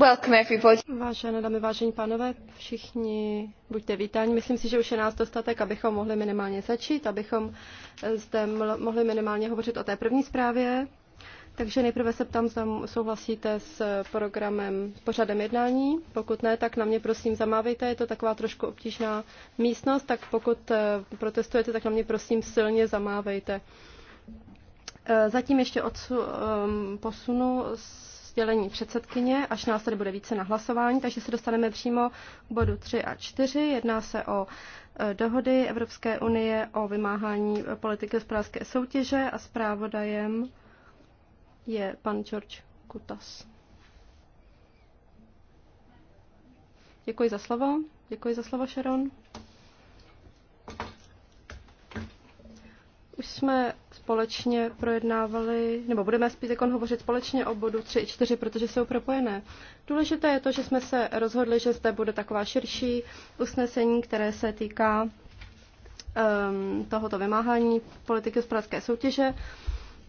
Uh, Vážené dámy, vážení pánové, všichni buďte vítáni. Myslím si, že už je nás dostatek, abychom mohli minimálně začít, abychom zde mohli minimálně hovořit o té první zprávě. Takže nejprve se ptám, zda souhlasíte s programem, s pořadem jednání. Pokud ne, tak na mě prosím zamávejte, je to taková trošku obtížná místnost, tak pokud eh, protestujete, tak na mě prosím silně zamávejte. Eh, zatím ještě odsu, ehm, posunu sdělení předsedkyně, až nás tady bude více na hlasování, takže se dostaneme přímo k bodu 3 a 4. Jedná se o eh, dohody Evropské unie o vymáhání politiky hospodářské soutěže a zprávodajem je pan George Kutas. Děkuji za slovo. Děkuji za slovo, Sharon. Už jsme společně projednávali, nebo budeme spíš kon jako hovořit společně o bodu 3 i 4, protože jsou propojené. Důležité je to, že jsme se rozhodli, že zde bude taková širší usnesení, které se týká um, tohoto vymáhání politiky hospodářské soutěže.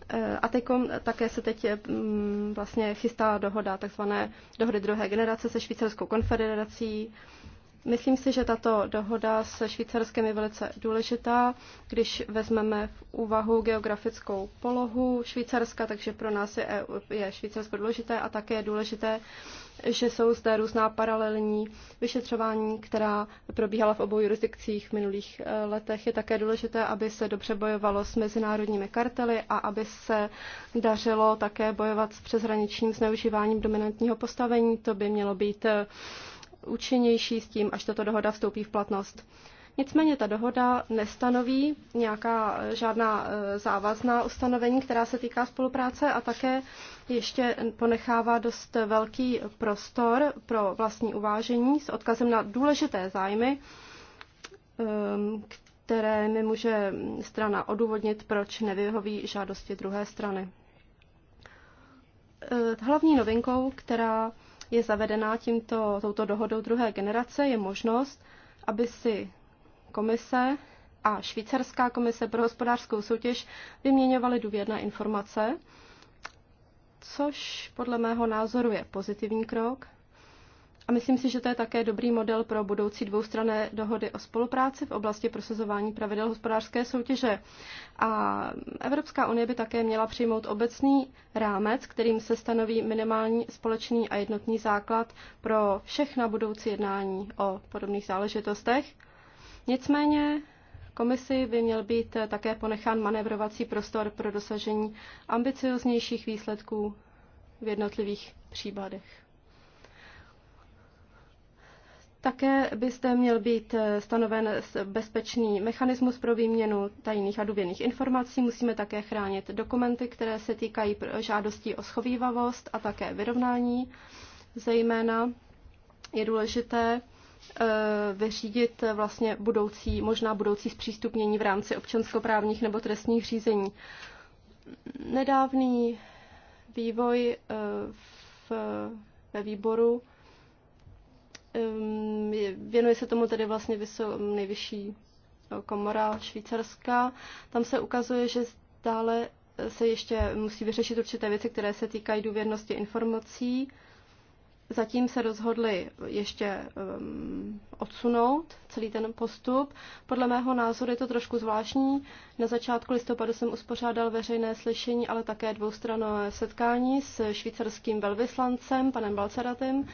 Eh, a teďkom, také se teď um, vlastně chystá dohoda, takzvané dohody druhé generace se Švýcarskou konfederací. Myslím si, že tato dohoda se Švýcarskem je velice důležitá, když vezmeme v úvahu geografickou polohu Švýcarska, takže pro nás je, je Švýcarsko důležité a také je důležité, že jsou zde různá paralelní vyšetřování, která probíhala v obou jurisdikcích v minulých eh, letech. Je také důležité, aby se dobře bojovalo s mezinárodními kartely a aby se dařilo také bojovat s přeshraničním zneužíváním dominantního postavení. To by mělo být eh, účinnější s tím, až tato dohoda vstoupí v platnost. Nicméně ta dohoda nestanoví nějaká eh, žádná eh, závazná ustanovení, která se týká spolupráce a také ještě ponechává dost velký prostor pro vlastní uvážení s odkazem na důležité zájmy, ehm, které mi může strana odůvodnit, proč nevyhoví žádosti druhé strany. Eh, hlavní novinkou, která je zavedená tímto, touto dohodou druhé generace, je možnost, aby si komise a švýcarská komise pro hospodářskou soutěž vyměňovaly důvěrné informace, což podle mého názoru je pozitivní krok, a myslím si, že to je také dobrý model pro budoucí dvoustranné dohody o spolupráci v oblasti prosazování pravidel hospodářské soutěže. A Evropská unie by také měla přijmout obecný rámec, kterým se stanoví minimální společný a jednotný základ pro všechna budoucí jednání o podobných záležitostech. Nicméně komisi by měl být také ponechán manevrovací prostor pro dosažení ambicioznějších výsledků v jednotlivých případech. Také byste měl být eh, stanoven bezpečný mechanismus pro výměnu tajných a důvěrných informací. Musíme také chránit dokumenty, které se týkají žádostí o schovývavost a také vyrovnání. Zejména je důležité eh, vyřídit vlastně budoucí, možná budoucí zpřístupnění v rámci občanskoprávních nebo trestních řízení. Nedávný vývoj eh, v, ve výboru Ehm, věnuje se tomu tedy vlastně vyso, nejvyšší eh, komora Švýcarská. Tam se ukazuje, že stále eh, se ještě musí vyřešit určité věci, které se týkají důvěrnosti informací. Zatím se rozhodli ještě um, odsunout celý ten postup. Podle mého názoru je to trošku zvláštní. Na začátku listopadu jsem uspořádal veřejné slyšení, ale také dvoustranné setkání s švýcarským velvyslancem, panem Balceratem,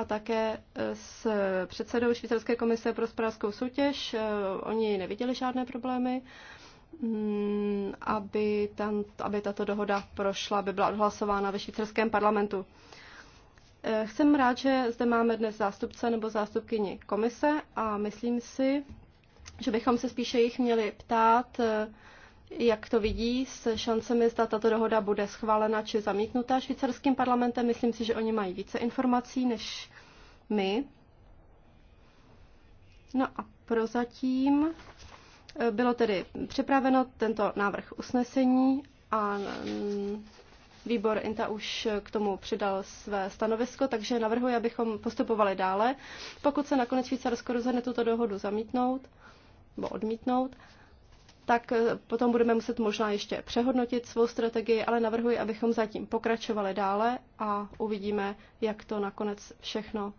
a také e, s předsedou Švýcarské komise pro hospodářskou soutěž. E, oni neviděli žádné problémy, mm, aby, tam, aby tato dohoda prošla, aby byla odhlasována ve švýcarském parlamentu. E, jsem rád, že zde máme dnes zástupce nebo zástupkyni komise a myslím si, že bychom se spíše jich měli ptát, jak to vidí s šancemi, zda tato dohoda bude schválena či zamítnutá švýcarským parlamentem. Myslím si, že oni mají více informací než my. No a prozatím eh, bylo tedy připraveno tento návrh usnesení a mm, výbor INTA už k tomu přidal své stanovisko, takže navrhuji, abychom postupovali dále. Pokud se nakonec Švýcarsko rozhodne tuto dohodu zamítnout nebo odmítnout, tak eh, potom budeme muset možná ještě přehodnotit svou strategii, ale navrhuji, abychom zatím pokračovali dále a uvidíme, jak to nakonec všechno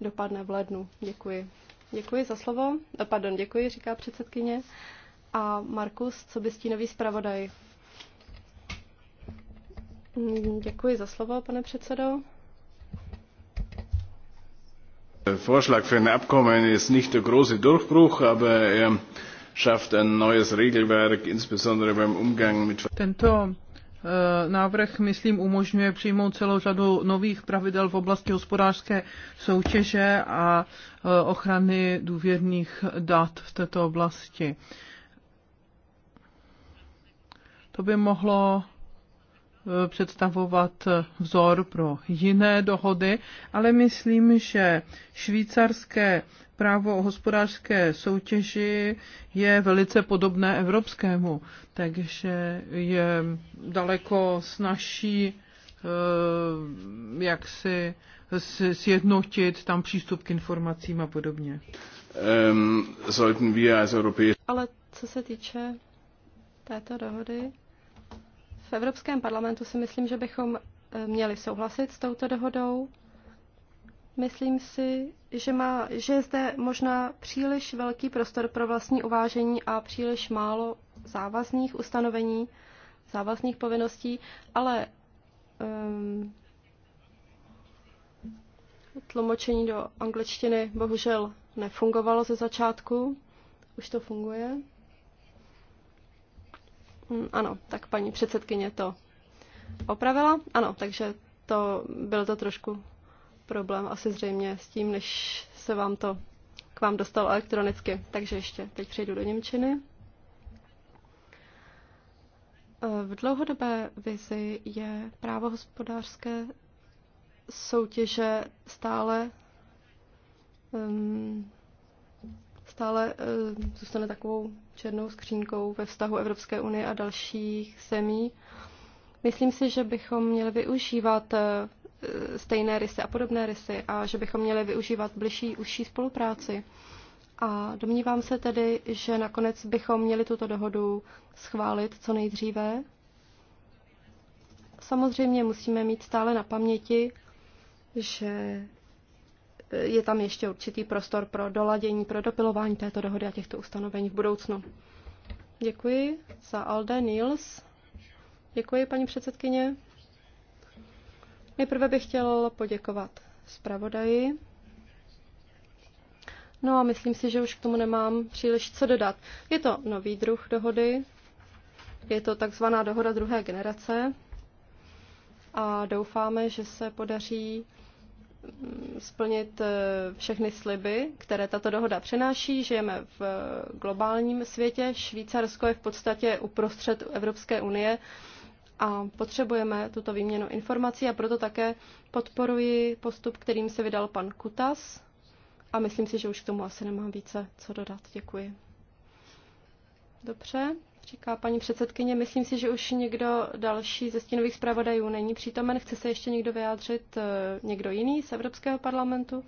dopadne v lednu. Děkuji. Děkuji za slovo. Eh, pardon, děkuji, říká předsedkyně. A Markus, co by stínový zpravodaj? Mm, děkuji za slovo, pane předsedo. Vorschlag für ein Abkommen ist nicht der große Durchbruch, aber er schafft ein neues Regelwerk, insbesondere beim Umgang mit Tento eh, návrh, myslím, umožňuje přijmout celou řadu nových pravidel v oblasti hospodářské soutěže a eh, ochrany důvěrných dat v této oblasti. To by mohlo Eh, představovat vzor pro jiné dohody, ale myslím, že švýcarské právo o hospodářské soutěži je velice podobné evropskému, takže je daleko snažší eh, jak si sjednotit tam přístup k informacím a podobně. Ehm, ale co se týče této dohody, Evropském parlamentu si myslím, že bychom eh, měli souhlasit s touto dohodou. Myslím si, že, má, že je zde možná příliš velký prostor pro vlastní uvážení a příliš málo závazných ustanovení, závazných povinností, ale um, tlumočení do angličtiny bohužel nefungovalo ze začátku, už to funguje. Mm, ano, tak paní předsedkyně to opravila. Ano, takže to byl to trošku problém asi zřejmě s tím, než se vám to k vám dostalo elektronicky. Takže ještě teď přejdu do Němčiny. E, v dlouhodobé vizi je právo hospodářské soutěže stále um, stále eh, zůstane takovou černou skřínkou ve vztahu Evropské unie a dalších zemí. Myslím si, že bychom měli využívat eh, stejné rysy a podobné rysy a že bychom měli využívat bližší, užší spolupráci. A domnívám se tedy, že nakonec bychom měli tuto dohodu schválit co nejdříve. Samozřejmě musíme mít stále na paměti, že je tam ještě určitý prostor pro doladění, pro dopilování této dohody a těchto ustanovení v budoucnu. Děkuji za Alde Nils. Děkuji, paní předsedkyně. Nejprve bych chtěl poděkovat zpravodaji. No a myslím si, že už k tomu nemám příliš co dodat. Je to nový druh dohody, je to takzvaná dohoda druhé generace a doufáme, že se podaří splnit eh, všechny sliby, které tato dohoda přináší. Žijeme v eh, globálním světě. Švýcarsko je v podstatě uprostřed Evropské unie a potřebujeme tuto výměnu informací a proto také podporuji postup, kterým se vydal pan Kutas a myslím si, že už k tomu asi nemám více co dodat. Děkuji. Dobře, říká paní předsedkyně. Myslím si, že už někdo další ze stínových zpravodajů není přítomen. Chce se ještě někdo vyjádřit, eh, někdo jiný z Evropského parlamentu?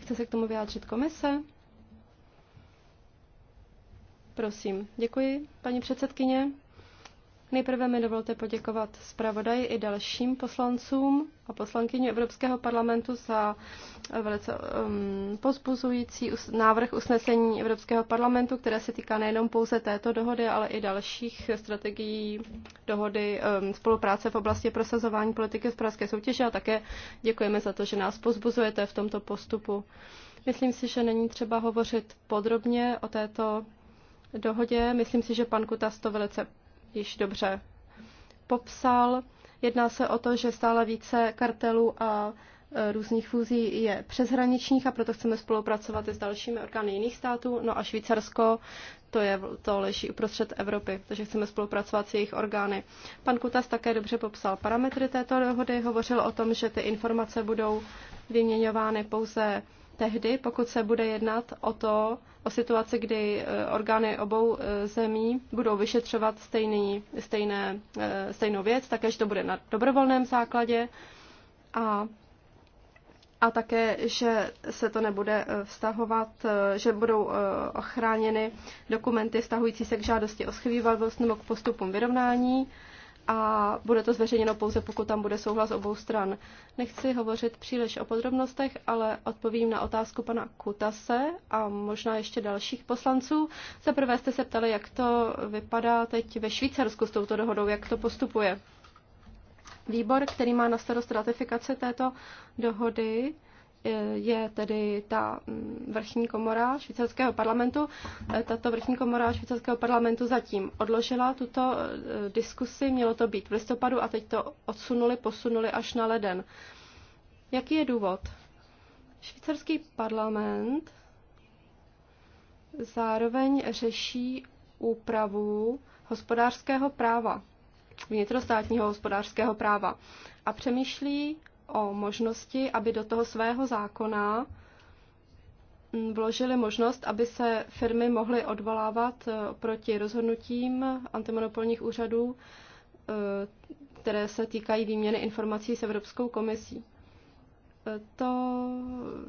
Chce se k tomu vyjádřit komise? Prosím. Děkuji, paní předsedkyně. Nejprve mi dovolte poděkovat zpravodaji i dalším poslancům a poslankyni Evropského parlamentu za eh, velice um, ehm, pozbuzující us- návrh usnesení Evropského parlamentu, které se týká nejenom pouze této dohody, ale i dalších strategií dohody um, spolupráce v oblasti prosazování politiky pražské soutěže a také děkujeme za to, že nás pozbuzujete v tomto postupu. Myslím si, že není třeba hovořit podrobně o této dohodě. Myslím si, že pan Kutas to velice již dobře popsal. Jedná se o to, že stále více kartelů a e, různých fúzí je přeshraničních a proto chceme spolupracovat i s dalšími orgány jiných států. No a Švýcarsko, to, je, to leží uprostřed Evropy, takže chceme spolupracovat s jejich orgány. Pan Kutas také dobře popsal parametry této dohody, hovořil o tom, že ty informace budou vyměňovány pouze tehdy, pokud se bude jednat o to, o situaci, kdy e, orgány obou e, zemí budou vyšetřovat stejný, stejné, e, stejnou věc, také, že to bude na dobrovolném základě a, a také, že se to nebude vztahovat, že budou ochráněny dokumenty vztahující se k žádosti o schovývalost nebo k postupům vyrovnání a bude to zveřejněno pouze, pokud tam bude souhlas obou stran. Nechci hovořit příliš o podrobnostech, ale odpovím na otázku pana Kutase a možná ještě dalších poslanců. Za prvé jste se ptali, jak to vypadá teď ve Švýcarsku s touto dohodou, jak to postupuje. Výbor, který má na starost ratifikace této dohody, je tedy ta mm, vrchní komora švýcarského parlamentu. E, tato vrchní komora švýcarského parlamentu zatím odložila tuto e, diskusi, mělo to být v listopadu a teď to odsunuli, posunuli až na leden. Jaký je důvod? Švýcarský parlament zároveň řeší úpravu hospodářského práva, vnitrostátního hospodářského práva a přemýšlí o možnosti, aby do toho svého zákona mm, vložili možnost, aby se firmy mohly odvolávat e, proti rozhodnutím antimonopolních úřadů, e, které se týkají výměny informací s Evropskou komisí. E, to,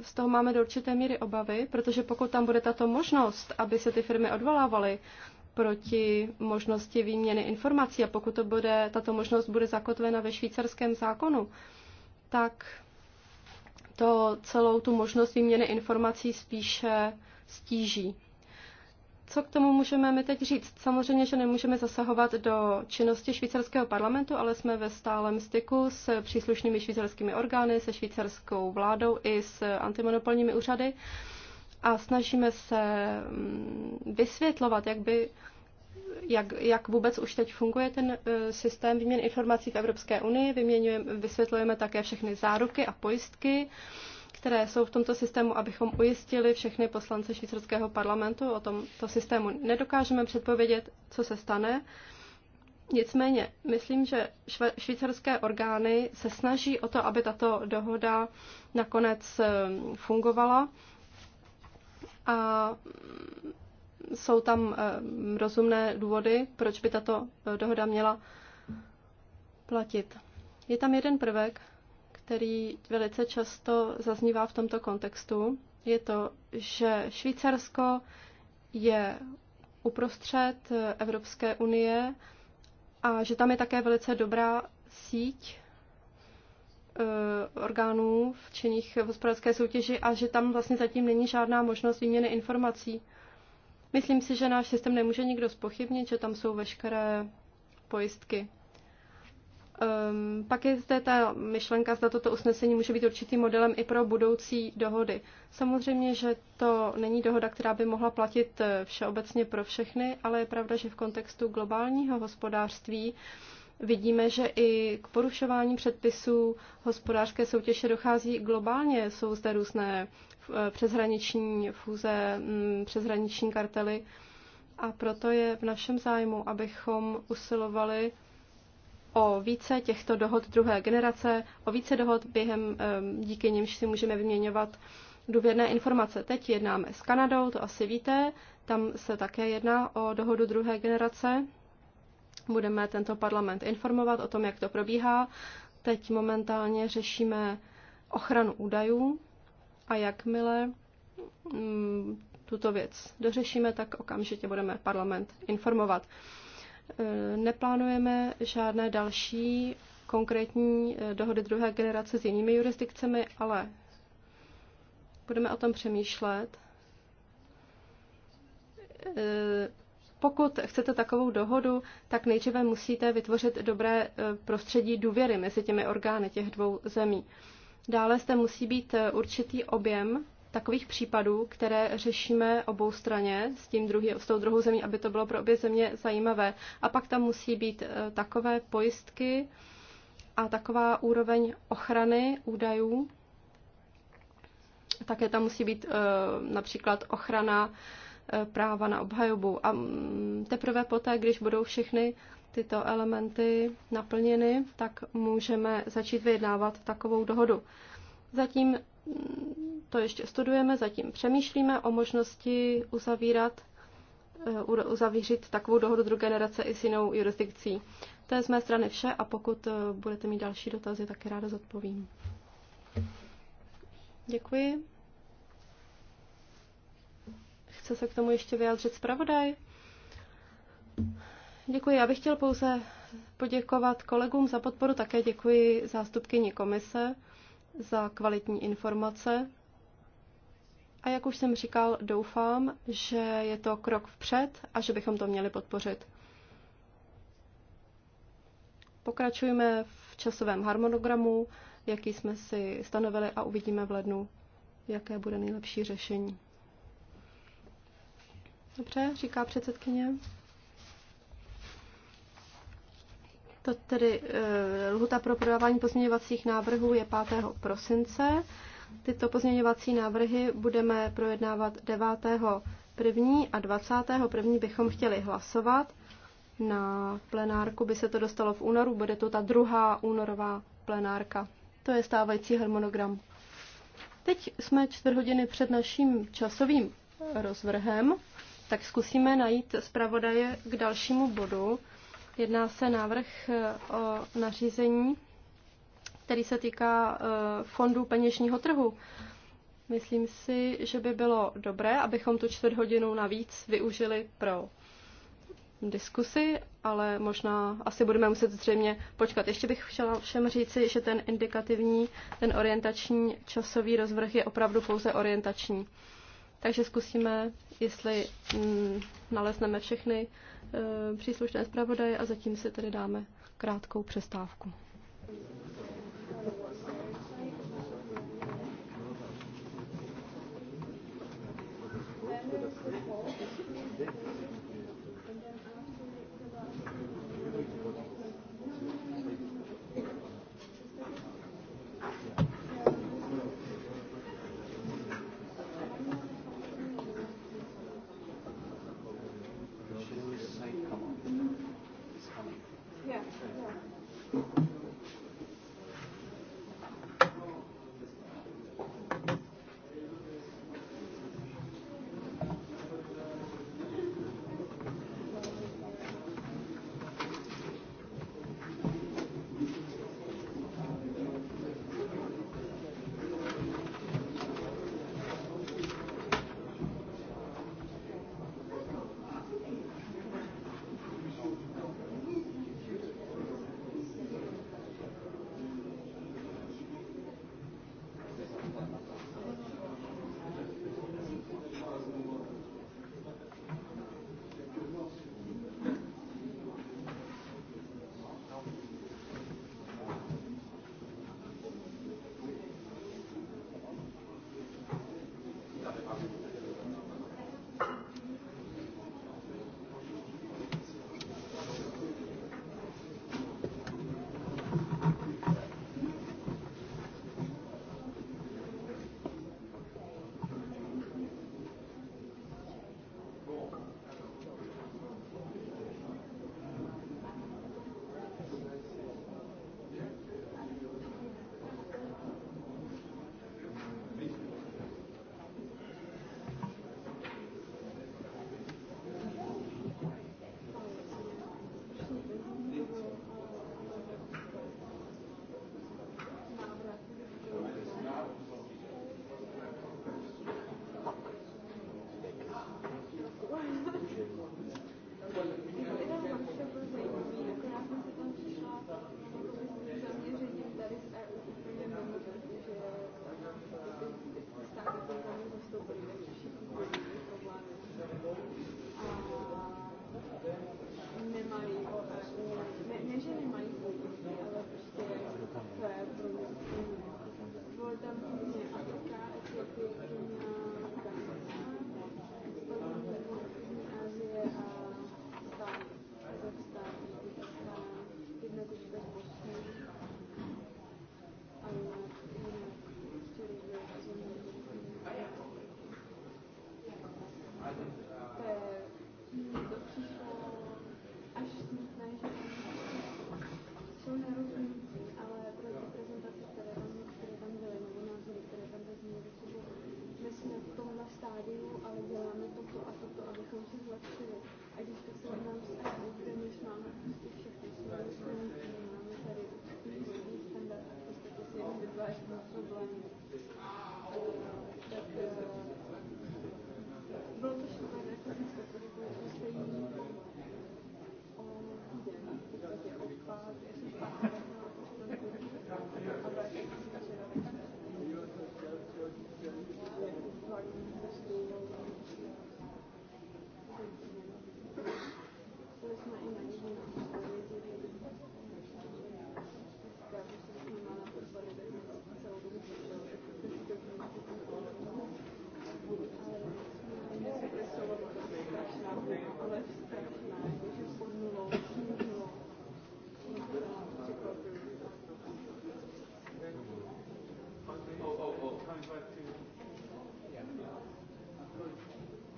z toho máme do určité míry obavy, protože pokud tam bude tato možnost, aby se ty firmy odvolávaly proti možnosti výměny informací a pokud to bude, tato možnost bude zakotvena ve švýcarském zákonu, tak to celou tu možnost výměny informací spíše stíží. Co k tomu můžeme my teď říct? Samozřejmě, že nemůžeme zasahovat do činnosti švýcarského parlamentu, ale jsme ve stálem styku s příslušnými švýcarskými orgány, se švýcarskou vládou i s antimonopolními úřady a snažíme se mm, vysvětlovat, jak by jak, jak vůbec už teď funguje ten eh, systém výměn informací v Evropské unii. vysvětlujeme také všechny záruky a pojistky, které jsou v tomto systému, abychom ujistili všechny poslance švýcarského parlamentu o tomto systému. Nedokážeme předpovědět, co se stane. Nicméně, myslím, že švýcarské orgány se snaží o to, aby tato dohoda nakonec eh, fungovala. A jsou tam eh, rozumné důvody, proč by tato eh, dohoda měla platit. Je tam jeden prvek, který velice často zaznívá v tomto kontextu. Je to, že Švýcarsko je uprostřed eh, Evropské unie a že tam je také velice dobrá síť orgánů v činných v hospodářské soutěži a že tam vlastně zatím není žádná možnost výměny informací. Myslím si, že náš systém nemůže nikdo spochybnit, že tam jsou veškeré pojistky. Um, pak je zde ta myšlenka, zda toto usnesení může být určitým modelem i pro budoucí dohody. Samozřejmě, že to není dohoda, která by mohla platit eh, všeobecně pro všechny, ale je pravda, že v kontextu globálního hospodářství vidíme, že i k porušování předpisů hospodářské soutěže dochází globálně. Jsou zde různé Eh, přeshraniční fůze, mm, přeshraniční kartely. A proto je v našem zájmu, abychom usilovali o více těchto dohod druhé generace, o více dohod během, díky nimž si můžeme vyměňovat důvěrné informace. Teď jednáme s Kanadou, to asi víte, tam se také jedná o dohodu druhé generace. Budeme tento parlament informovat o tom, jak to probíhá. Teď momentálně řešíme ochranu údajů a jakmile mm, tuto věc dořešíme, tak okamžitě budeme parlament informovat. E, neplánujeme žádné další konkrétní e, dohody druhé generace s jinými jurisdikcemi, ale budeme o tom přemýšlet. E, pokud chcete takovou dohodu, tak nejdříve musíte vytvořit dobré prostředí důvěry mezi těmi orgány těch dvou zemí. Dále zde musí být eh, určitý objem takových případů, které řešíme obou straně s, tím druhý, s tou druhou zemí, aby to bylo pro obě země zajímavé. A pak tam musí být eh, takové pojistky a taková úroveň ochrany údajů. Také tam musí být eh, například ochrana práva na obhajobu. A mm, teprve poté, když budou všechny tyto elementy naplněny, tak můžeme začít vyjednávat takovou dohodu. Zatím mm, to ještě studujeme, zatím přemýšlíme o možnosti uzavírat, eh, uzavířit takovou dohodu druhé generace i s jinou jurisdikcí. To je z mé strany vše a pokud eh, budete mít další dotazy, taky ráda zodpovím. Děkuji. Chce se k tomu ještě vyjádřit zpravodaj? Děkuji. Já bych chtěl pouze poděkovat kolegům za podporu. Také děkuji zástupkyni komise za kvalitní informace. A jak už jsem říkal, doufám, že je to krok vpřed a že bychom to měli podpořit. Pokračujeme v časovém harmonogramu, jaký jsme si stanovili a uvidíme v lednu, jaké bude nejlepší řešení. Dobře, říká předsedkyně. To tedy eh, lhuta pro podávání pozměňovacích návrhů je 5. prosince. Tyto pozměňovací návrhy budeme projednávat 9. první a 20. první bychom chtěli hlasovat. Na plenárku by se to dostalo v únoru, bude to ta druhá únorová plenárka. To je stávající harmonogram. Teď jsme čtvrt hodiny před naším časovým rozvrhem, tak zkusíme najít zpravodaje k dalšímu bodu, Jedná se návrh eh, o nařízení, který se týká eh, fondů peněžního trhu. Myslím si, že by bylo dobré, abychom tu čtvrt hodinu navíc využili pro diskusi, ale možná asi budeme muset zřejmě počkat. Ještě bych chtěla všem říci, že ten indikativní, ten orientační časový rozvrh je opravdu pouze orientační. Takže zkusíme, jestli mm, nalezneme všechny Eh, příslušné zpravodaje a zatím si tedy dáme krátkou přestávku. Thank you.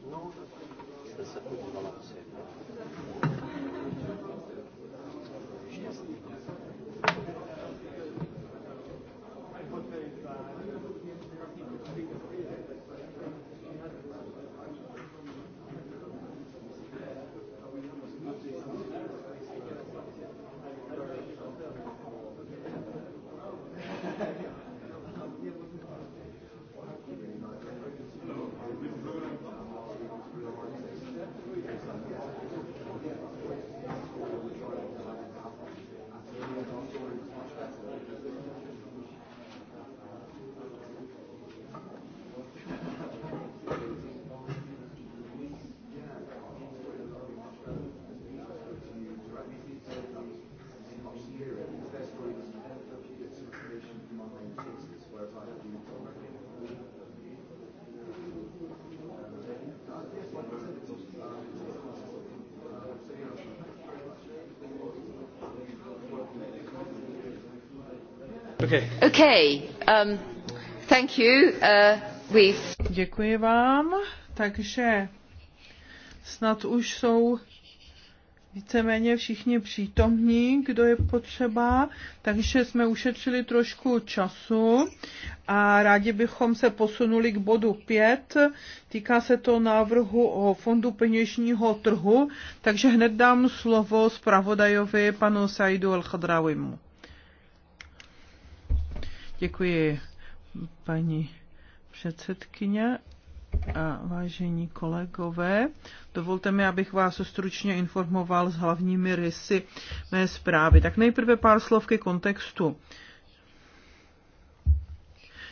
No, that's, that's a good balance. Um, uh, Děkuji vám. Takže snad už jsou víceméně všichni přítomní, kdo je potřeba, takže jsme ušetřili trošku času a rádi bychom se posunuli k bodu 5. Týká se to návrhu o fondu peněžního trhu, takže hned dám slovo zpravodajovi panu Saidu El-Khadrawimu. Děkuji, paní předsedkyně a vážení kolegové. Dovolte mi, abych vás stručně informoval s hlavními rysy mé zprávy. Tak nejprve pár slov ke kontextu.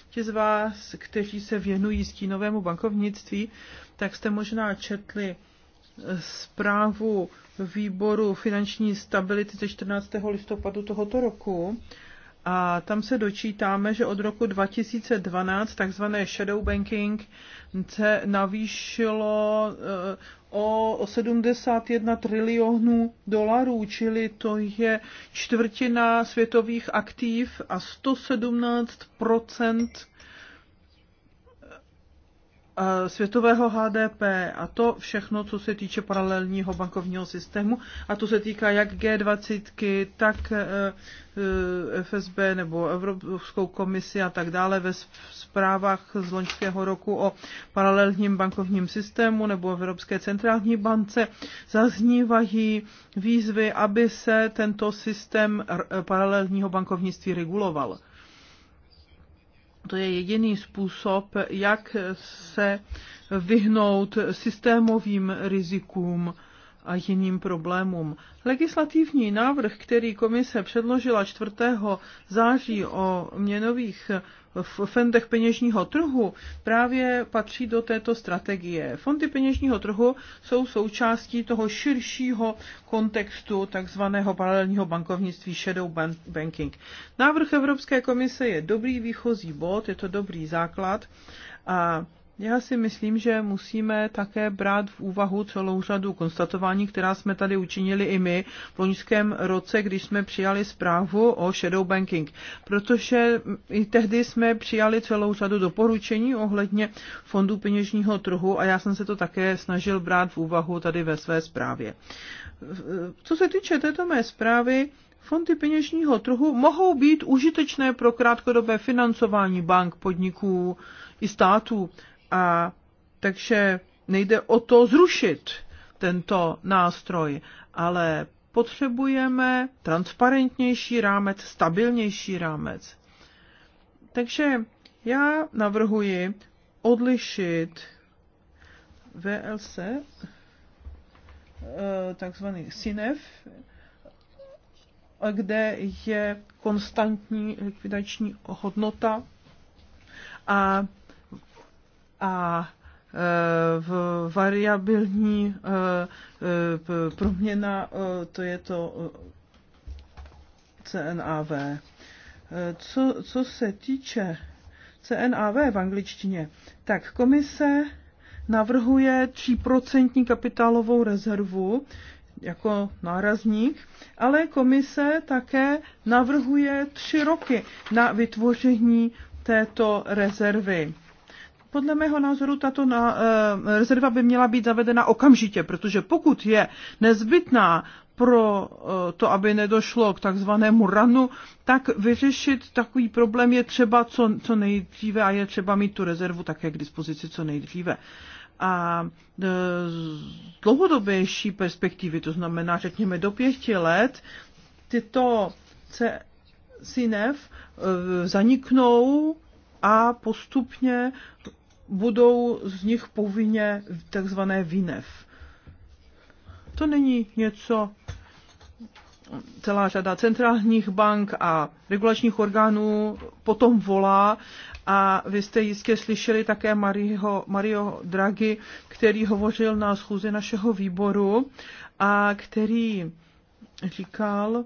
Ti z vás, kteří se věnují stínovému bankovnictví, tak jste možná četli zprávu výboru finanční stability ze 14. listopadu tohoto roku a tam se dočítáme, že od roku 2012 takzvané shadow banking se navýšilo eh, o 71 trilionů dolarů, čili to je čtvrtina světových aktiv a 117 Eh, světového HDP a to všechno, co se týče paralelního bankovního systému a to se týká jak G20, tak eh, eh, FSB nebo Evropskou komisi a tak dále ve zprávách z loňského roku o paralelním bankovním systému nebo Evropské centrální bance zaznívají výzvy, aby se tento systém paralelního bankovnictví reguloval. To je jediný způsob, jak se vyhnout systémovým rizikům a jiným problémům. Legislativní návrh, který komise předložila 4. září o měnových fondech peněžního trhu, právě patří do této strategie. Fondy peněžního trhu jsou součástí toho širšího kontextu takzvaného paralelního bankovnictví shadow banking. Návrh Evropské komise je dobrý výchozí bod, je to dobrý základ a já si myslím, že musíme také brát v úvahu celou řadu konstatování, která jsme tady učinili i my v loňském roce, když jsme přijali zprávu o shadow banking, protože i tehdy jsme přijali celou řadu doporučení ohledně fondů peněžního trhu a já jsem se to také snažil brát v úvahu tady ve své zprávě. Co se týče této mé zprávy, Fondy peněžního trhu mohou být užitečné pro krátkodobé financování bank, podniků i států, a takže nejde o to zrušit tento nástroj, ale potřebujeme transparentnější rámec, stabilnější rámec. Takže já navrhuji odlišit VLC, eh, takzvaný SINEF, kde je konstantní likvidační hodnota a a e, v variabilní e, e, proměna, to je to CNAV. Co, co se týče CNAV v angličtině, tak komise navrhuje 3% kapitálovou rezervu jako nárazník, ale komise také navrhuje tři roky na vytvoření této rezervy. Podle mého názoru tato na, e, rezerva by měla být zavedena okamžitě, protože pokud je nezbytná pro e, to, aby nedošlo k takzvanému ranu, tak vyřešit takový problém je třeba co, co nejdříve a je třeba mít tu rezervu také k dispozici co nejdříve a eh, z dlouhodobější perspektivy, to znamená řekněme do pěti let, tyto CINEF zaniknou a postupně budou z nich povinně takzvané vinev. To není něco, celá řada centrálních bank a regulačních orgánů potom volá a vy jste jistě slyšeli také Mario, Mario Draghi, který hovořil na schůzi našeho výboru a který říkal,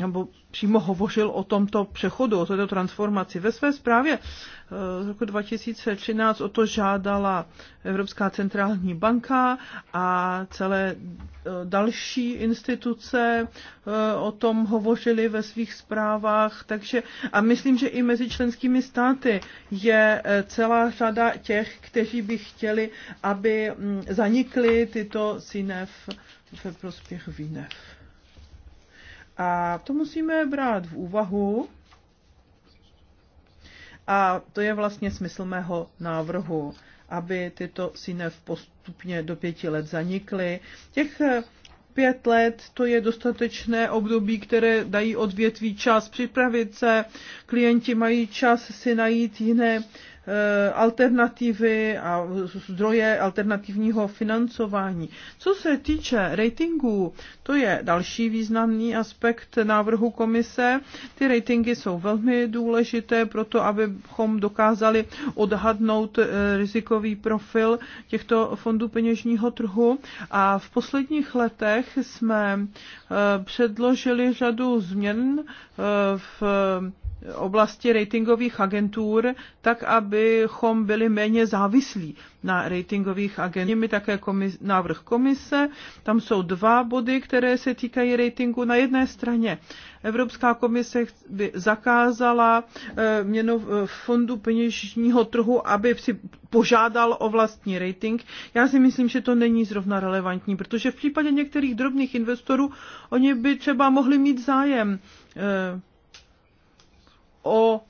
nebo přímo hovořil o tomto přechodu, o této transformaci. Ve své zprávě eh, z roku 2013 o to žádala Evropská centrální banka a celé eh, další instituce eh, o tom hovořily ve svých zprávách. Takže, a myslím, že i mezi členskými státy je celá řada těch, kteří by chtěli, aby hm, zanikly tyto synev ve prospěch výnev. A to musíme brát v úvahu. A to je vlastně smysl mého návrhu, aby tyto synev postupně do pěti let zanikly. Těch eh, pět let, to je dostatečné období, které dají odvětví čas připravit se, klienti mají čas si najít jiné Eh, alternativy a zdroje alternativního financování. Co se týče ratingů, to je další významný aspekt návrhu komise. Ty ratingy jsou velmi důležité pro to, abychom dokázali odhadnout eh, rizikový profil těchto fondů peněžního trhu. A v posledních letech jsme eh, předložili řadu změn v oblasti ratingových agentur, tak abychom byli méně závislí na ratingových agenturách. Je také komis, návrh komise, tam jsou dva body, které se týkají ratingu. Na jedné straně Evropská komise by zakázala eh, měno eh, fondu peněžního trhu, aby si požádal o vlastní rating. Já si myslím, že to není zrovna relevantní, protože v případě některých drobných investorů oni by třeba mohli mít zájem eh, o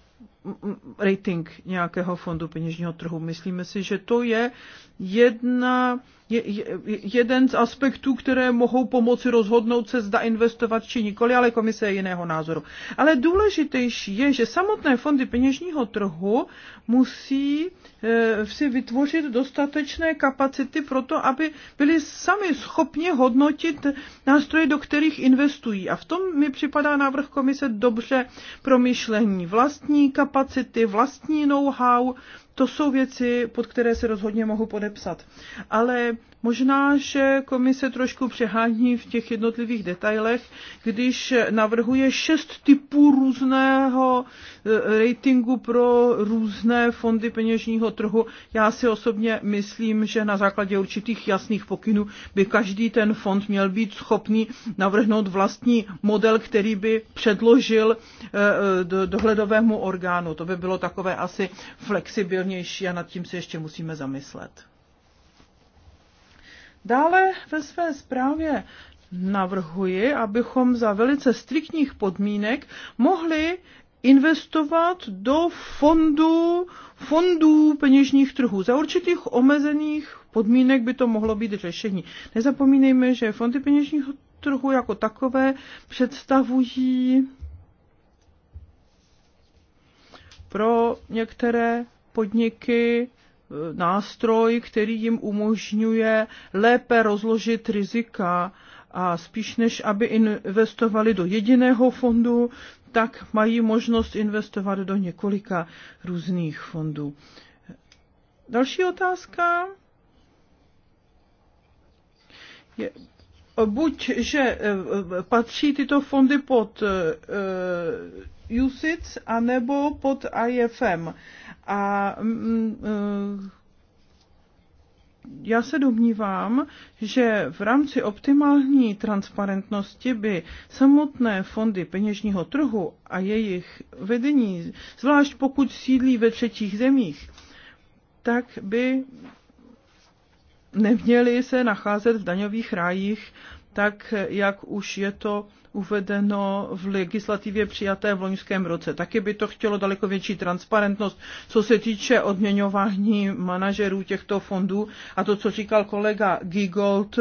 rating nějakého fondu peněžního trhu. Myslíme si, že to je jedna, je, je, jeden z aspektů, které mohou pomoci rozhodnout se, zda investovat či nikoli, ale komise je jiného názoru. Ale důležitější je, že samotné fondy peněžního trhu musí e, si vytvořit dostatečné kapacity pro to, aby byli sami schopni hodnotit nástroje, do kterých investují. A v tom mi připadá návrh komise dobře promyšlení. Vlastní kapacity kapacity, vlastní know-how, to jsou věci, pod které se rozhodně mohu podepsat. Ale možná, že komise trošku přehání v těch jednotlivých detailech, když navrhuje šest typů různého e, ratingu pro různé fondy peněžního trhu. Já si osobně myslím, že na základě určitých jasných pokynů by každý ten fond měl být schopný navrhnout vlastní model, který by předložil e, e, dohledovému orgánu stranu. to by bylo takové asi flexibilnější a nad tím se ještě musíme zamyslet. Dále ve své zprávě navrhuji, abychom za velice striktních podmínek mohli investovat do fondu, fondů peněžních trhů. Za určitých omezených podmínek by to mohlo být řešení. Nezapomínejme, že fondy peněžních trhů jako takové představují pro některé podniky e, nástroj, který jim umožňuje lépe rozložit rizika a spíš než aby investovali do jediného fondu, tak mají možnost investovat do několika různých fondů. Další otázka je buď, že eh, patří tyto fondy pod eh, eh, USIC, anebo pod IFM. A mm, já se domnívám, že v rámci optimální transparentnosti by samotné fondy peněžního trhu a jejich vedení, zvlášť pokud sídlí ve třetích zemích, tak by neměli se nacházet v daňových rájích, tak jak už je to uvedeno v legislativě přijaté v loňském roce. Taky by to chtělo daleko větší transparentnost, co se týče odměňování manažerů těchto fondů. A to, co říkal kolega Gigold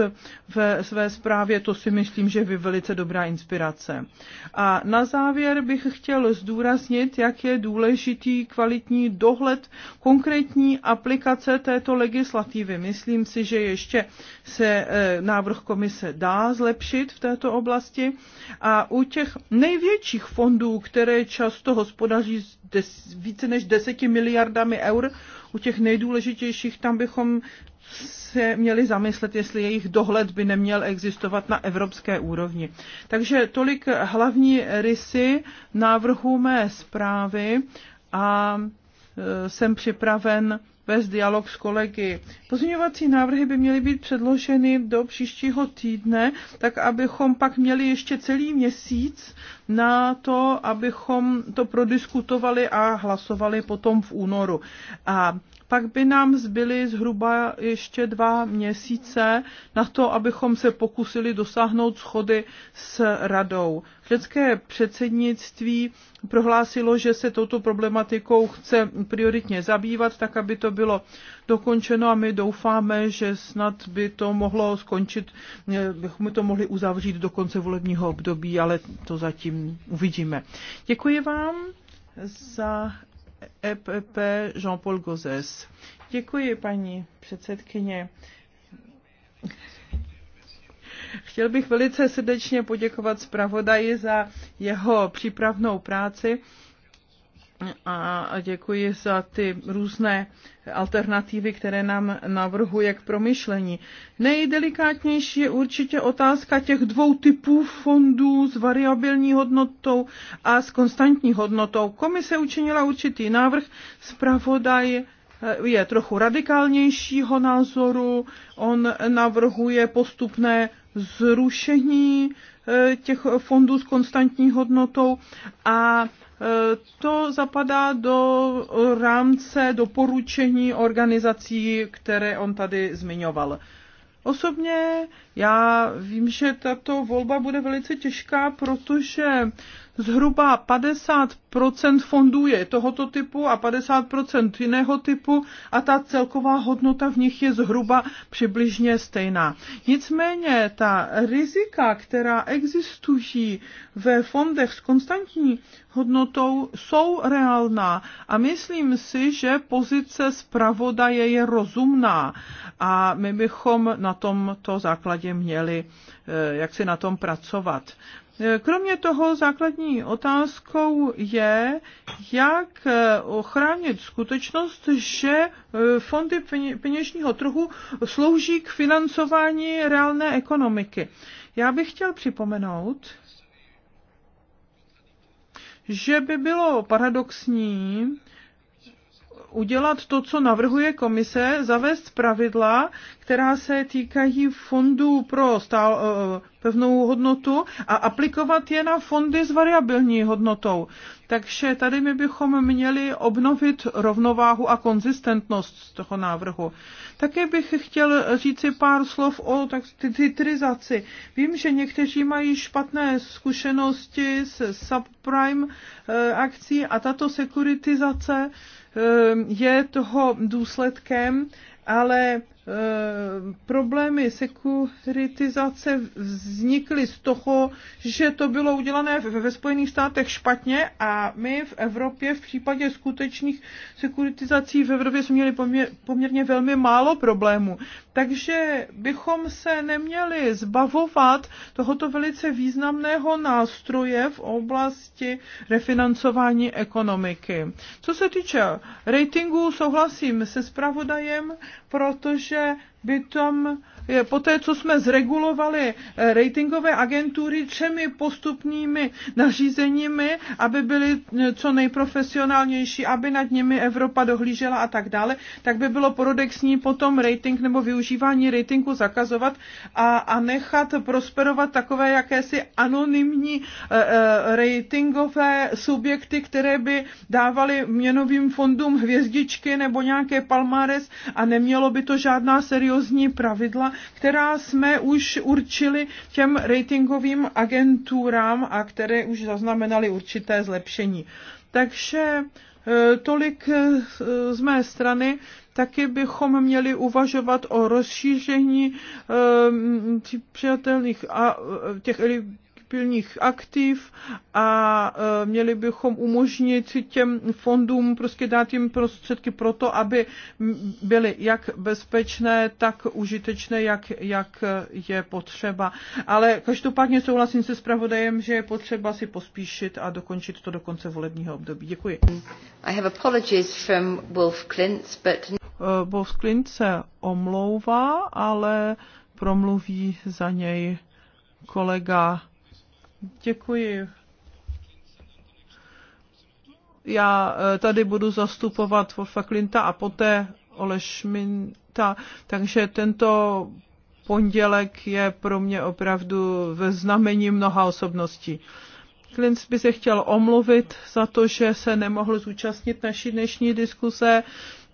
ve své zprávě, to si myslím, že by velice dobrá inspirace. A na závěr bych chtěl zdůraznit, jak je důležitý kvalitní dohled konkrétní aplikace této legislativy. Myslím si, že ještě se eh, návrh komise dá zlepšit v této oblasti. A u těch největších fondů, které často hospodaří s des, více než 10 miliardami eur, u těch nejdůležitějších tam bychom se měli zamyslet, jestli jejich dohled by neměl existovat na evropské úrovni. Takže tolik hlavní rysy návrhu mé zprávy a e, jsem připraven vést dialog s kolegy. Pozměňovací návrhy by měly být předloženy do příštího týdne, tak abychom pak měli ještě celý měsíc na to, abychom to prodiskutovali a hlasovali potom v únoru. A pak by nám zbyly zhruba ještě dva měsíce na to, abychom se pokusili dosáhnout schody s radou. Řecké předsednictví prohlásilo, že se touto problematikou chce prioritně zabývat, tak aby to bylo dokončeno a my doufáme, že snad by to mohlo skončit, bychom to mohli uzavřít do konce volebního období, ale to zatím uvidíme. Děkuji vám za EPP Jean-Paul Gozes. Děkuji, paní předsedkyně. Chtěl bych velice srdečně poděkovat zpravodaji za jeho přípravnou práci a děkuji za ty různé alternativy, které nám navrhuje k promyšlení. Nejdelikátnější je určitě otázka těch dvou typů fondů s variabilní hodnotou a s konstantní hodnotou. Komise učinila určitý návrh, zpravodaj eh, je trochu radikálnějšího názoru, on navrhuje postupné zrušení Eh, těch fondů s konstantní hodnotou a eh, to zapadá do rámce doporučení organizací, které on tady zmiňoval. Osobně já vím, že tato volba bude velice těžká, protože zhruba 50 fondů je tohoto typu a 50 jiného typu a ta celková hodnota v nich je zhruba přibližně stejná. Nicméně ta rizika, která existují ve fondech s konstantní hodnotou, jsou reálná a myslím si, že pozice zpravodaje je rozumná a my bychom na tomto základě měli eh, jak si na tom pracovat. Kromě toho základní otázkou je, jak eh, ochránit skutečnost, že eh, fondy peněžního trhu slouží k financování reálné ekonomiky. Já bych chtěl připomenout, že by bylo paradoxní udělat to, co navrhuje komise, zavést pravidla, která se týkají fondů pro stál, eh, pevnou hodnotu a aplikovat je na fondy s variabilní hodnotou. Takže tady my bychom měli obnovit rovnováhu a konzistentnost toho návrhu. Také bych chtěl říci pár slov o titrizaci. Vím, že někteří mají špatné zkušenosti s subprime eh, akcí a tato sekuritizace eh, je toho důsledkem, ale Eh, problémy sekuritizace vznikly z toho, že to bylo udělané ve Spojených státech špatně a my v Evropě v případě skutečných sekuritizací v Evropě jsme měli poměr, poměrně velmi málo problémů. Takže bychom se neměli zbavovat tohoto velice významného nástroje v oblasti refinancování ekonomiky. Co se týče ratingu, souhlasím se zpravodajem, protože že by bytom poté, co jsme zregulovali eh, ratingové agentury třemi postupnými nařízeními, aby byly eh, co nejprofesionálnější, aby nad nimi Evropa dohlížela a tak dále, tak by bylo porodexní potom rating nebo využívání ratingu zakazovat a, a nechat prosperovat takové jakési anonymní eh, ratingové subjekty, které by dávaly měnovým fondům hvězdičky nebo nějaké palmares a nemělo by to žádná seriózní pravidla, která jsme už určili těm ratingovým agenturám a které už zaznamenaly určité zlepšení. Takže e, tolik e, z mé strany. Taky bychom měli uvažovat o rozšíření e, přijatelných a těch pilních aktiv a e, měli bychom umožnit těm fondům prostě dát jim prostředky pro to, aby byly jak bezpečné, tak užitečné, jak, jak e, je potřeba. Ale každopádně souhlasím se zpravodajem, že je potřeba si pospíšit a dokončit to do konce volebního období. Děkuji. I have apologies from Wolf Klintz, but... E, Wolf Klintz se omlouvá, ale promluví za něj kolega Děkuji. Já eh, tady budu zastupovat Wolfa Klinta a poté Olešminta, takže tento pondělek je pro mě opravdu ve znamení mnoha osobností. Klinc by se chtěl omluvit za to, že se nemohl zúčastnit naší dnešní diskuse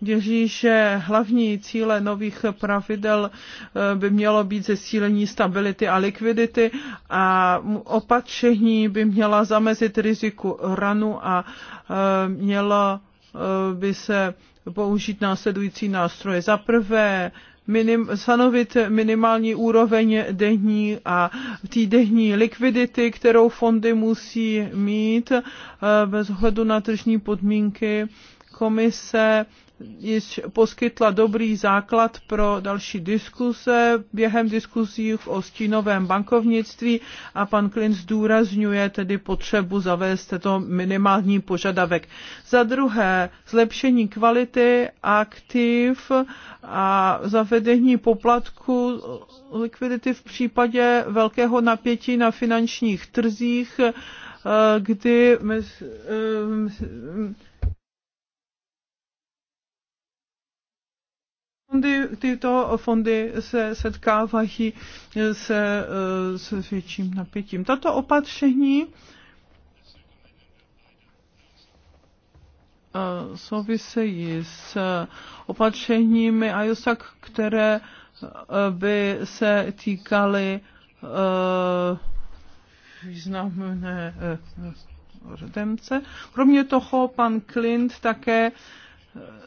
věří, že hlavní cíle nových pravidel eh, by mělo být zesílení stability a likvidity a opatření by měla zamezit riziku ranu a eh, měla eh, by se použít následující nástroje. Za prvé, minim, stanovit minimální úroveň denní a týdenní likvidity, kterou fondy musí mít bez ohledu na tržní podmínky. Komise již poskytla dobrý základ pro další diskuse během diskusí o stínovém bankovnictví a pan Klin zdůrazňuje tedy potřebu zavést tento minimální požadavek. Za druhé, zlepšení kvality aktiv a zavedení poplatku likvidity v případě velkého napětí na finančních trzích, eh, kdy eh, fondy, tyto fondy se setkávají se, eh, s větším napětím. Tato opatření eh, souvisejí s opatřeními tak, které eh, by se týkaly významné redemce. Kromě toho pan Klint také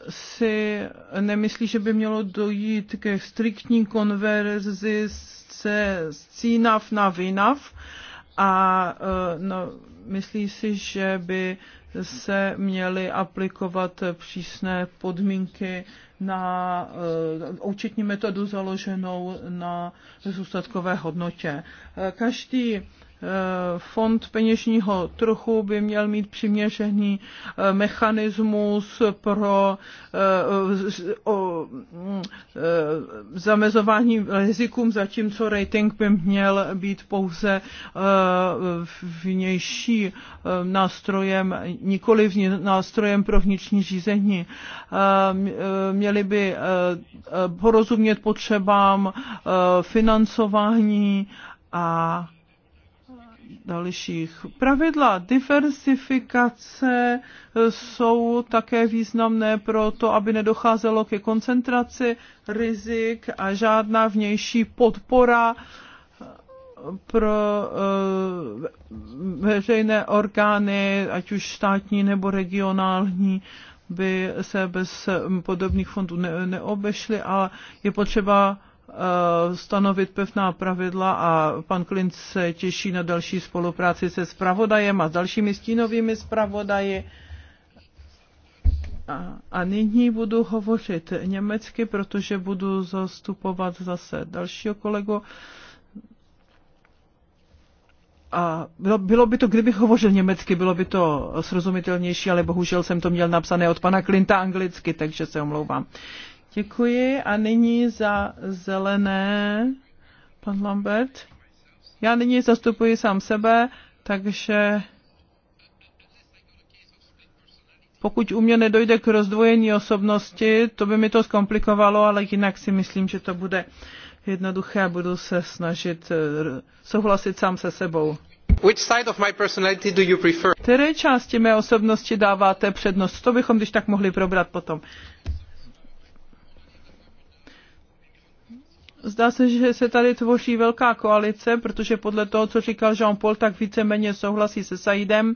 si nemyslí, že by mělo dojít ke striktní konverzi z cínav na VINAV a e, no, myslí si, že by se měly aplikovat přísné podmínky na uh, účetní metodu založenou na zůstatkové hodnotě. E, každý Eh, fond peněžního trhu by měl mít přiměřený eh, mechanismus pro eh, mm, zamezování rizikům, zatímco rating by měl být pouze vnější nástrojem, nikoli nástrojem pro vnitřní řízení. Měli by porozumět potřebám financování a dalších. Pravidla diversifikace eh, jsou také významné pro to, aby nedocházelo ke koncentraci rizik a žádná vnější podpora eh, pro eh, veřejné orgány, ať už státní nebo regionální, by se bez podobných fondů neobešly, ale je potřeba Eh, stanovit pevná pravidla a pan Klinc se těší na další spolupráci se spravodajem a s dalšími stínovými zpravodaji. A, a nyní budu hovořit německy, protože budu zastupovat zase dalšího kolegu. A bylo, bylo by to, kdybych hovořil německy, bylo by to srozumitelnější, ale bohužel jsem to měl napsané od pana Klinta anglicky, takže se omlouvám. Děkuji a nyní za zelené pan Lambert. Já nyní zastupuji sám sebe, takže pokud u mě nedojde k rozdvojení osobnosti, to by mi to zkomplikovalo, ale jinak si myslím, že to bude jednoduché a budu se snažit eh, souhlasit sám se sebou. Which side of my personality do you prefer? Které části mé osobnosti dáváte přednost? To bychom když tak mohli probrat potom. Zdá se, že se tady tvoří velká koalice, protože podle toho, co říkal Jean-Paul, tak víceméně souhlasí se Saidem.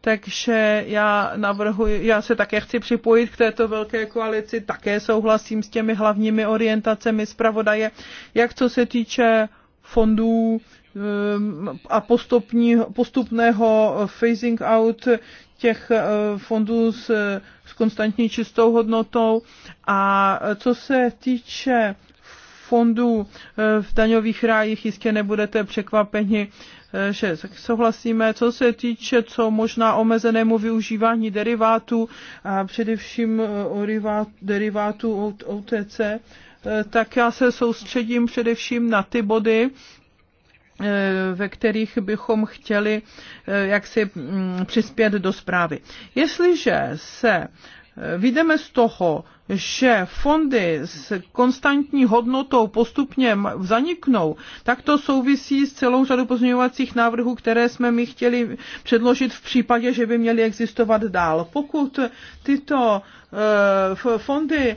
Takže já navrhuji, já se také chci připojit k této velké koalici, také souhlasím s těmi hlavními orientacemi zpravodaje, jak co se týče fondů ehm, a postupní, postupného phasing out těch eh, fondů s, s konstantní čistou hodnotou. A co se týče fondů eh, v daňových rájích, jistě nebudete překvapeni, eh, že souhlasíme. Co se týče co možná omezenému využívání derivátů a především eh, derivátů OTC, tak já se soustředím především na ty body, ve kterých bychom chtěli jaksi mm, přispět do zprávy. Jestliže se vyjdeme z toho, že fondy s konstantní hodnotou postupně zaniknou, tak to souvisí s celou řadou pozměňovacích návrhů, které jsme my chtěli předložit v případě, že by měly existovat dál. Pokud tyto eh, fondy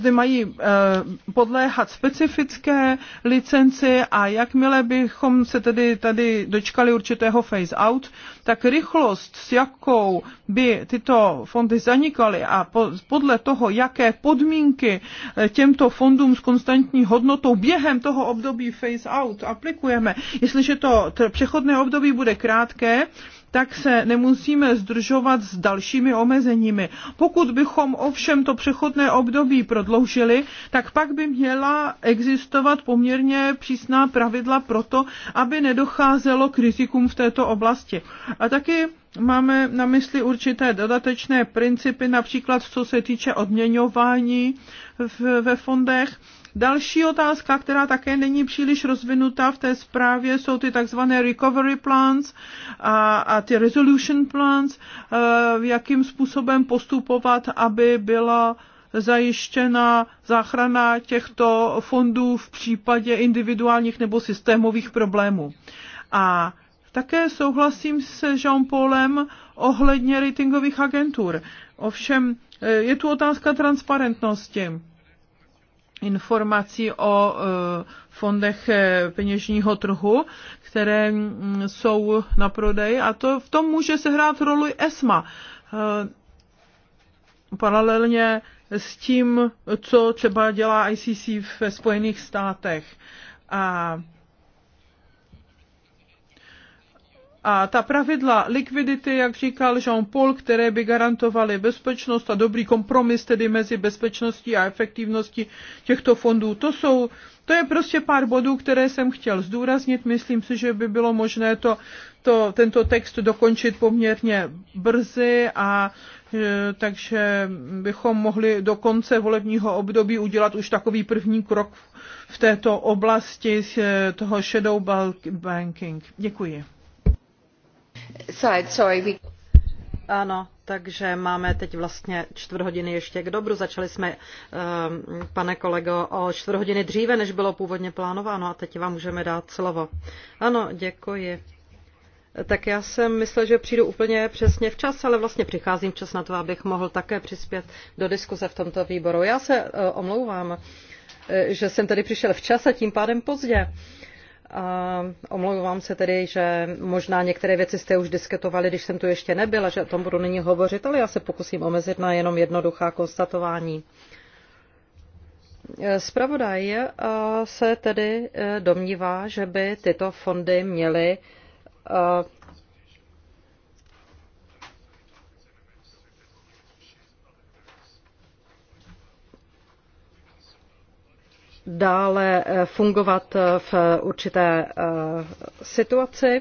kde eh, mají eh, podléhat specifické licenci a jakmile bychom se tedy tady dočkali určitého phase out, tak rychlost, s jakou by tyto fondy zanikaly a podle toho, jaké podmínky eh, těmto fondům s konstantní hodnotou během toho období phase out aplikujeme, jestliže to přechodné období bude krátké, tak se nemusíme zdržovat s dalšími omezeními. Pokud bychom ovšem to přechodné období prodloužili, tak pak by měla existovat poměrně přísná pravidla pro to, aby nedocházelo k rizikům v této oblasti. A taky máme na mysli určité dodatečné principy, například co se týče odměňování v, ve fondech Další otázka, která také není příliš rozvinutá v té zprávě, jsou ty takzvané recovery plans a, a ty resolution plans, eh, jakým způsobem postupovat, aby byla zajištěna záchrana těchto fondů v případě individuálních nebo systémových problémů. A také souhlasím se Jean-Paulem ohledně ratingových agentur. Ovšem eh, je tu otázka transparentnosti informací o e, fondech e, peněžního trhu, které jsou na prodej a to v tom může sehrát roli ESMA. E, paralelně s tím, co třeba dělá ICC ve Spojených státech. A A ta pravidla likvidity, jak říkal Jean-Paul, které by garantovaly bezpečnost a dobrý kompromis tedy mezi bezpečností a efektivností těchto fondů, to jsou to je prostě pár bodů, které jsem chtěl zdůraznit. Myslím si, že by bylo možné to, to, tento text dokončit poměrně brzy a e, takže bychom mohli do konce volebního období udělat už takový první krok v této oblasti e, toho shadow banking. Děkuji. Ano, takže máme teď vlastně čtvrt hodiny ještě k dobru. Začali jsme, ehm, pane kolego, o čtvrt hodiny dříve, než bylo původně plánováno a teď vám můžeme dát slovo. Ano, děkuji. Tak já jsem myslel, že přijdu úplně přesně včas, ale vlastně přicházím včas na to, abych mohl také přispět do diskuze v tomto výboru. Já se eh, omlouvám, eh, že jsem tady přišel včas a tím pádem pozdě. Uh, a omlouvám se tedy, že možná některé věci jste už diskutovali, když jsem tu ještě nebyla, že o tom budu nyní hovořit, ale já se pokusím omezit na jenom jednoduchá konstatování. Spravodaj eh, se tedy eh, domnívá, že by tyto fondy měly eh, dále eh, fungovat eh, v určité eh, situaci.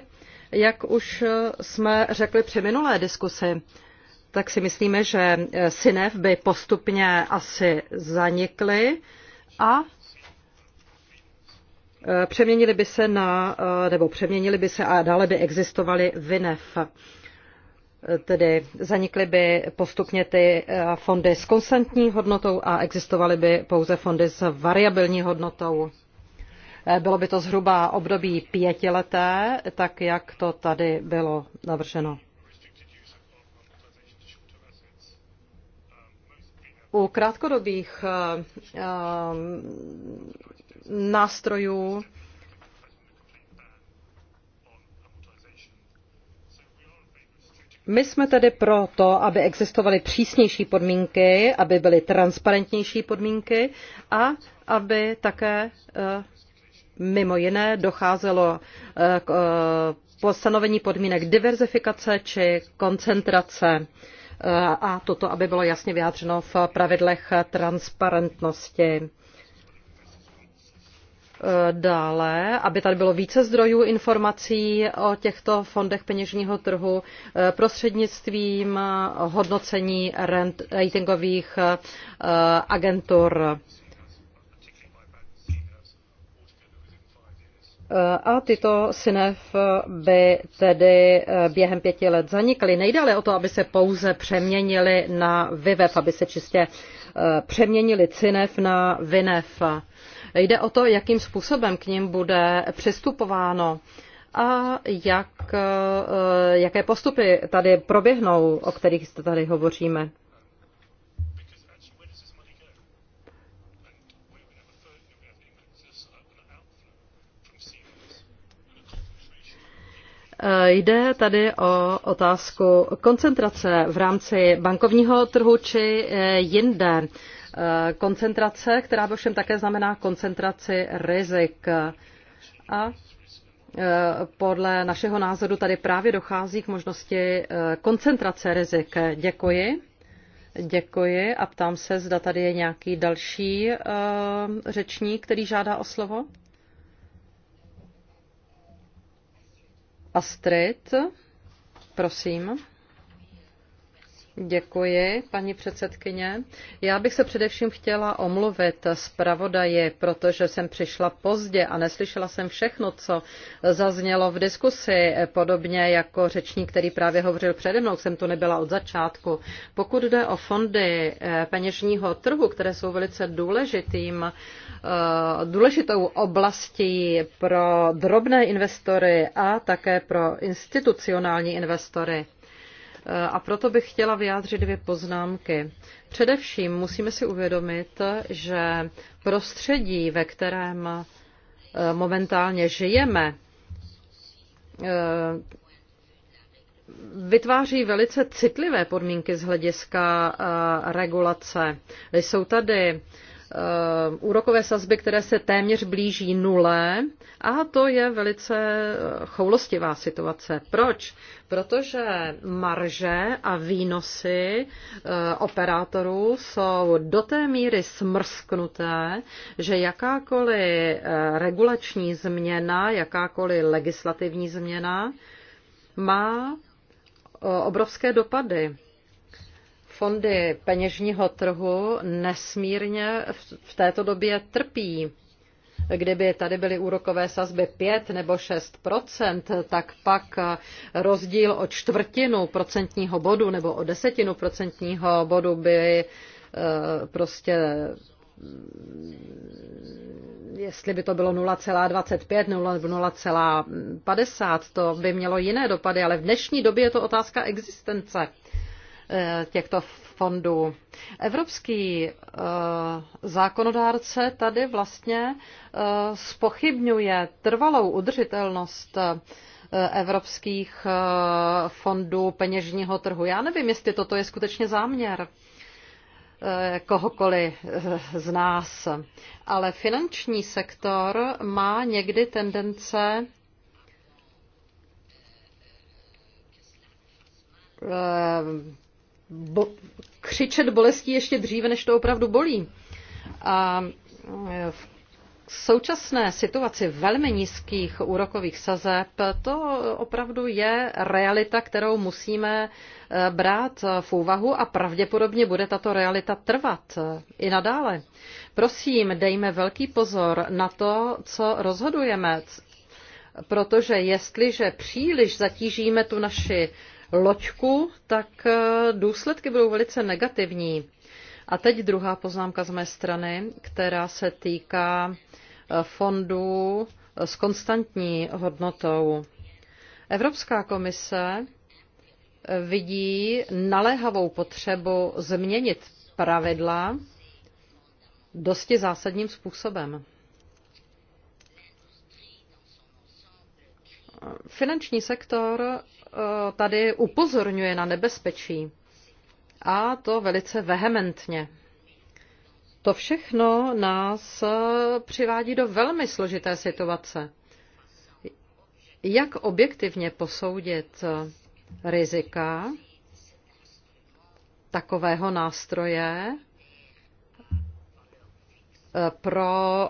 Jak už jsme řekli při minulé diskusi, tak si myslíme, že synev by postupně asi zanikly a přeměnili by se na, nebo přeměnili by se a dále by existovaly vinev tedy zanikly by postupně ty eh, fondy s konstantní hodnotou a existovaly by pouze fondy s variabilní hodnotou. Eh, bylo by to zhruba období pětileté, tak jak to tady bylo navrženo. U krátkodobých eh, nástrojů My jsme tedy pro to, aby existovaly přísnější podmínky, aby byly transparentnější podmínky a aby také eh, mimo jiné docházelo eh, k eh, stanovení podmínek diverzifikace či koncentrace a toto, aby bylo jasně vyjádřeno v pravidlech transparentnosti. Eh, dále, aby tady bylo více zdrojů informací o těchto fondech peněžního trhu eh, prostřednictvím hodnocení rent, ratingových eh, agentur. a tyto synev by tedy během pěti let zanikly. Nejdále o to, aby se pouze přeměnili na vivev, aby se čistě přeměnili cinev na vinev. Jde o to, jakým způsobem k ním bude přistupováno a jak, eh, jaké postupy tady proběhnou, o kterých tady hovoříme. Eh, jde tady o otázku koncentrace v rámci bankovního trhu či eh, jinde. Eh, koncentrace, která by všem také znamená koncentraci rizik. A eh, podle našeho názoru tady právě dochází k možnosti eh, koncentrace rizik. Děkuji. Děkuji a ptám se, zda tady je nějaký další uh, řečník, který žádá o slovo. Astrid, prosím. Děkuji, paní předsedkyně. Já bych se především chtěla omluvit zpravodaji, protože jsem přišla pozdě a neslyšela jsem všechno, co zaznělo v diskusi, podobně jako řečník, který právě hovořil přede mnou, jsem tu nebyla od začátku. Pokud jde o fondy eh, peněžního trhu, které jsou velice důležitým, eh, důležitou oblastí pro drobné investory a také pro institucionální investory, Eh, a proto bych chtěla vyjádřit dvě poznámky. Především musíme si uvědomit, že prostředí, ve kterém eh, momentálně žijeme, eh, vytváří velice citlivé podmínky z hlediska regulace. Jsou tady Eh, úrokové sazby, které se téměř blíží nule a to je velice eh, choulostivá situace. Proč? Protože marže a výnosy eh, operátorů jsou do té míry smrsknuté, že jakákoliv regulační změna, jakákoliv legislativní změna má obrovské dopady fondy peněžního trhu nesmírně v této době trpí. Kdyby tady byly úrokové sazby 5 nebo 6 tak pak rozdíl o čtvrtinu procentního bodu nebo o desetinu procentního bodu by eh, prostě jestli by to bylo 0,25 nebo 0,50, to by mělo jiné dopady, ale v dnešní době je to otázka existence těchto fondů. Evropský eh, zákonodárce tady vlastně eh, spochybňuje trvalou udržitelnost eh, evropských fondů peněžního trhu. Já nevím, jestli toto je skutečně záměr kohokoliv z nás. Ale finanční sektor má někdy tendence bo- křičet bolestí ještě dříve, než to opravdu bolí. A e, v současné situaci velmi nízkých úrokových sazeb to opravdu je realita, kterou musíme e, brát v úvahu a pravděpodobně bude tato realita trvat e, i nadále. Prosím, dejme velký pozor na to, co rozhodujeme, protože jestliže příliš zatížíme tu naši loďku, tak eh, důsledky budou velice negativní. A teď druhá poznámka z mé strany, která se týká eh, fondů eh, s konstantní hodnotou. Evropská komise vidí naléhavou potřebu změnit pravidla dosti zásadním způsobem. Finanční sektor Eh, tady upozorňuje na nebezpečí. A to velice vehementně. To všechno nás eh, přivádí do velmi složité situace. Jak objektivně posoudit eh, rizika takového nástroje pro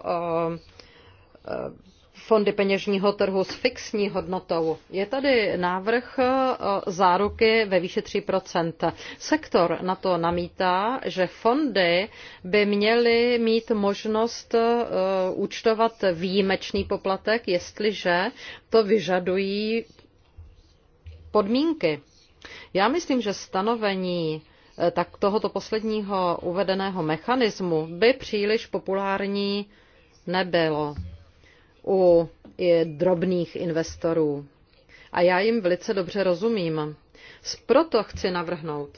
fondy peněžního trhu s fixní hodnotou. Je tady návrh eh, záruky ve výši 3 Sektor na to namítá, že fondy by měly mít možnost eh, účtovat výjimečný poplatek, jestliže to vyžadují podmínky. Já myslím, že stanovení eh, tak tohoto posledního uvedeného mechanismu by příliš populární nebylo u drobných investorů. A já jim velice dobře rozumím. Proto chci navrhnout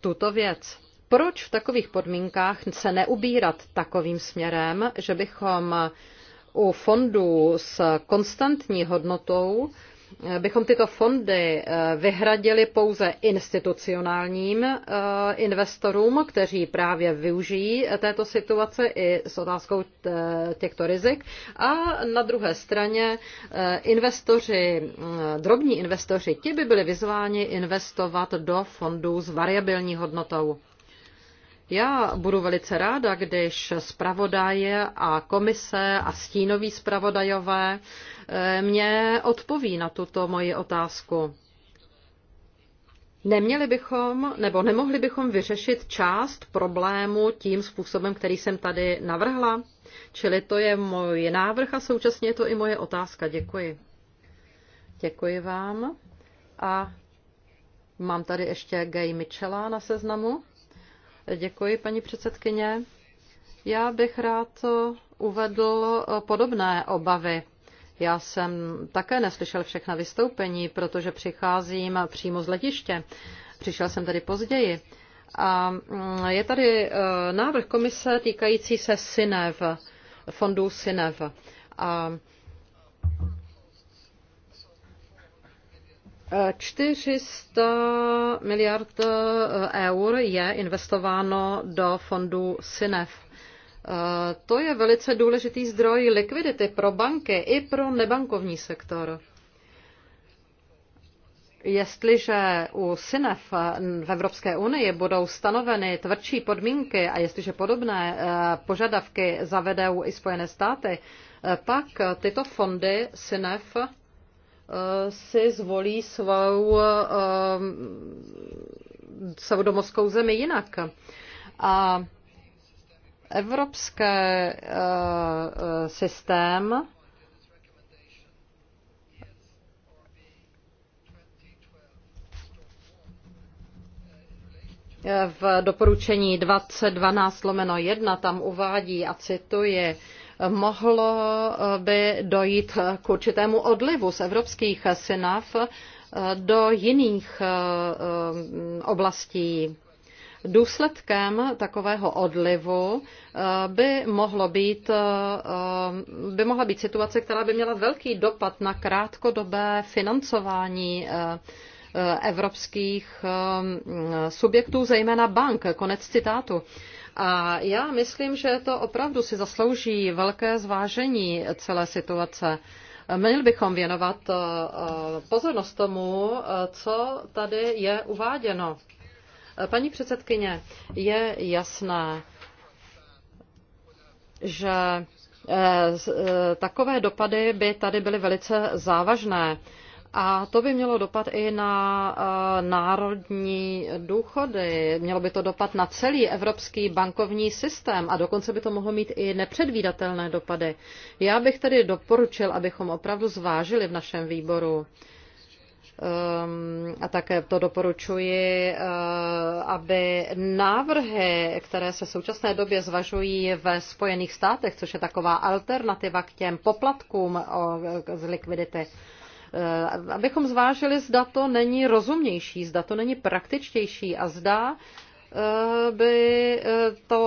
tuto věc. Proč v takových podmínkách se neubírat takovým směrem, že bychom u fondů s konstantní hodnotou Eh, bychom tyto fondy eh, vyhradili pouze institucionálním eh, investorům, kteří právě využijí této situace i s otázkou těchto rizik. A na druhé straně investoři, drobní investoři, ti by byli vyzváni investovat do fondů s variabilní hodnotou. Já budu velice ráda, když zpravodaje a komise a stínoví zpravodajové eh, mě odpoví na tuto moji otázku. Neměli bychom, nebo nemohli bychom vyřešit část problému tím způsobem, který jsem tady navrhla? Čili to je můj návrh a současně je to i moje otázka. Děkuji. Děkuji vám. A mám tady ještě Gay Michela na seznamu. Děkuji, paní předsedkyně. Já bych rád uvedl podobné obavy. Já jsem také neslyšel všechna vystoupení, protože přicházím přímo z letiště. Přišel jsem tady později. A mm, je tady e, návrh komise týkající se SINEV, fondů SINEV. A 400 miliard eh, eur je investováno do fondu SINEF. Eh, to je velice důležitý zdroj likvidity pro banky i pro nebankovní sektor. Jestliže u SINEF eh, v Evropské unii budou stanoveny tvrdší podmínky a jestliže podobné požadavky zavedou i Spojené státy, pak tyto fondy SINEF Eh, si zvolí svou, eh, svou domovskou zemi jinak. A evropský eh, systém v doporučení 2012 lomeno 1 tam uvádí a cituje mohlo eh, by dojít k určitému odlivu z evropských synav eh, do jiných eh, oblastí. Důsledkem takového odlivu by, mohlo být, by mohla být situace, která by měla velký dopad na krátkodobé financování evropských subjektů, zejména bank. Konec citátu. A já myslím, že to opravdu si zaslouží velké zvážení celé situace. Měli bychom věnovat eh, eh, pozornost tomu, eh, co tady je uváděno. Paní předsedkyně, je jasné, že takové dopady by tady byly velice závažné. A to by mělo dopad i na eh, národní důchody, mělo by to dopad na celý evropský bankovní systém a dokonce by to mohlo mít i nepředvídatelné dopady. Já bych tedy doporučil, abychom opravdu zvážili v našem výboru ehm, a také to doporučuji, eh, aby návrhy, které se v současné době zvažují ve Spojených státech, což je taková alternativa k těm poplatkům z likvidity, Eh, abychom zvážili, zda to není rozumnější, zda to není praktičtější a zda eh, by eh, to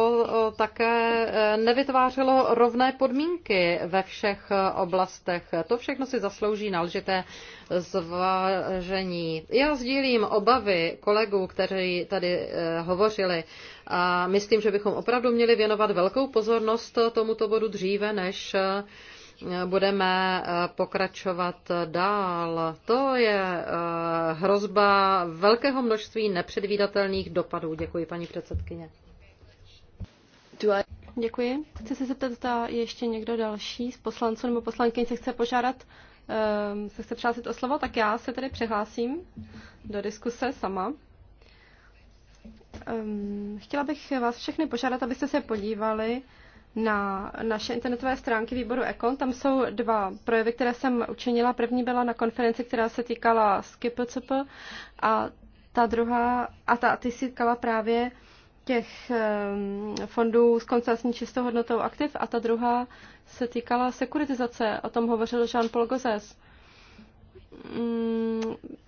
také nevytvářelo rovné podmínky ve všech oblastech. To všechno si zaslouží náležité zvážení. Já sdílím obavy kolegů, kteří tady hovořili a myslím, že bychom opravdu měli věnovat velkou pozornost tomuto bodu dříve, než budeme eh, pokračovat dál. To je eh, hrozba velkého množství nepředvídatelných dopadů. Děkuji, paní předsedkyně. Děkuji. Chci se zeptat, zda ještě někdo další z poslanců nebo poslankyň se chce požádat, ehm, se chce přihlásit o slovo, tak já se tedy přihlásím do diskuse sama. Ehm, chtěla bych vás všechny požádat, abyste se podívali na naše internetové stránky výboru Econ. Tam jsou dva projevy, které jsem učinila. První byla na konferenci, která se týkala SkipCP a ta druhá, a ta, ty si týkala právě těch ehm, fondů s koncesní čistou hodnotou aktiv a ta druhá se týkala sekuritizace. O tom hovořil Jean-Paul Gozes. Mm,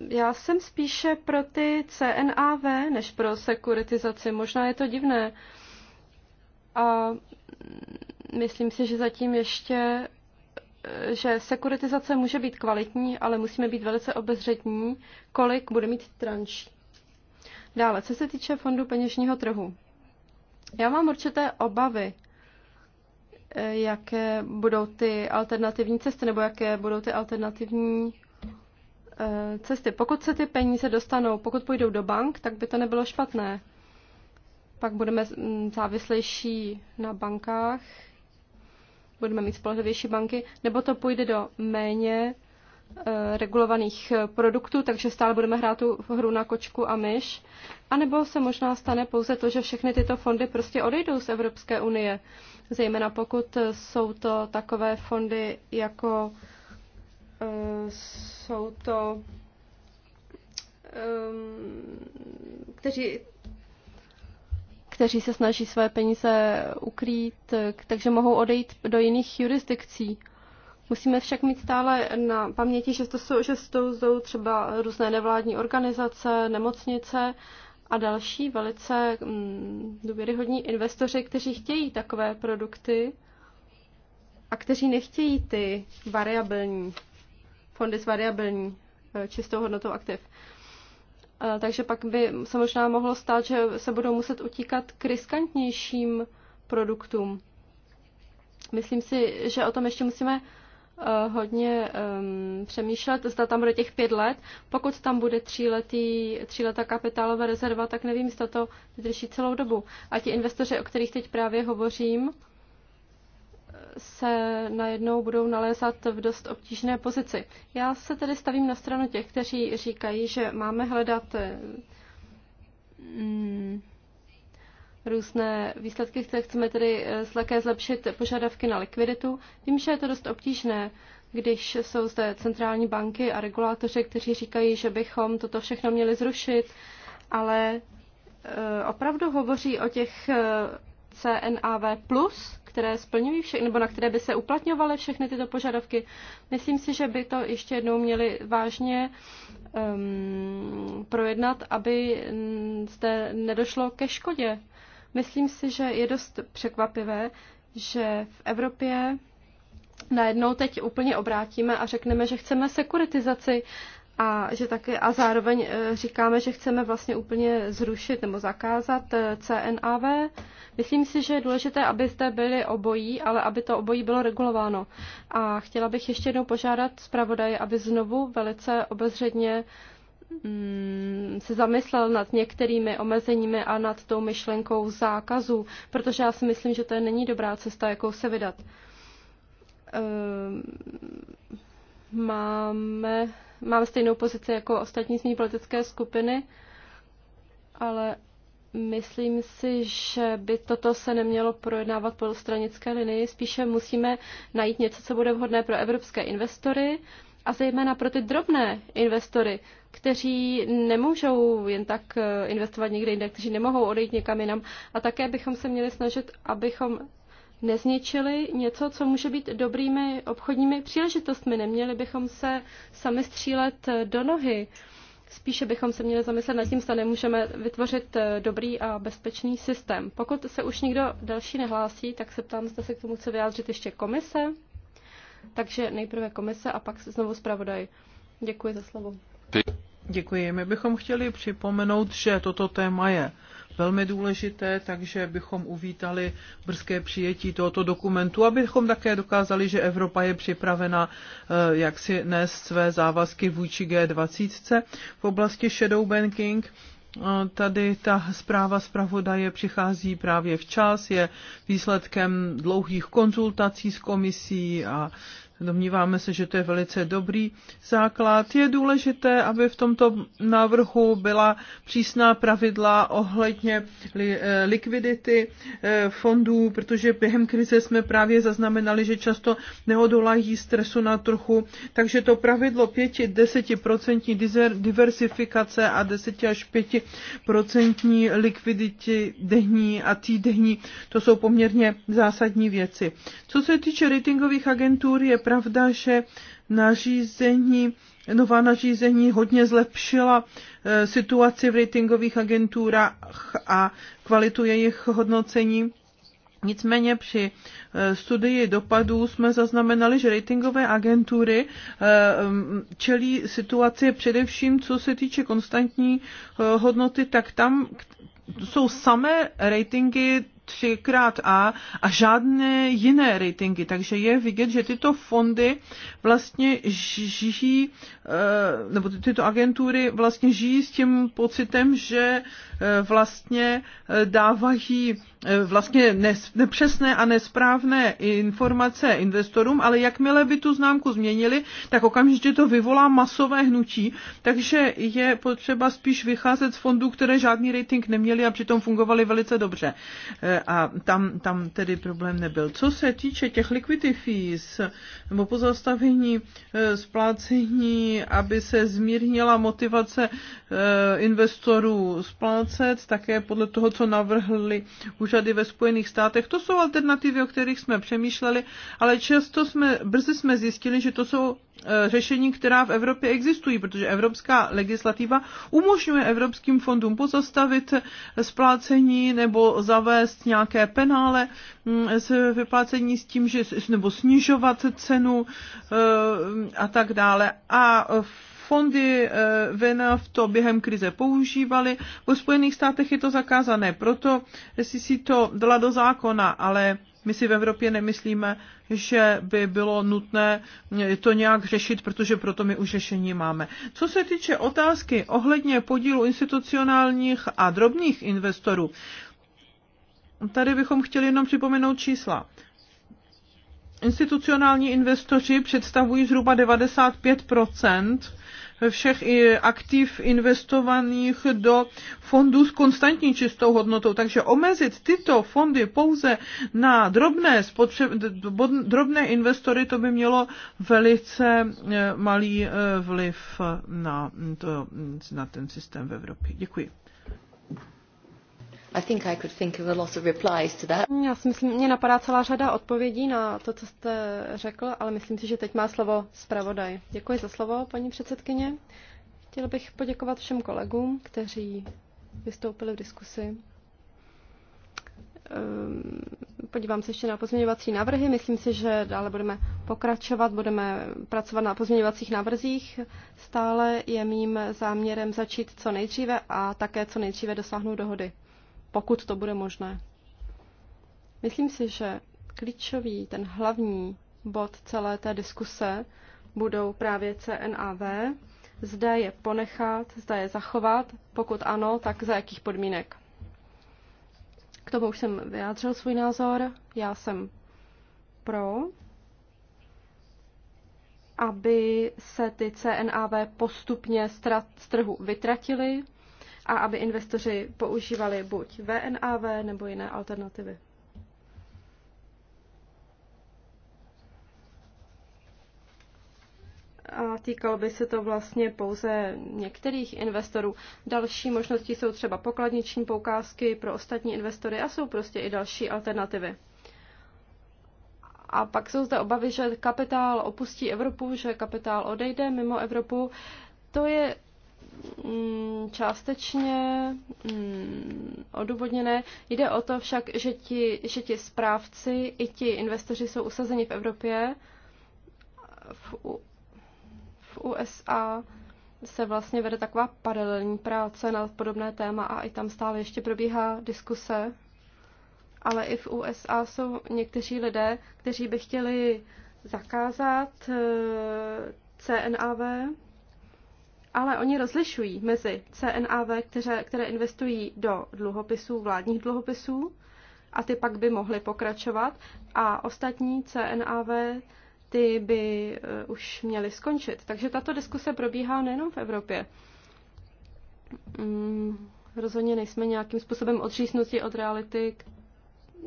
já jsem spíše pro ty CNAV než pro sekuritizaci. Možná je to divné, a myslím si, že zatím ještě, že sekuritizace může být kvalitní, ale musíme být velice obezřetní, kolik bude mít tranší. Dále, co se týče fondu peněžního trhu. Já mám určité obavy, jaké budou ty alternativní cesty, nebo jaké budou ty alternativní eh, cesty. Pokud se ty peníze dostanou, pokud půjdou do bank, tak by to nebylo špatné pak budeme mm, závislejší na bankách, budeme mít spolehlivější banky, nebo to půjde do méně eh, regulovaných eh, produktů, takže stále budeme hrát tu hru na kočku a myš. A nebo se možná stane pouze to, že všechny tyto fondy prostě odejdou z Evropské unie, zejména pokud eh, jsou to takové fondy jako jsou to ehm, kteří, kteří se snaží své peníze ukrýt, takže mohou odejít do jiných jurisdikcí. Musíme však mít stále na paměti, že to jsou, že to jsou třeba různé nevládní organizace, nemocnice a další velice mm, důvěryhodní investoři, kteří chtějí takové produkty a kteří nechtějí ty variabilní fondy s variabilní eh, čistou hodnotou aktiv takže pak by se možná mohlo stát, že se budou muset utíkat k riskantnějším produktům. Myslím si, že o tom ještě musíme eh, hodně um, přemýšlet, zda tam bude těch pět let. Pokud tam bude tříletý, tříletá kapitálová rezerva, tak nevím, zda to vydrží celou dobu. A ti investoři, o kterých teď právě hovořím, se najednou budou nalézat v dost obtížné pozici. Já se tedy stavím na stranu těch, kteří říkají, že máme hledat mm, různé výsledky, které chceme tedy eh, také zlepšit požadavky na likviditu. Vím, že je to dost obtížné, když jsou zde centrální banky a regulátoři, kteří říkají, že bychom toto všechno měli zrušit, ale eh, opravdu hovoří o těch eh, CNAV plus, které splňují všechny, nebo na které by se uplatňovaly všechny tyto požadavky. Myslím si, že by to ještě jednou měli vážně um, projednat, aby zde nedošlo ke škodě. Myslím si, že je dost překvapivé, že v Evropě najednou teď úplně obrátíme a řekneme, že chceme sekuritizaci a, že taky, a zároveň e, říkáme, že chceme vlastně úplně zrušit nebo zakázat e, CNAV. Myslím si, že je důležité, abyste byli obojí, ale aby to obojí bylo regulováno. A chtěla bych ještě jednou požádat zpravodaje, aby znovu velice obezředně mm, se zamyslel nad některými omezeními a nad tou myšlenkou zákazů, protože já si myslím, že to není dobrá cesta, jakou se vydat. Ehm, máme mám stejnou pozici jako ostatní z mý politické skupiny, ale myslím si, že by toto se nemělo projednávat po stranické linii. Spíše musíme najít něco, co bude vhodné pro evropské investory a zejména pro ty drobné investory, kteří nemůžou jen tak eh, investovat někde jinde, kteří nemohou odejít někam jinam. A také bychom se měli snažit, abychom nezničili něco, co může být dobrými obchodními příležitostmi. Neměli bychom se sami střílet do nohy. Spíše bychom se měli zamyslet nad tím, zda nemůžeme vytvořit eh, dobrý a bezpečný systém. Pokud se už nikdo další nehlásí, tak se ptám, zda se k tomu chce vyjádřit ještě komise. Takže nejprve komise a pak znovu zpravodaj. Děkuji za slovo. Děkuji. My bychom chtěli připomenout, že toto téma je velmi důležité, takže bychom uvítali brzké přijetí tohoto dokumentu, abychom také dokázali, že Evropa je připravena eh, jak si nést své závazky vůči G20 v oblasti shadow banking. Eh, tady ta zpráva zpravodaje přichází právě včas, je výsledkem dlouhých konzultací s komisí a Domníváme se, že to je velice dobrý základ. Je důležité, aby v tomto návrhu byla přísná pravidla ohledně eh, likvidity eh, fondů, protože během krize jsme právě zaznamenali, že často neodolají stresu na trhu, takže to pravidlo 5-10% diversifikace a 10 až 5% likvidity denní a týdenní, to jsou poměrně zásadní věci. Co se týče ratingových agentur, je pravda, že nařízení, nová nařízení hodně zlepšila eh, situaci v ratingových agenturách a kvalitu jejich hodnocení. Nicméně při eh, studii dopadů jsme zaznamenali, že ratingové agentury eh, čelí situaci především, co se týče konstantní hodnoty, tak tam jsou samé ratingy třikrát A a žádné jiné ratingy. Takže je vidět, že tyto fondy vlastně žijí, eh, nebo tyto agentury vlastně žijí s tím pocitem, že eh, vlastně eh, dávají E, vlastně nepřesné a nesprávné informace investorům, ale jakmile by tu známku změnili, tak okamžitě to vyvolá masové hnutí, takže je potřeba spíš vycházet z fondů, které žádný rating neměly a přitom fungovaly velice dobře. E, a tam, tam tedy problém nebyl. Co se týče těch liquidity fees nebo pozastavení e, splácení, aby se zmírnila motivace investorů splácet, také podle toho, co navrhli už úřady ve Spojených státech. To jsou alternativy, o kterých jsme přemýšleli, ale často jsme, brzy jsme zjistili, že to jsou e, řešení, která v Evropě existují, protože evropská legislativa umožňuje evropským fondům pozastavit splácení nebo zavést nějaké penále s mm, vyplácení s tím, že, nebo snižovat cenu e, a tak dále. A v fondy eh, v to během krize používali. Ve Spojených státech je to zakázané, proto si to dala do zákona, ale my si v Evropě nemyslíme, že by bylo nutné to nějak řešit, protože proto my už řešení máme. Co se týče otázky ohledně podílu institucionálních a drobných investorů, tady bychom chtěli jenom připomenout čísla. Institucionální investoři představují zhruba 95 všech aktiv investovaných do fondů s konstantní čistou hodnotou. Takže omezit tyto fondy pouze na drobné, spotřeb, drobné investory, to by mělo velice eh, malý eh, vliv na, to, na ten systém v Evropě. Děkuji. Já si myslím, mě napadá celá řada odpovědí na to, co jste řekl, ale myslím si, že teď má slovo zpravodaj. Děkuji za slovo, paní předsedkyně. Chtěl bych poděkovat všem kolegům, kteří vystoupili v diskusi. Ehm, podívám se ještě na pozměňovací návrhy. Myslím si, že dále budeme pokračovat, budeme pracovat na pozměňovacích návrzích. Stále je mým záměrem začít co nejdříve a také co nejdříve dosáhnout dohody pokud to bude možné. Myslím si, že klíčový, ten hlavní bod celé té diskuse budou právě CNAV. Zda je ponechat, zda je zachovat, pokud ano, tak za jakých podmínek. K tomu už jsem vyjádřil svůj názor. Já jsem pro, aby se ty CNAV postupně z trhu vytratily, a aby investoři používali buď VNAV nebo jiné alternativy. a týkalo by se to vlastně pouze některých investorů. Další možnosti jsou třeba pokladniční poukázky pro ostatní investory a jsou prostě i další alternativy. A pak jsou zde obavy, že kapitál opustí Evropu, že kapitál odejde mimo Evropu. To je Mm, částečně mm, odůvodněné. Jde o to však, že ti, že ti správci i ti investoři jsou usazeni v Evropě. V, U, v USA se vlastně vede taková paralelní práce na podobné téma a i tam stále ještě probíhá diskuse. Ale i v USA jsou někteří lidé, kteří by chtěli zakázat eh, CNAV, ale oni rozlišují mezi CNAV, které, které investují do dluhopisů, vládních dluhopisů, a ty pak by mohly pokračovat, a ostatní CNAV ty by uh, už měly skončit. Takže tato diskuse probíhá nejenom v Evropě. Mm, rozhodně nejsme nějakým způsobem odříznutí od reality,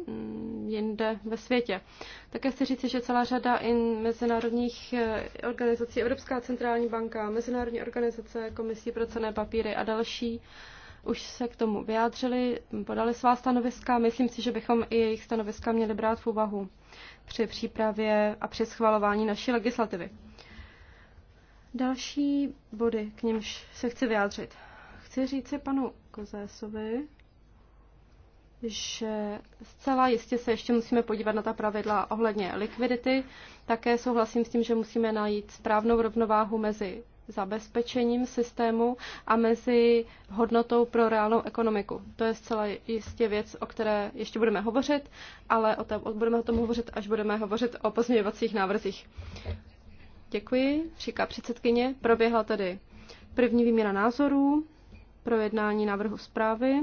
Mm, jinde ve světě. Také chci říci, že celá řada in mezinárodních eh, organizací, Evropská centrální banka, Mezinárodní organizace, Komisí pro cené papíry a další, už se k tomu vyjádřili, podali svá stanoviska. Myslím si, že bychom i jejich stanoviska měli brát v úvahu při přípravě a při schvalování naší legislativy. Další body, k nimž se chci vyjádřit. Chci říci panu Kozésovi, že zcela jistě se ještě musíme podívat na ta pravidla ohledně likvidity. Také souhlasím s tím, že musíme najít správnou rovnováhu mezi zabezpečením systému a mezi hodnotou pro reálnou ekonomiku. To je zcela jistě věc, o které ještě budeme hovořit, ale o tom, budeme o tom hovořit, až budeme hovořit o pozměňovacích návrzích. Děkuji, říká předsedkyně. Proběhla tedy první výměna názorů, pro jednání návrhu zprávy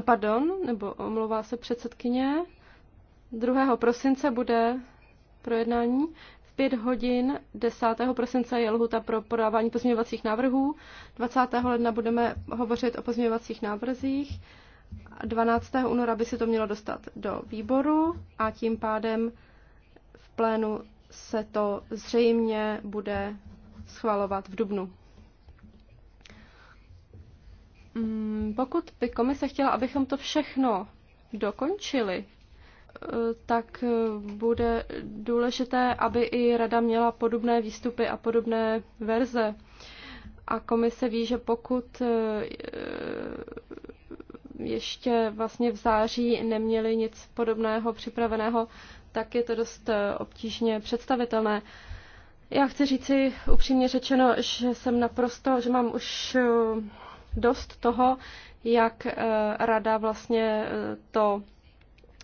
pardon, nebo omlouvá se předsedkyně, 2. prosince bude projednání. V 5 hodin 10. prosince je lhuta pro podávání pozměňovacích návrhů. 20. ledna budeme hovořit o pozměňovacích návrzích. 12. února by se to mělo dostat do výboru a tím pádem v plénu se to zřejmě bude schvalovat v Dubnu. Mm, pokud by komise chtěla, abychom to všechno dokončili, eh, tak eh, bude důležité, aby i rada měla podobné výstupy a podobné verze. A komise ví, že pokud eh, ještě vlastně v září neměli nic podobného připraveného, tak je to dost obtížně představitelné. Já chci říci upřímně řečeno, že jsem naprosto, že mám už dost toho, jak eh, rada vlastně eh, to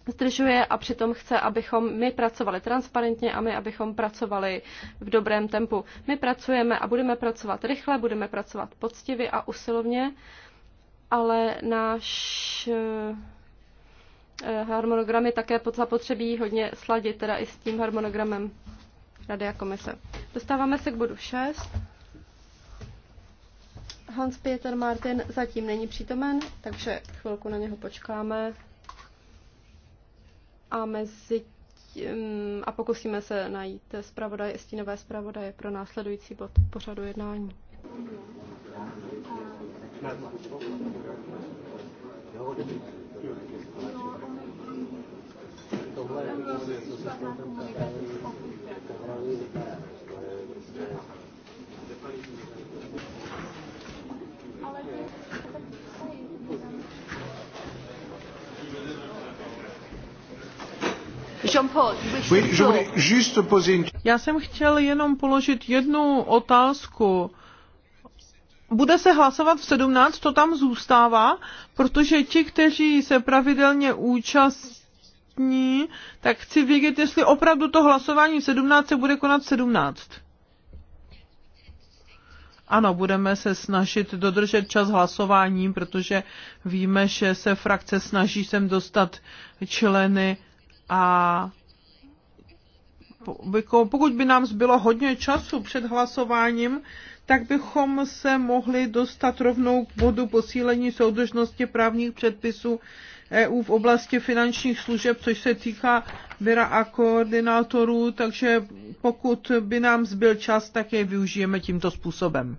zdržuje a přitom chce, abychom my pracovali transparentně a my, abychom pracovali v dobrém tempu. My pracujeme a budeme pracovat rychle, budeme pracovat poctivě a usilovně, ale náš eh, harmonogram je také pod zapotřebí hodně sladit, teda i s tím harmonogramem Rady a komise. Dostáváme se k bodu 6. Hans-Peter Martin zatím není přítomen, takže chvilku na něho počkáme. A mezi tím, a pokusíme se najít zpravodaj, stínové zpravodaje pro následující bod pořadu jednání. Thank you. Já jsem chtěl jenom položit jednu otázku. Bude se hlasovat v 17, to tam zůstává, protože ti, kteří se pravidelně účastní, tak chci vědět, jestli opravdu to hlasování v 17 se bude konat v 17. Ano, budeme se snažit dodržet čas hlasováním, protože víme, že se frakce snaží sem dostat členy a pokud by nám zbylo hodně času před hlasováním, tak bychom se mohli dostat rovnou k bodu posílení soudržnosti právních předpisů EU v oblasti finančních služeb, což se týká Byra a koordinátorů, takže pokud by nám zbyl čas, tak jej využijeme tímto způsobem.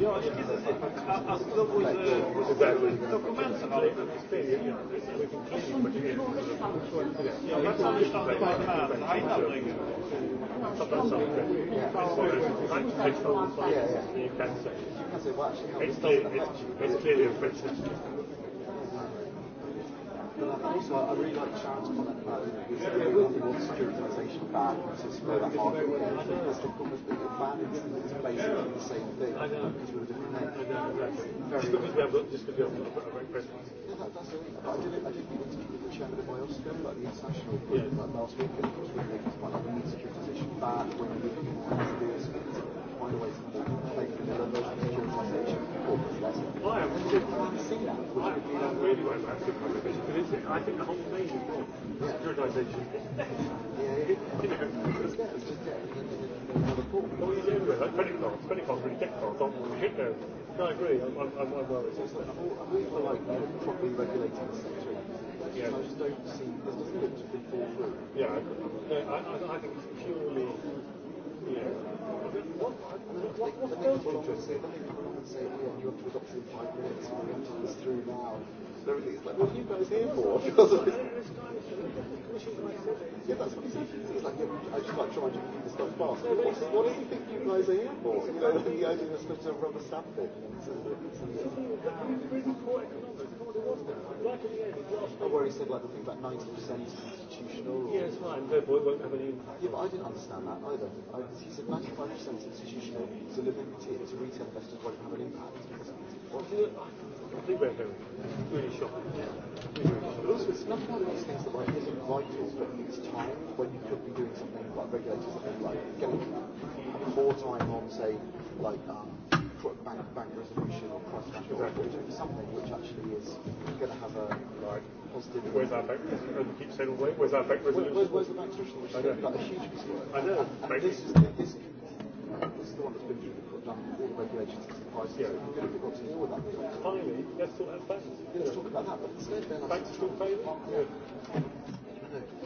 Ja, ich kenne es. Als dat wordt documenten al in Ja, wat zal ik dan naar Heina brengen? Dat is zo. Ja, ja. You can say. It's clearly a British. But also, I really like Sharon's comment about you know, the word securitisation ban, so it's where that argument comes from. difficult because the ban basically the same thing because we're a different name. just because we have, just because we have a very president. that's the I did, I did meet the chairman of IOSCO, like the international group, yeah. last week, and of course we were thinking about the securitisation ban, find a way to make the level of Why? I want to see that. Which would be that really well. That's the problem. Because it's, I think the whole thing is wrong. Yeah. Securitization. Yeah, yeah. You know. It's there. It's just there. And then another call. What are you doing with it? Like credit cards. Credit cards are ridiculous, aren't they? We should know. No, I agree. I'm, I'm, I'm, I'm worried. It's like, I'm really for like properly regulating the sector. Yeah. I just don't see, there's nothing that should fall through. Yeah, I agree. No, I, I, I think it's purely, yeah. What, what, what, what's Delta interested in? and say, oh, yeah, you have to adopt in five minutes, we're going to run this through now. And everything. It's like, what are you guys here for? yeah, that's what he said. He's like, yeah, I just like trying to do this stuff fast. What, what do you think you guys are here for? You know, the idea of a rubber stamp it. It's, it's, it's, it's, i worry he said like the thing about 90% institutional. Or... Yeah, it's fine. Therefore, it won't have any impact. Yeah, but I didn't understand that either. I, he said 95% institutional, so liberty to retail investors won't have an impact. Well, you I think we're very, really shocking. But also, it's not one of these things that like isn't vital, but it's time when you could be doing something like regulators, like getting more time on, say, like um, bank, bank resolution or cross-bank exactly. something which actually is going to have a like, positive... Where's our bank resolution? keep saying, where, where's our bank resolution? Where, where's, where's the bank resolution? Which know. like a huge piece of work. I know. And, and this, is the, this, this is the one that's been done all the regulations to the prices. Yeah. We're going to be able to deal with that. Finally, let's talk about banks. Yeah, let's talk about that. But instead then... Banks still failing? Yeah.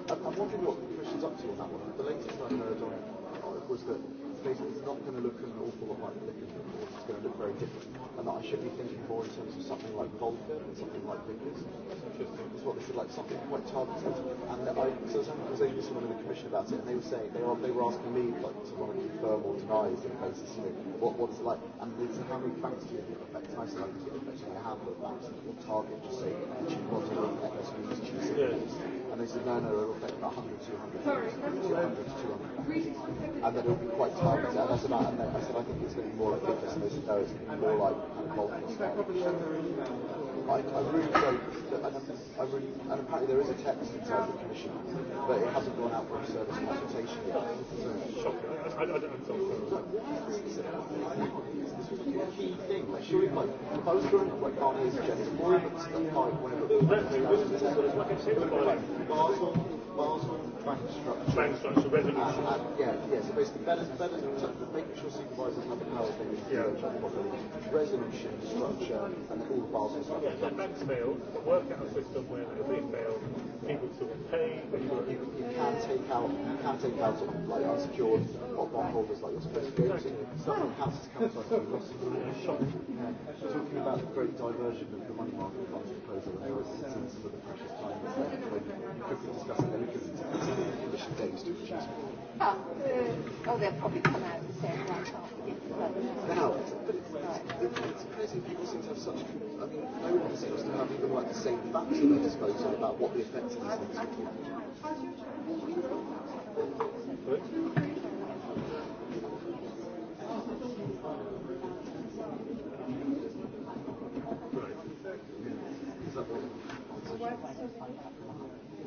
I'm, wondering what the Commission's up to on that one. The latest I heard on uh, was that basically it's not going to look an awful lot like the liquid going to look very different and that I should be thinking more in terms of something like Volker and something like Vickers. As well, they said like something quite targeted. And that I, so I was saying to someone in the commission about it, and they were saying they were they were asking me like to want to confirm or deny the basis, you know, what what's it like. And they said how many banks do you think affect? And I said like it affects handful of banks, perhaps or target, just say, what do you want to do? And they said no, no, it about 100, 200. Sorry. 100 to And then it be quite targeted. And I said, I, I, said, I think it's going to be more like fitness said, no, it's going to be more like kind of boldness. I, I really don't, I really, and apparently there is a text inside the commission, but it hasn't gone out for a service consultation yet. So, shocking. I, I, I don't understand. Like, is a key thing. Like, surely, like, if I was growing up like Barney's Jennings, why would I, whenever... That's the reason, like I said, Basel, Basel, bank structure. Bank structure resolution. And, uh, and, yeah, yeah. So basically, better, better that is making sure supervisors have the power they need to yeah. properly. Resolution structure and all the files and stuff. Yeah, so banks fail. Work out a system where if they fail, people still pay. You, you, you can take out you can take out sort of like unsecured bond holders like you're supposed to go to. Some houses come to like the rest of the Talking about the great diversion of the money market funds proposal and how it's sort of the precious time quickly discuss it, then we can days to produce. Ah, uh, oh, they'll probably come out and say it Now, but it's, it's, crazy people seem to have such. I mean, no one seems to have even like the same facts at their disposal about what the effects of these things will Right. Is that what?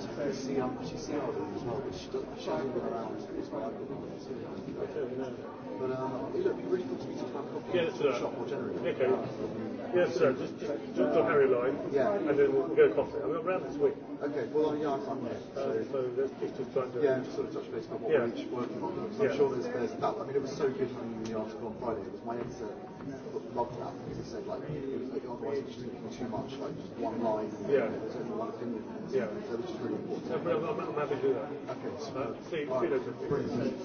yeah, yes, sir. Just, just to Harry Line, yeah. and then we'll, we'll get a coffee. I'm around this week. Okay. Well, yeah, I'm, I'm uh, So, uh, so let's just, just try and do yeah, it. just sort of touch base on what yeah. we're each working on. So yeah. I'm sure there's, there's that. I mean, it was so good having the article on Friday. It was my insert logged out because it said like it was like otherwise it's just too much like just one line yeah there's only one opinion yeah so which is really important yeah, but I'm, I'm happy to do that okay so uh, see, right. see later Brilliant.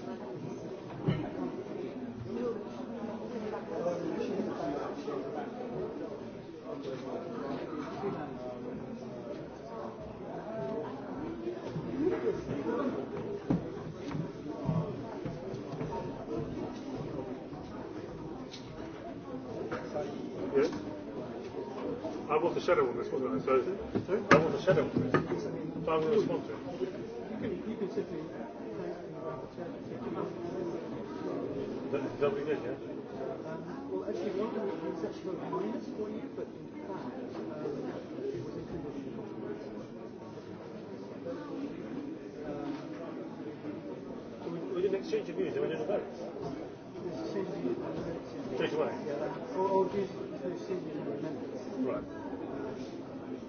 Thank you. shadow on this, wasn't I? So, I want a shadow on this. So I will respond to it. You can, you can yeah? Um, well, actually, one of them was actually a for you, but in fact, the um, we, exchange of views, we a change um, away? Yeah, or, or you Right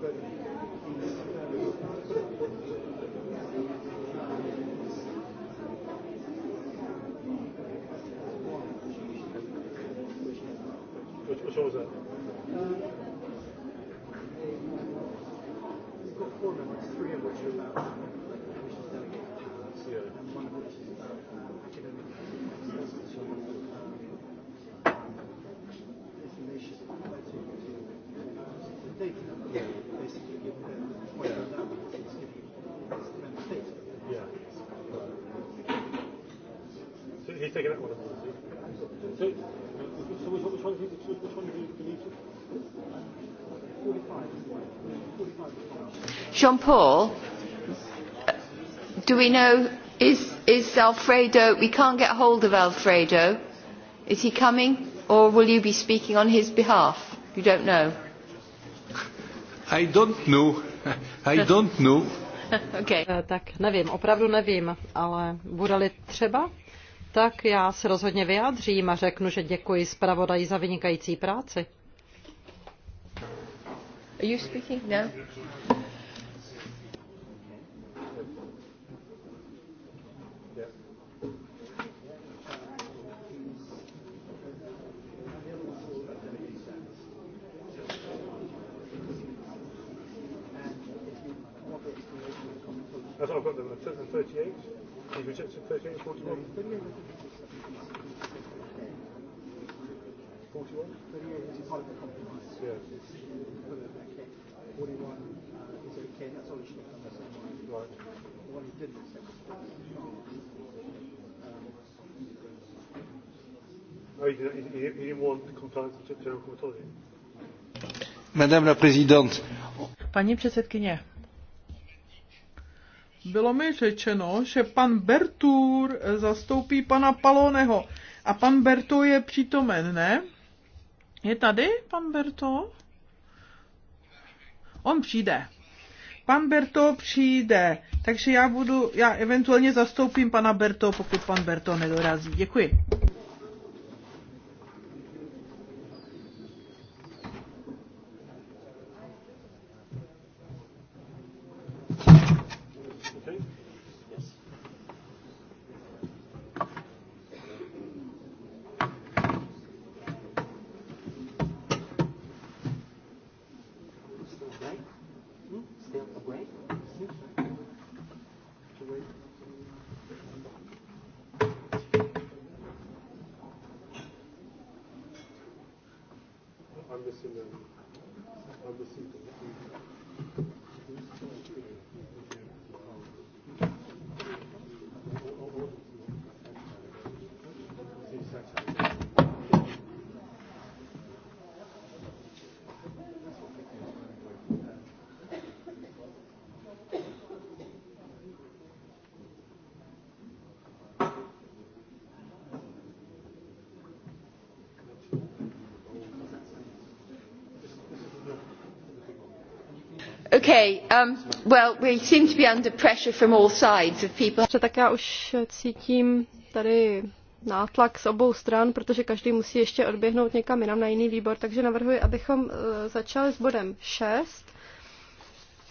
but Jean Paul, do we know, is, is Alfredo, we can't get hold of Alfredo. Is he coming or will you be speaking on his behalf? You don't know. I don't know. I don't know. okay. Eh, tak nevím, opravdu nevím, ale bude-li třeba, tak já se rozhodně vyjádřím a řeknu, že děkuji zpravodaji za vynikající práci. Are you speaking? No. Madame la présidente. Paní předsedkyně, bylo mi řečeno, že pan Bertur zastoupí pana Paloneho. A pan Berto je přítomen, ne? Je tady pan Berto? On přijde. Pan Berto přijde, takže já budu, já eventuálně zastoupím pana Berto, pokud pan Berto nedorazí. Děkuji. to Tak já už cítím tady nátlak z obou stran, protože každý musí ještě odběhnout někam jinam na jiný výbor, takže navrhuji, abychom eh, začali s bodem šest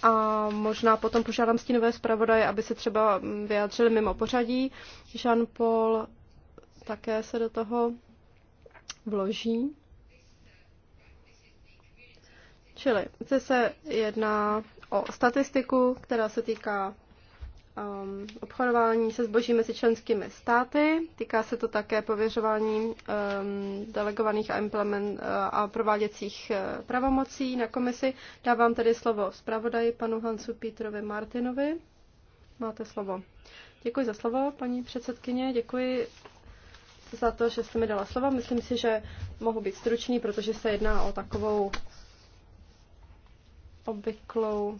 a možná potom požádám stínové zpravodaje, aby se třeba mm, vyjádřili mimo pořadí. Jean-Paul také se do toho vloží. Čili zde se jedná o statistiku, která se týká um, obchodování se zboží mezi členskými státy. Týká se to také pověřování um, delegovaných a, implement, uh, a prováděcích uh, pravomocí na komisi. Dávám tedy slovo zpravodaji panu Hansu Pítrovi Martinovi. Máte slovo. Děkuji za slovo, paní předsedkyně. Děkuji za to, že jste mi dala slovo. Myslím si, že mohu být stručný, protože se jedná o takovou obvyklou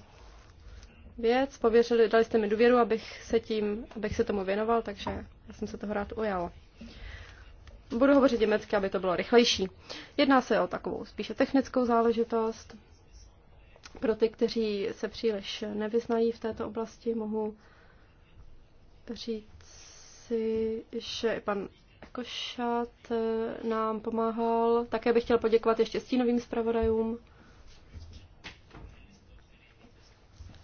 věc. Pověřili, dali jste mi důvěru, abych se, tím, abych se tomu věnoval, takže já jsem se toho rád ujal. Budu hovořit německy, aby to bylo rychlejší. Jedná se o takovou spíše technickou záležitost. Pro ty, kteří se příliš nevyznají v této oblasti, mohu říct si, že pan Košat eh, nám pomáhal. Také bych chtěl poděkovat ještě stínovým zpravodajům.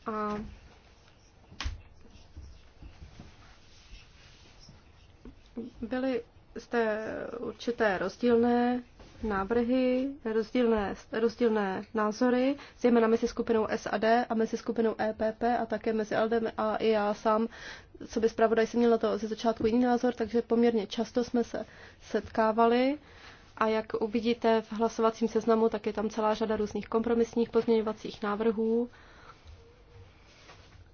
A byly zde určité rozdílné návrhy, rozdílné, rozdílné názory, zejména mezi skupinou SAD a mezi skupinou EPP a také mezi Aldem a i já sám, co by zpravodaj si měl to ze začátku jiný názor, takže poměrně často jsme se setkávali a jak uvidíte v hlasovacím seznamu, tak je tam celá řada různých kompromisních pozměňovacích návrhů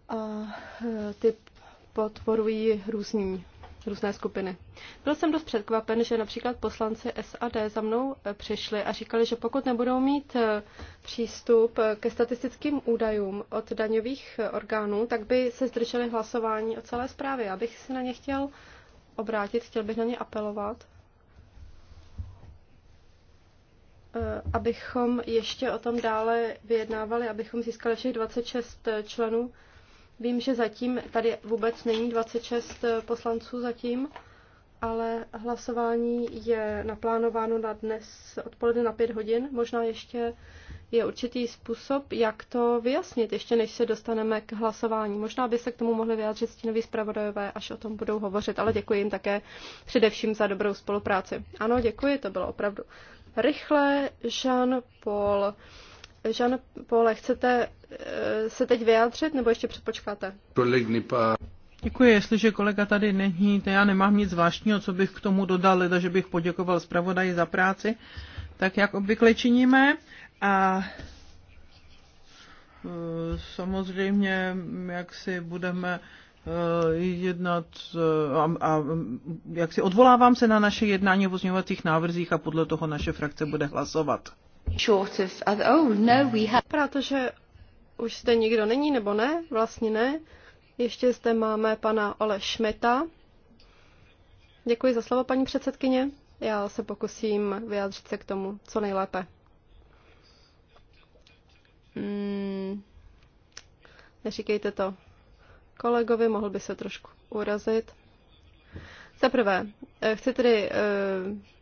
a e, ty podporují různí, různé skupiny. Byl jsem dost překvapen, že například poslanci SAD za mnou e, přišli a říkali, že pokud nebudou mít e, přístup ke statistickým údajům od daňových orgánů, tak by se zdrželi hlasování o celé zprávě. Já bych se na ně chtěl obrátit, chtěl bych na ně apelovat, abychom ještě o tom dále vyjednávali, abychom získali všech 26 členů Vím, že zatím tady vůbec není 26 eh, poslanců zatím, ale hlasování je naplánováno na dnes odpoledne na 5 hodin. Možná ještě je určitý způsob, jak to vyjasnit, ještě než se dostaneme k hlasování. Možná by se k tomu mohli vyjádřit stínoví zpravodajové, až o tom budou hovořit, ale děkuji jim také především za dobrou spolupráci. Ano, děkuji, to bylo opravdu rychle. Jean-Paul Jean Paul, chcete eh, se teď vyjádřit, nebo ještě předpočkáte? Děkuji, jestliže kolega tady není, to já nemám nic zvláštního, co bych k tomu dodal, že bych poděkoval zpravodaji za práci, tak jak obvykle činíme. A eh, samozřejmě, jak si budeme eh, jednat a, a jak si odvolávám se na naše jednání o pozměňovacích návrzích a podle toho naše frakce bude hlasovat. Oh, no, Protože už zde nikdo není, nebo ne? Vlastně ne. Ještě zde máme pana Ole Šmeta. Děkuji za slovo, paní předsedkyně. Já se pokusím vyjádřit se k tomu co nejlépe. Hmm, neříkejte to kolegovi, mohl by se trošku urazit. Za prvé, eh, chci tedy eh,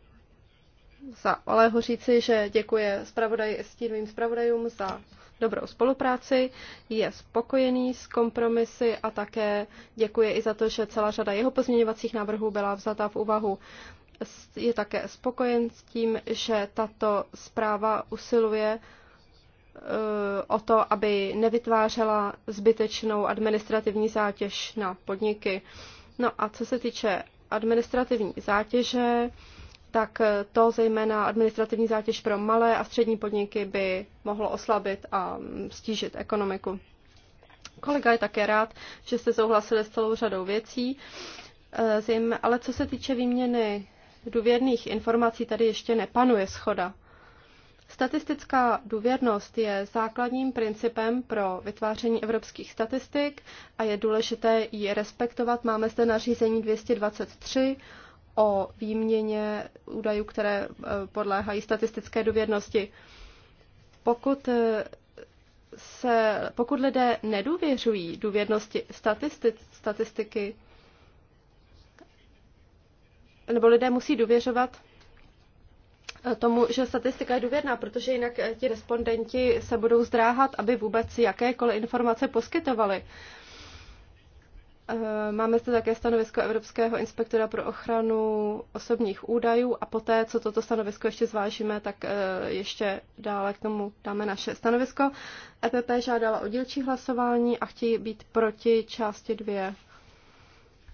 za Olého říci, že děkuje zpravodaj, stínovým zpravodajům za dobrou spolupráci, je spokojený s kompromisy a také děkuje i za to, že celá řada jeho pozměňovacích návrhů byla vzata v úvahu. Je také spokojen s tím, že tato zpráva usiluje e, o to, aby nevytvářela zbytečnou administrativní zátěž na podniky. No a co se týče administrativní zátěže, tak to zejména administrativní zátěž pro malé a střední podniky by mohlo oslabit a stížit ekonomiku. Kolega je také rád, že jste souhlasili s celou řadou věcí, eh, ale co se týče výměny důvěrných informací, tady ještě nepanuje schoda. Statistická důvěrnost je základním principem pro vytváření evropských statistik a je důležité ji respektovat. Máme zde nařízení 223 o výměně údajů, které eh, podléhají statistické důvěrnosti. Pokud eh, se, pokud lidé nedůvěřují důvěrnosti statisti, statistiky, nebo lidé musí důvěřovat eh, tomu, že statistika je důvěrná, protože jinak ti respondenti se budou zdráhat, aby vůbec jakékoliv informace poskytovali. Eh, máme zde také stanovisko Evropského inspektora pro ochranu osobních údajů a poté, co toto stanovisko ještě zvážíme, tak eh, ještě dále k tomu dáme naše stanovisko. EPP žádala o dílčí hlasování a chtějí být proti části dvě.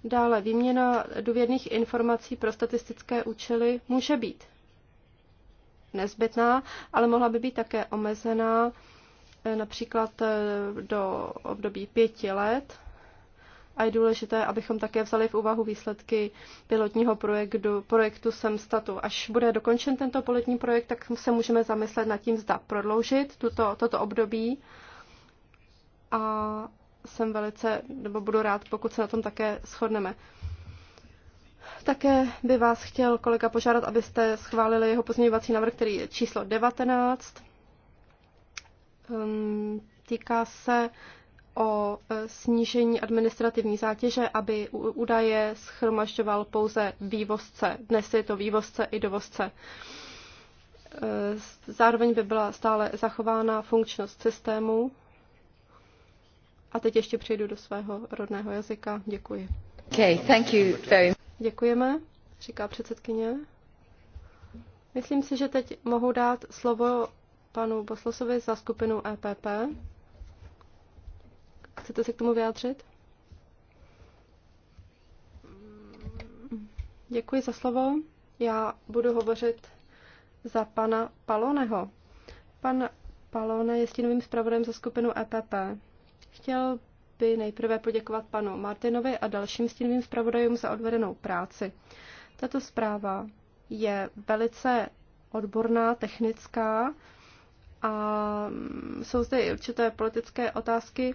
Dále výměna důvěrných informací pro statistické účely může být nezbytná, ale mohla by být také omezená eh, například do období pěti let a je důležité, abychom také vzali v úvahu výsledky pilotního projektu, projektu Semstatu. Až bude dokončen tento pilotní projekt, tak se můžeme zamyslet nad tím, zda prodloužit tuto, toto období. A jsem velice, nebo budu rád, pokud se na tom také shodneme. Také by vás chtěl kolega požádat, abyste schválili jeho pozměňovací návrh, který je číslo 19. Ehm, týká se o e, snížení administrativní zátěže, aby údaje schromažďoval pouze vývozce. Dnes je to vývozce i dovozce. E, zároveň by byla stále zachována funkčnost systému. A teď ještě přejdu do svého rodného jazyka. Děkuji. Okay, thank you very much. Děkujeme, říká předsedkyně. Myslím si, že teď mohu dát slovo panu Boslosovi za skupinu EPP. Chcete se k tomu vyjádřit? Děkuji za slovo. Já budu hovořit za pana Paloneho. Pan Palone je stínovým zpravodajem za skupinu EPP. Chtěl by nejprve poděkovat panu Martinovi a dalším stínovým zpravodajům za odvedenou práci. Tato zpráva je velice odborná, technická a jsou zde i určité politické otázky,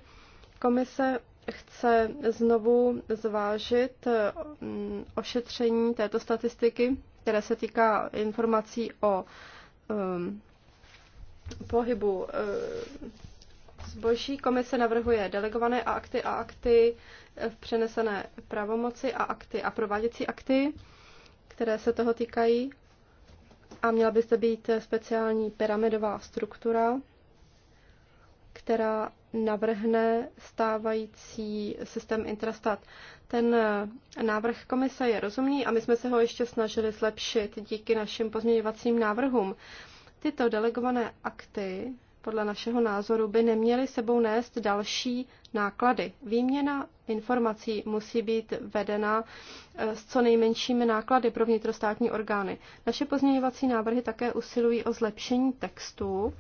Komise chce znovu zvážit eh, mm, ošetření této statistiky, které se týká informací o um, pohybu uh, zboží. Komise navrhuje delegované a akty a akty eh, v přenesené pravomoci a akty a prováděcí akty, které se toho týkají. A měla by zde být speciální pyramidová struktura která navrhne stávající systém Intrastat. Ten eh, návrh komise je rozumný a my jsme se ho ještě snažili zlepšit díky našim pozměňovacím návrhům. Tyto delegované akty podle našeho názoru by neměly sebou nést další náklady. Výměna informací musí být vedena eh, s co nejmenšími náklady pro vnitrostátní orgány. Naše pozměňovací návrhy také usilují o zlepšení textu,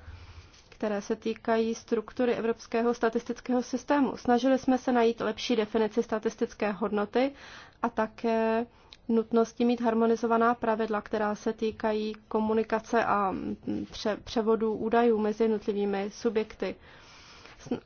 které se týkají struktury evropského statistického systému. Snažili jsme se najít lepší definici statistické hodnoty a také nutnosti mít harmonizovaná pravidla, která se týkají komunikace a pře- převodu údajů mezi jednotlivými subjekty.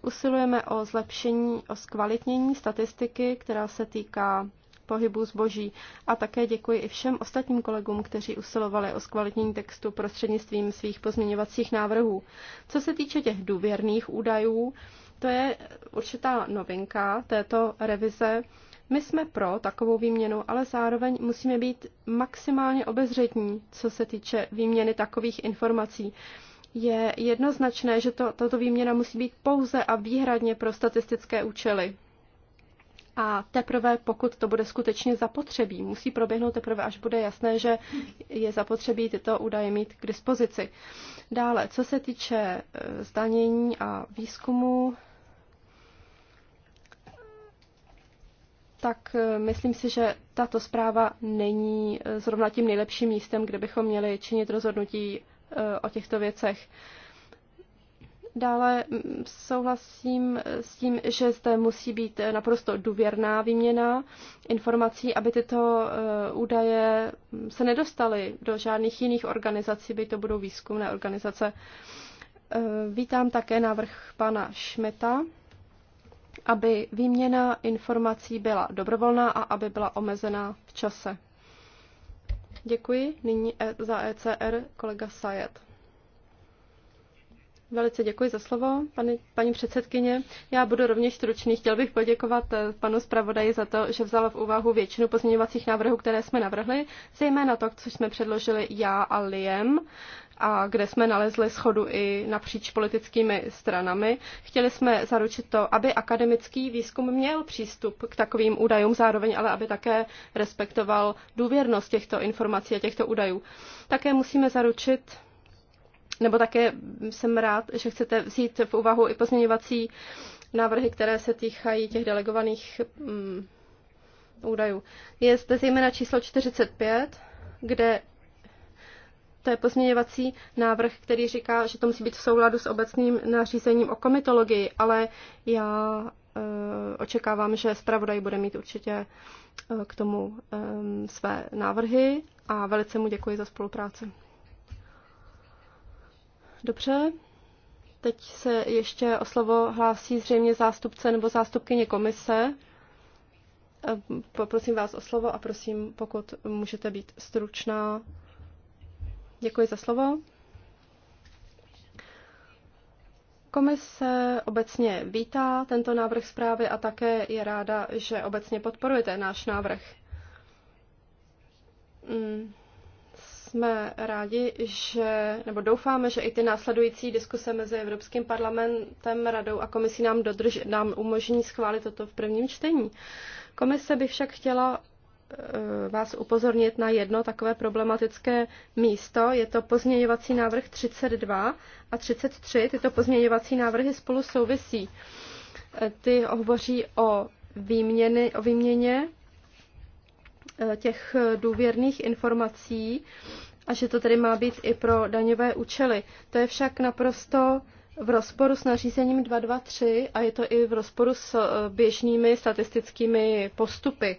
Usilujeme o zlepšení, o zkvalitnění statistiky, která se týká pohybu zboží. A také děkuji i všem ostatním kolegům, kteří usilovali o zkvalitnění textu prostřednictvím svých pozměňovacích návrhů. Co se týče těch důvěrných údajů, to je určitá novinka této revize. My jsme pro takovou výměnu, ale zároveň musíme být maximálně obezřetní, co se týče výměny takových informací je jednoznačné, že to, tato výměna musí být pouze a výhradně pro statistické účely. A teprve, pokud to bude skutečně zapotřebí, musí proběhnout teprve, až bude jasné, že je zapotřebí tyto údaje mít k dispozici. Dále, co se týče e, zdanění a výzkumu, tak e, myslím si, že tato zpráva není e, zrovna tím nejlepším místem, kde bychom měli činit rozhodnutí o těchto věcech. Dále mm, souhlasím s tím, že zde musí být naprosto důvěrná výměna informací, aby tyto eh, údaje mm, se nedostaly do žádných jiných organizací, by to budou výzkumné organizace. Eh, vítám také návrh pana Šmeta, aby výměna informací byla dobrovolná a aby byla omezená v čase. Děkuji. Nyní eh, za ECR kolega Sajet. Velice děkuji za slovo, paní, paní předsedkyně. Já budu rovněž stručný. Chtěl bych poděkovat eh, panu zpravodaji za to, že vzal v úvahu většinu pozměňovacích návrhů, které jsme navrhli, zejména to, co jsme předložili já a Liem a kde jsme nalezli schodu i napříč politickými stranami. Chtěli jsme zaručit to, aby akademický výzkum měl přístup k takovým údajům, zároveň ale aby také respektoval důvěrnost těchto informací a těchto údajů. Také musíme zaručit nebo také jsem rád, že chcete vzít v úvahu i pozměňovací návrhy, které se týkají těch delegovaných mm, údajů. Je zde zejména číslo 45, kde to je pozměňovací návrh, který říká, že to musí být v souladu s obecným nařízením o komitologii, ale já e, očekávám, že zpravodaj bude mít určitě e, k tomu e, své návrhy a velice mu děkuji za spolupráci. Dobře. Teď se ještě o slovo hlásí zřejmě zástupce nebo zástupkyně komise. E, poprosím vás o slovo a prosím, pokud můžete být stručná. Děkuji za slovo. Komise obecně vítá tento návrh zprávy a také je ráda, že obecně podporujete náš návrh. Mm jsme rádi, že, nebo doufáme, že i ty následující diskuse mezi Evropským parlamentem, Radou a komisí nám, dodrž, nám umožní schválit toto v prvním čtení. Komise by však chtěla eh, vás upozornit na jedno takové problematické místo. Je to pozměňovací návrh 32 a 33. Tyto pozměňovací návrhy spolu souvisí. Eh, ty hovoří o, výměny, o výměně Eh, těch eh, důvěrných informací a že to tedy má být i pro daňové účely. To je však naprosto v rozporu s nařízením 223 a je to i v rozporu s eh, běžnými statistickými postupy.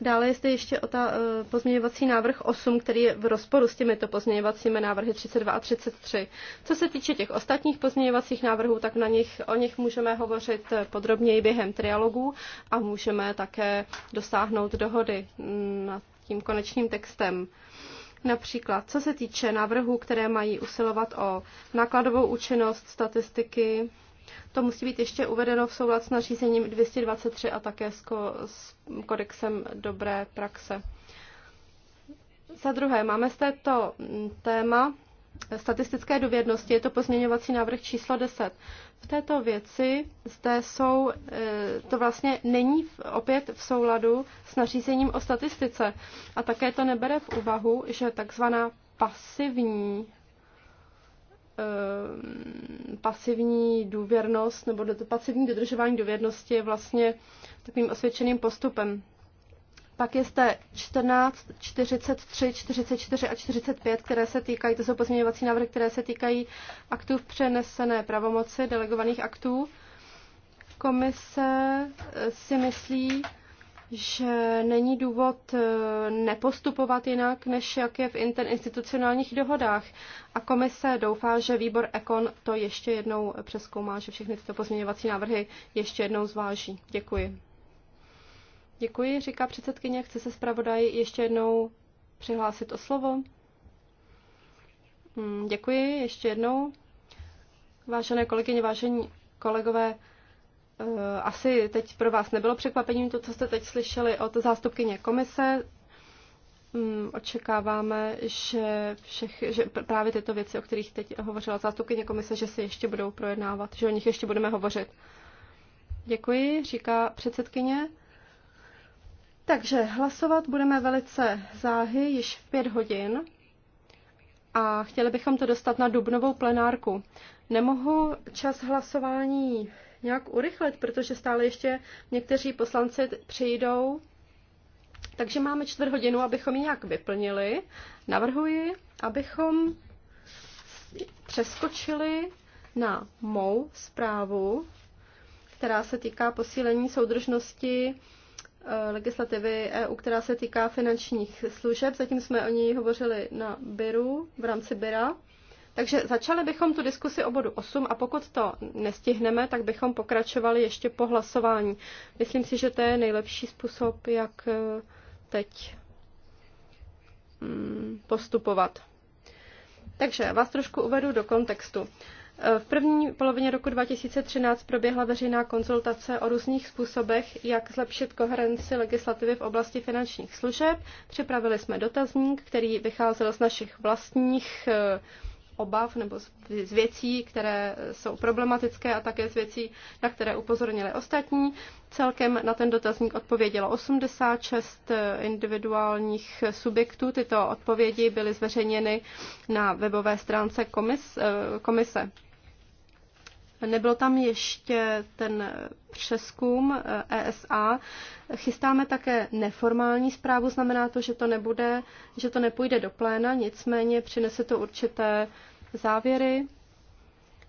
Dále je zde ještě o ta, eh, pozměňovací návrh 8, který je v rozporu s těmito pozměňovacími návrhy 32 a 33. Co se týče těch ostatních pozměňovacích návrhů, tak na nich, o nich můžeme hovořit eh, podrobněji během trialogů a můžeme také dosáhnout dohody mm, nad tím konečným textem. Například, co se týče návrhů, které mají usilovat o nákladovou účinnost statistiky, to musí být ještě uvedeno v soulad s nařízením 223 a také s, ko, s kodexem dobré praxe. Za druhé, máme z této mm, téma statistické dovědnosti, je to pozměňovací návrh číslo 10. V této věci zde jsou, e, to vlastně není opět v souladu s nařízením o statistice a také to nebere v úvahu, že takzvaná pasivní Ehm, pasivní důvěrnost nebo to pasivní dodržování důvěrnosti je vlastně takovým osvědčeným postupem. Pak je zde 14, 43, 44 a 45, které se týkají, to jsou pozměňovací návrhy, které se týkají aktů v přenesené pravomoci, delegovaných aktů. Komise eh, si myslí, že není důvod e, nepostupovat jinak, než jak je v interinstitucionálních dohodách. A komise doufá, že výbor Ekon to ještě jednou přeskoumá, že všechny tyto pozměňovací návrhy ještě jednou zváží. Děkuji. Děkuji, říká předsedkyně. Chce se zpravodaj ještě jednou přihlásit o slovo? Hmm, děkuji ještě jednou. Vážené kolegyně, vážení kolegové, Eh, asi teď pro vás nebylo překvapením to, co jste teď slyšeli od zástupkyně komise. Hmm, očekáváme, že, všech, že právě tyto věci, o kterých teď hovořila zástupkyně komise, že se ještě budou projednávat, že o nich ještě budeme hovořit. Děkuji, říká předsedkyně. Takže hlasovat budeme velice záhy, již v pět hodin a chtěli bychom to dostat na dubnovou plenárku. Nemohu čas hlasování nějak urychlit, protože stále ještě někteří poslanci přijdou. Takže máme čtvrt hodinu, abychom ji nějak vyplnili. Navrhuji, abychom přeskočili na mou zprávu, která se týká posílení soudržnosti eh, legislativy EU, která se týká finančních služeb. Zatím jsme o ní hovořili na Biru, v rámci Bira. Takže začali bychom tu diskusi o bodu 8 a pokud to nestihneme, tak bychom pokračovali ještě po hlasování. Myslím si, že to je nejlepší způsob, jak eh, teď mm, postupovat. Takže vás trošku uvedu do kontextu. Eh, v první polovině roku 2013 proběhla veřejná konzultace o různých způsobech, jak zlepšit koherenci legislativy v oblasti finančních služeb. Připravili jsme dotazník, který vycházel z našich vlastních eh, obav nebo z věcí, které jsou problematické a také z věcí, na které upozornili ostatní. Celkem na ten dotazník odpovědělo 86 individuálních subjektů. Tyto odpovědi byly zveřejněny na webové stránce komis, eh, komise. Nebyl tam ještě ten přeskum ESA. Eh, e Chystáme také neformální zprávu, znamená to, že to, nebude, že to nepůjde do pléna, nicméně přinese to určité závěry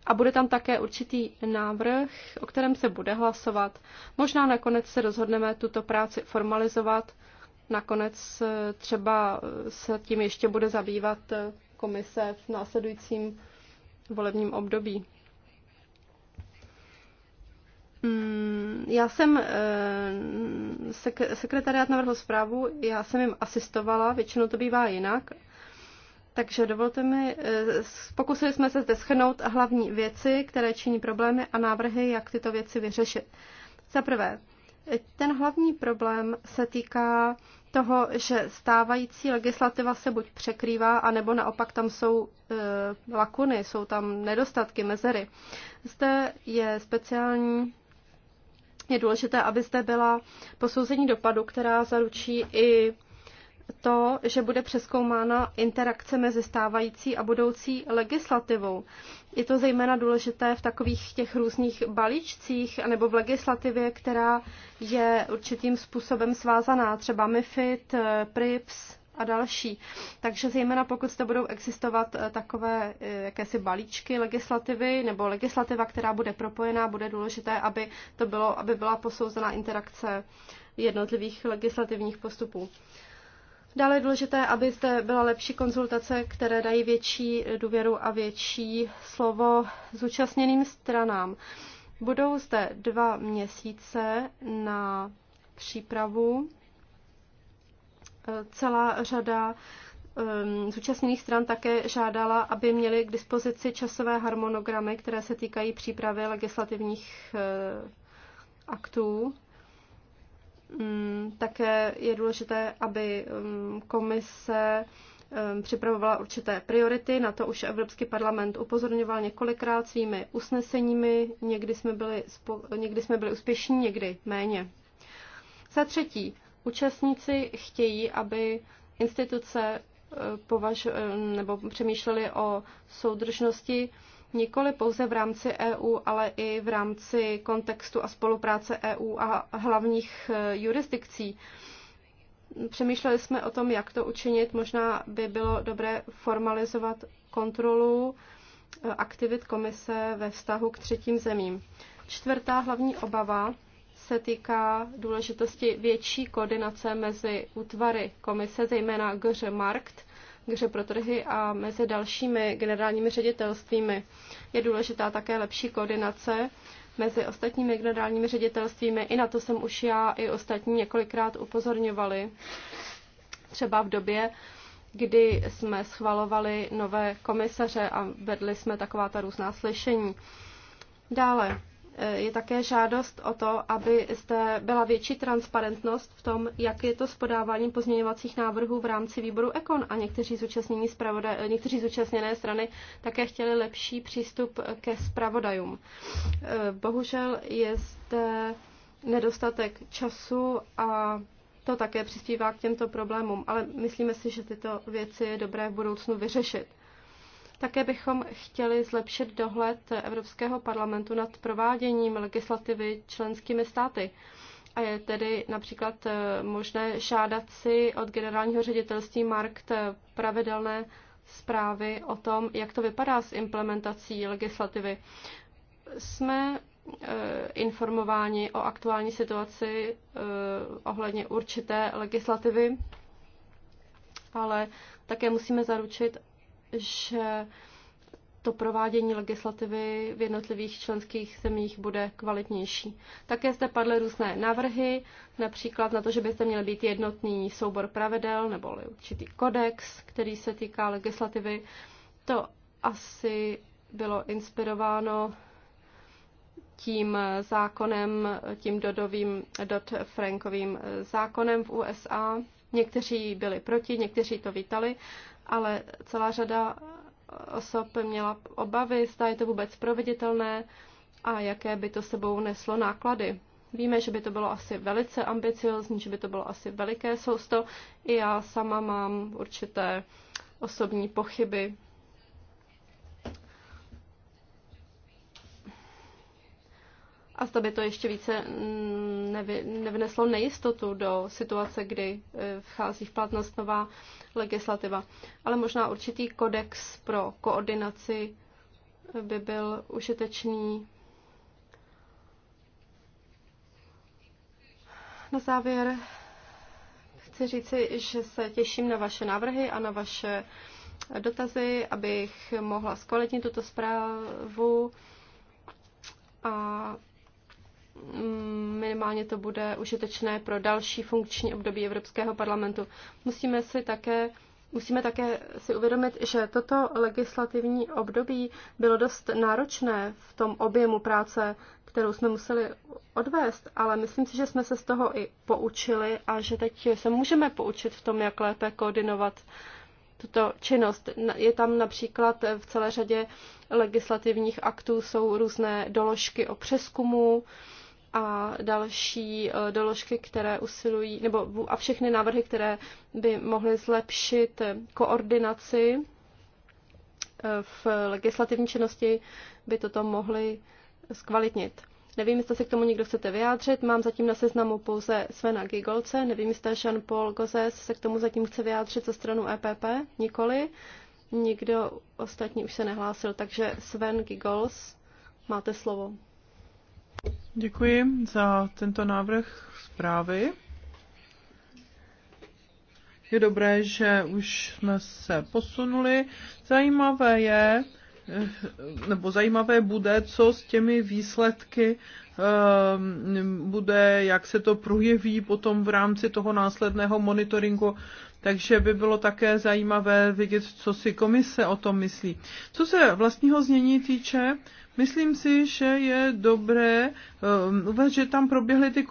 a bude tam také určitý návrh, o kterém se bude hlasovat. Možná nakonec se rozhodneme tuto práci formalizovat, nakonec eh, třeba eh, se tím ještě bude zabývat komise v následujícím volebním období. Mm, já jsem eh, sek- sekretariát navrhl zprávu, já jsem jim asistovala, většinou to bývá jinak. Takže dovolte mi, eh, pokusili jsme se zde schrnout hlavní věci, které činí problémy a návrhy, jak tyto věci vyřešit. Za prvé, ten hlavní problém se týká toho, že stávající legislativa se buď překrývá, anebo naopak tam jsou e, lakuny, jsou tam nedostatky, mezery. Zde je speciální je vlastně důležité, aby zde byla posouzení dopadu, která zaručí i to, že bude přeskoumána interakce mezi stávající a budoucí legislativou. Je to zejména důležité v takových těch různých balíčcích nebo v legislativě, která je určitým způsobem svázaná, třeba MIFID, eh, PRIPS, a další. Takže zejména pokud zde budou existovat eh, takové eh, jakési balíčky legislativy nebo legislativa, která bude propojená, bude důležité, aby, to bylo, aby byla posouzena interakce jednotlivých legislativních postupů. Dále je důležité, aby zde byla lepší konzultace, které dají větší důvěru a větší slovo zúčastněným stranám. Budou zde dva měsíce na přípravu celá řada um, zúčastněných stran také žádala, aby měli k dispozici časové harmonogramy, které se týkají přípravy legislativních eh, aktů. Mm, také je důležité, aby mm, komise mm, připravovala určité priority. Na to už Evropský parlament upozorňoval několikrát svými usneseními. Někdy jsme byli, někdy jsme byli úspěšní, někdy méně. Za třetí, Účastníci chtějí, aby instituce eh, považ, eh, nebo přemýšleli o soudržnosti nikoli pouze v rámci EU, ale i v rámci kontextu a spolupráce EU a hlavních eh, jurisdikcí. Přemýšleli jsme o tom, jak to učinit. Možná by bylo dobré formalizovat kontrolu aktivit komise ve vztahu k třetím zemím. Čtvrtá hlavní obava se týká důležitosti větší koordinace mezi útvary komise, zejména GŘ Markt, GŘ pro trhy a mezi dalšími generálními ředitelstvími. Je důležitá také lepší koordinace mezi ostatními generálními ředitelstvími. I na to jsem už já i ostatní několikrát upozorňovali. Třeba v době, kdy jsme schvalovali nové komisaře a vedli jsme taková ta různá slyšení. Dále, je také žádost o to, aby zde byla větší transparentnost v tom, jak je to s podáváním pozměňovacích návrhů v rámci výboru Ekon a někteří, zúčastnění někteří zúčastněné strany také chtěli lepší přístup ke zpravodajům. Bohužel je zde nedostatek času a to také přispívá k těmto problémům, ale myslíme si, že tyto věci je dobré v budoucnu vyřešit. Také bychom chtěli zlepšit dohled Evropského parlamentu nad prováděním legislativy členskými státy. A je tedy například eh, možné žádat si od generálního ředitelství Markt eh, pravidelné zprávy o tom, jak to vypadá s implementací legislativy. Jsme eh, informováni o aktuální situaci ohledně určité legislativy, ale také musíme zaručit, že to provádění legislativy v jednotlivých členských zemích bude kvalitnější. Také zde padly různé návrhy, například na to, že byste měl být jednotný soubor pravidel nebo určitý kodex, který se týká legislativy. To asi bylo inspirováno tím zákonem, tím Dodovým, dot Frankovým zákonem v USA. Někteří byli proti, někteří to vítali, ale celá řada osob měla obavy, zda je to vůbec proveditelné a jaké by to sebou neslo náklady. Víme, že by to bylo asi velice ambiciozní, že by to bylo asi veliké sousto. I já sama mám určité osobní pochyby a zda by to ještě více mm, nevy, nevneslo nejistotu do situace, kdy e, vchází v platnost nová legislativa. Ale možná určitý kodex pro koordinaci by byl užitečný. Na závěr chci říci, že se těším na vaše návrhy a na vaše dotazy, abych mohla zkvalitnit tuto zprávu a Mm, minimálně to bude užitečné pro další funkční období Evropského parlamentu. Musíme si také Musíme také si uvědomit, že toto legislativní období bylo dost náročné v tom objemu práce, kterou jsme museli odvést, ale myslím si, že jsme se z toho i poučili a že teď se můžeme poučit v tom, jak lépe koordinovat tuto činnost. Je tam například v celé řadě legislativních aktů jsou různé doložky o přeskumu, a další e, doložky, které usilují, nebo a všechny návrhy, které by mohly zlepšit e, koordinaci e, v legislativní činnosti, by toto mohly zkvalitnit. Nevím, jestli se k tomu někdo chcete vyjádřit. Mám zatím na seznamu pouze Svena Gigolce. Nevím, jestli Jean-Paul Gozes se k tomu zatím chce vyjádřit ze stranu EPP. Nikoli. Nikdo ostatní už se nehlásil, takže Sven Gigols, máte slovo. Děkuji za tento návrh zprávy. Je dobré, že už jsme se posunuli. Zajímavé je, nebo zajímavé bude, co s těmi výsledky ehm, bude, jak se to projeví potom v rámci toho následného monitoringu takže by bylo také zajímavé vidět, co si komise o tom myslí. Co se vlastního znění týče, myslím si, že je dobré um, uvést, že tam proběhly ty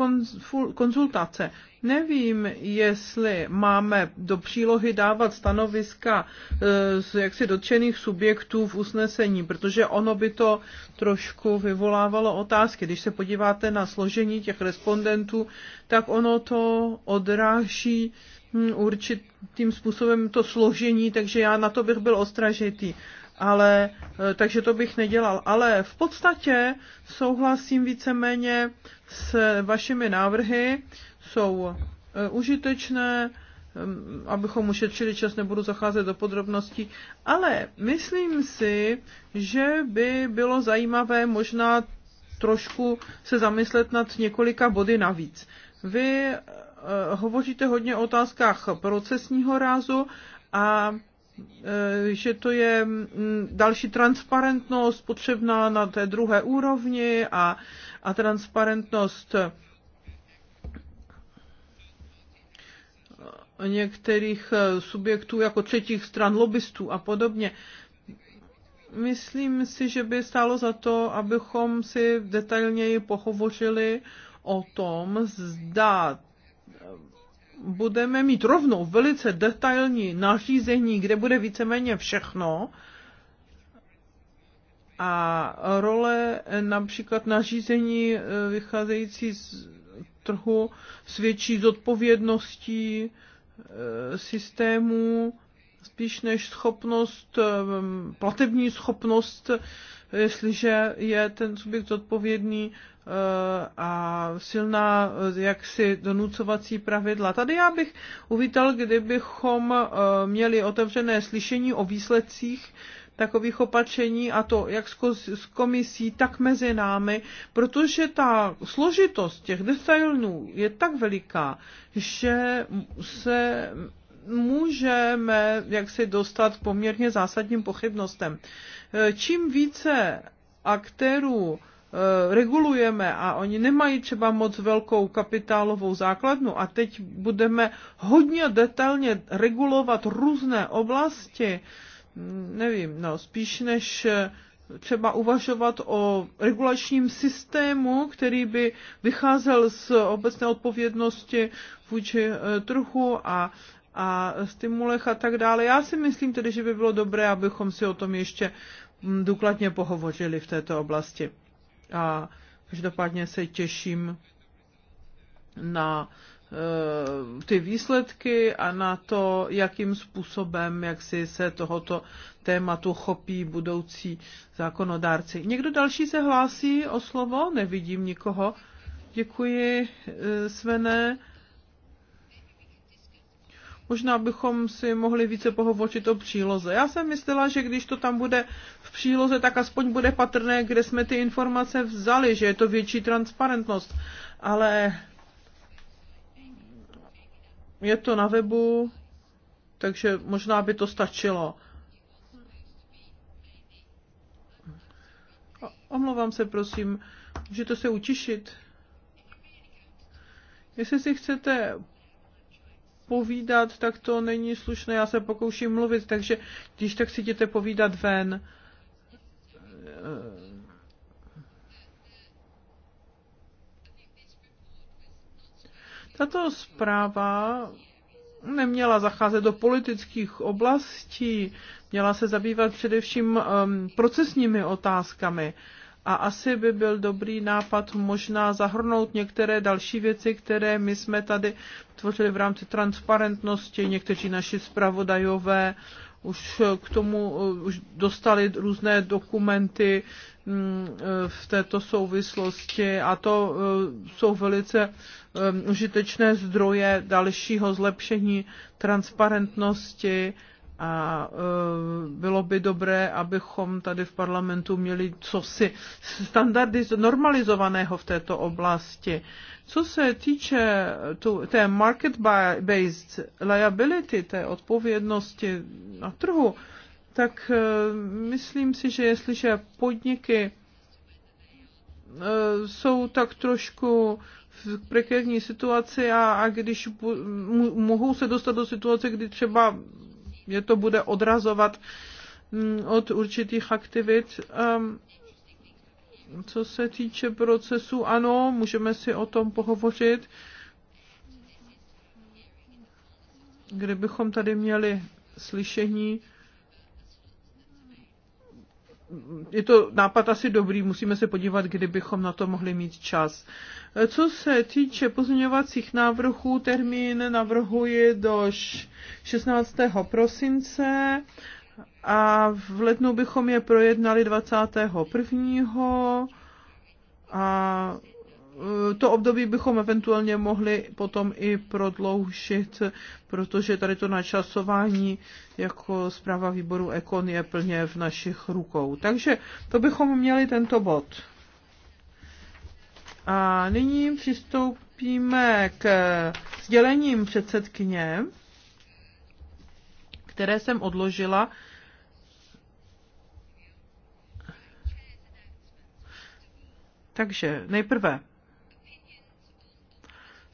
konzultace. Nevím, jestli máme do přílohy dávat stanoviska eh, z jaksi dotčených subjektů v usnesení, protože ono by to trošku vyvolávalo otázky. Když se podíváte na složení těch respondentů, tak ono to odráží Hmm, určitým způsobem to složení, takže já na to bych byl ostražitý. Ale, eh, takže to bych nedělal. Ale v podstatě souhlasím víceméně s vašimi návrhy. Jsou eh, užitečné, mm, abychom ušetřili čas, nebudu zacházet do podrobností, ale myslím si, že by bylo zajímavé možná trošku se zamyslet nad několika body navíc. Vy Eh, hovoříte hodně o otázkách procesního rázu a eh, že to je mm, další transparentnost potřebná na té druhé úrovni a, a transparentnost eh, některých subjektů jako třetích stran, lobbystů a podobně. Myslím si, že by stálo za to, abychom si detailněji pohovořili o tom, zda budeme mít rovnou velice detailní nařízení, kde bude víceméně všechno, a role eh, například nařízení eh, vycházející z trhu svědčí z zodpovědností eh, systému, spíš než schopnost, platební schopnost, jestliže je ten subjekt zodpovědný Eh, a silná eh, jaksi donucovací pravidla. Tady já bych uvítal, kdybychom eh, měli otevřené slyšení o výsledcích takových opatření a to jak s komisí, tak mezi námi, protože ta složitost těch detailů je tak veliká, že se můžeme jaksi dostat k poměrně zásadním pochybnostem. Čím více aktérů Eh, regulujeme a oni nemají třeba moc velkou kapitálovou základnu a teď budeme hodně detailně regulovat různé oblasti, mm, nevím, no spíš než eh, třeba uvažovat o regulačním systému, který by vycházel z obecné odpovědnosti vůči eh, trhu a, a stimulech a tak dále. Já si myslím tedy, že by bylo dobré, abychom si o tom ještě mm, důkladně pohovořili v této oblasti. A každopádně se těším na eh, ty výsledky a na to, jakým způsobem, jak si se tohoto tématu chopí budoucí zákonodárci. Někdo další se hlásí o slovo? Nevidím nikoho. Děkuji, eh, Svené. Možná bychom si mohli více pohovořit o příloze. Já jsem myslela, že když to tam bude v příloze, tak aspoň bude patrné, kde jsme ty informace vzali, že je to větší transparentnost. Ale je to na webu, takže možná by to stačilo. Omlouvám se, prosím, můžete se utišit. Jestli si chcete povídat, tak to není slušné, já se pokouším mluvit, takže když tak si jděte povídat ven. Tato zpráva neměla zacházet do politických oblastí, měla se zabývat především um, procesními otázkami. Uh, a asi by byl dobrý nápad možná zahrnout některé další věci, které my jsme tady tvořili v rámci transparentnosti, někteří naši zpravodajové už k tomu eh, už dostali různé dokumenty mm, eh, v této souvislosti a to eh, jsou velice užitečné zdroje dalšího zlepšení transparentnosti a eh, bylo by dobré, abychom tady v parlamentu měli cosi standardy normalizovaného v této oblasti. Co se týče tu, té market-based liability, té odpovědnosti na trhu, tak eh, myslím si, že jestliže podniky eh, jsou tak trošku v prekérní situaci a, a když mohou se dostat do situace, kdy třeba je to bude odrazovat mm, od určitých aktivit. Ehm, co se týče procesu, ano, můžeme si o tom pohovořit. Kdybychom tady měli slyšení, je to nápad asi dobrý, musíme se podívat, kdybychom na to mohli mít čas. Co se týče pozměňovacích návrhů, termín navrhuji do 16. prosince a v lednu bychom je projednali 21. a Eh, to období bychom eventuálně mohli potom i prodloužit, protože tady to načasování jako zpráva výboru Ekon je plně v našich rukou. Takže to bychom měli tento bod. A nyní přistoupíme k sdělením předsedkyně, které jsem odložila Takže nejprve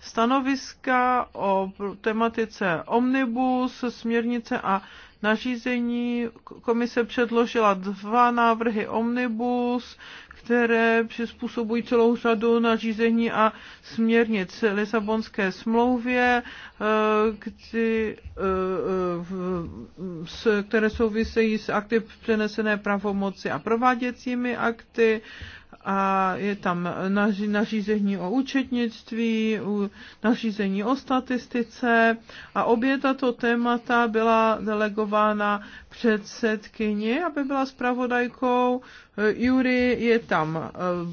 stanoviska o tematice omnibus, směrnice a nařízení. Komise předložila dva návrhy omnibus, které přizpůsobují celou řadu nařízení a směrnic Lisabonské smlouvě, eh, eh, které souvisejí s akty přenesené pravomoci a prováděcími akty, a je tam naři, nařízení o účetnictví, nařízení o statistice a obě tato témata byla delegována předsedkyni, aby byla zpravodajkou. Jury je tam e,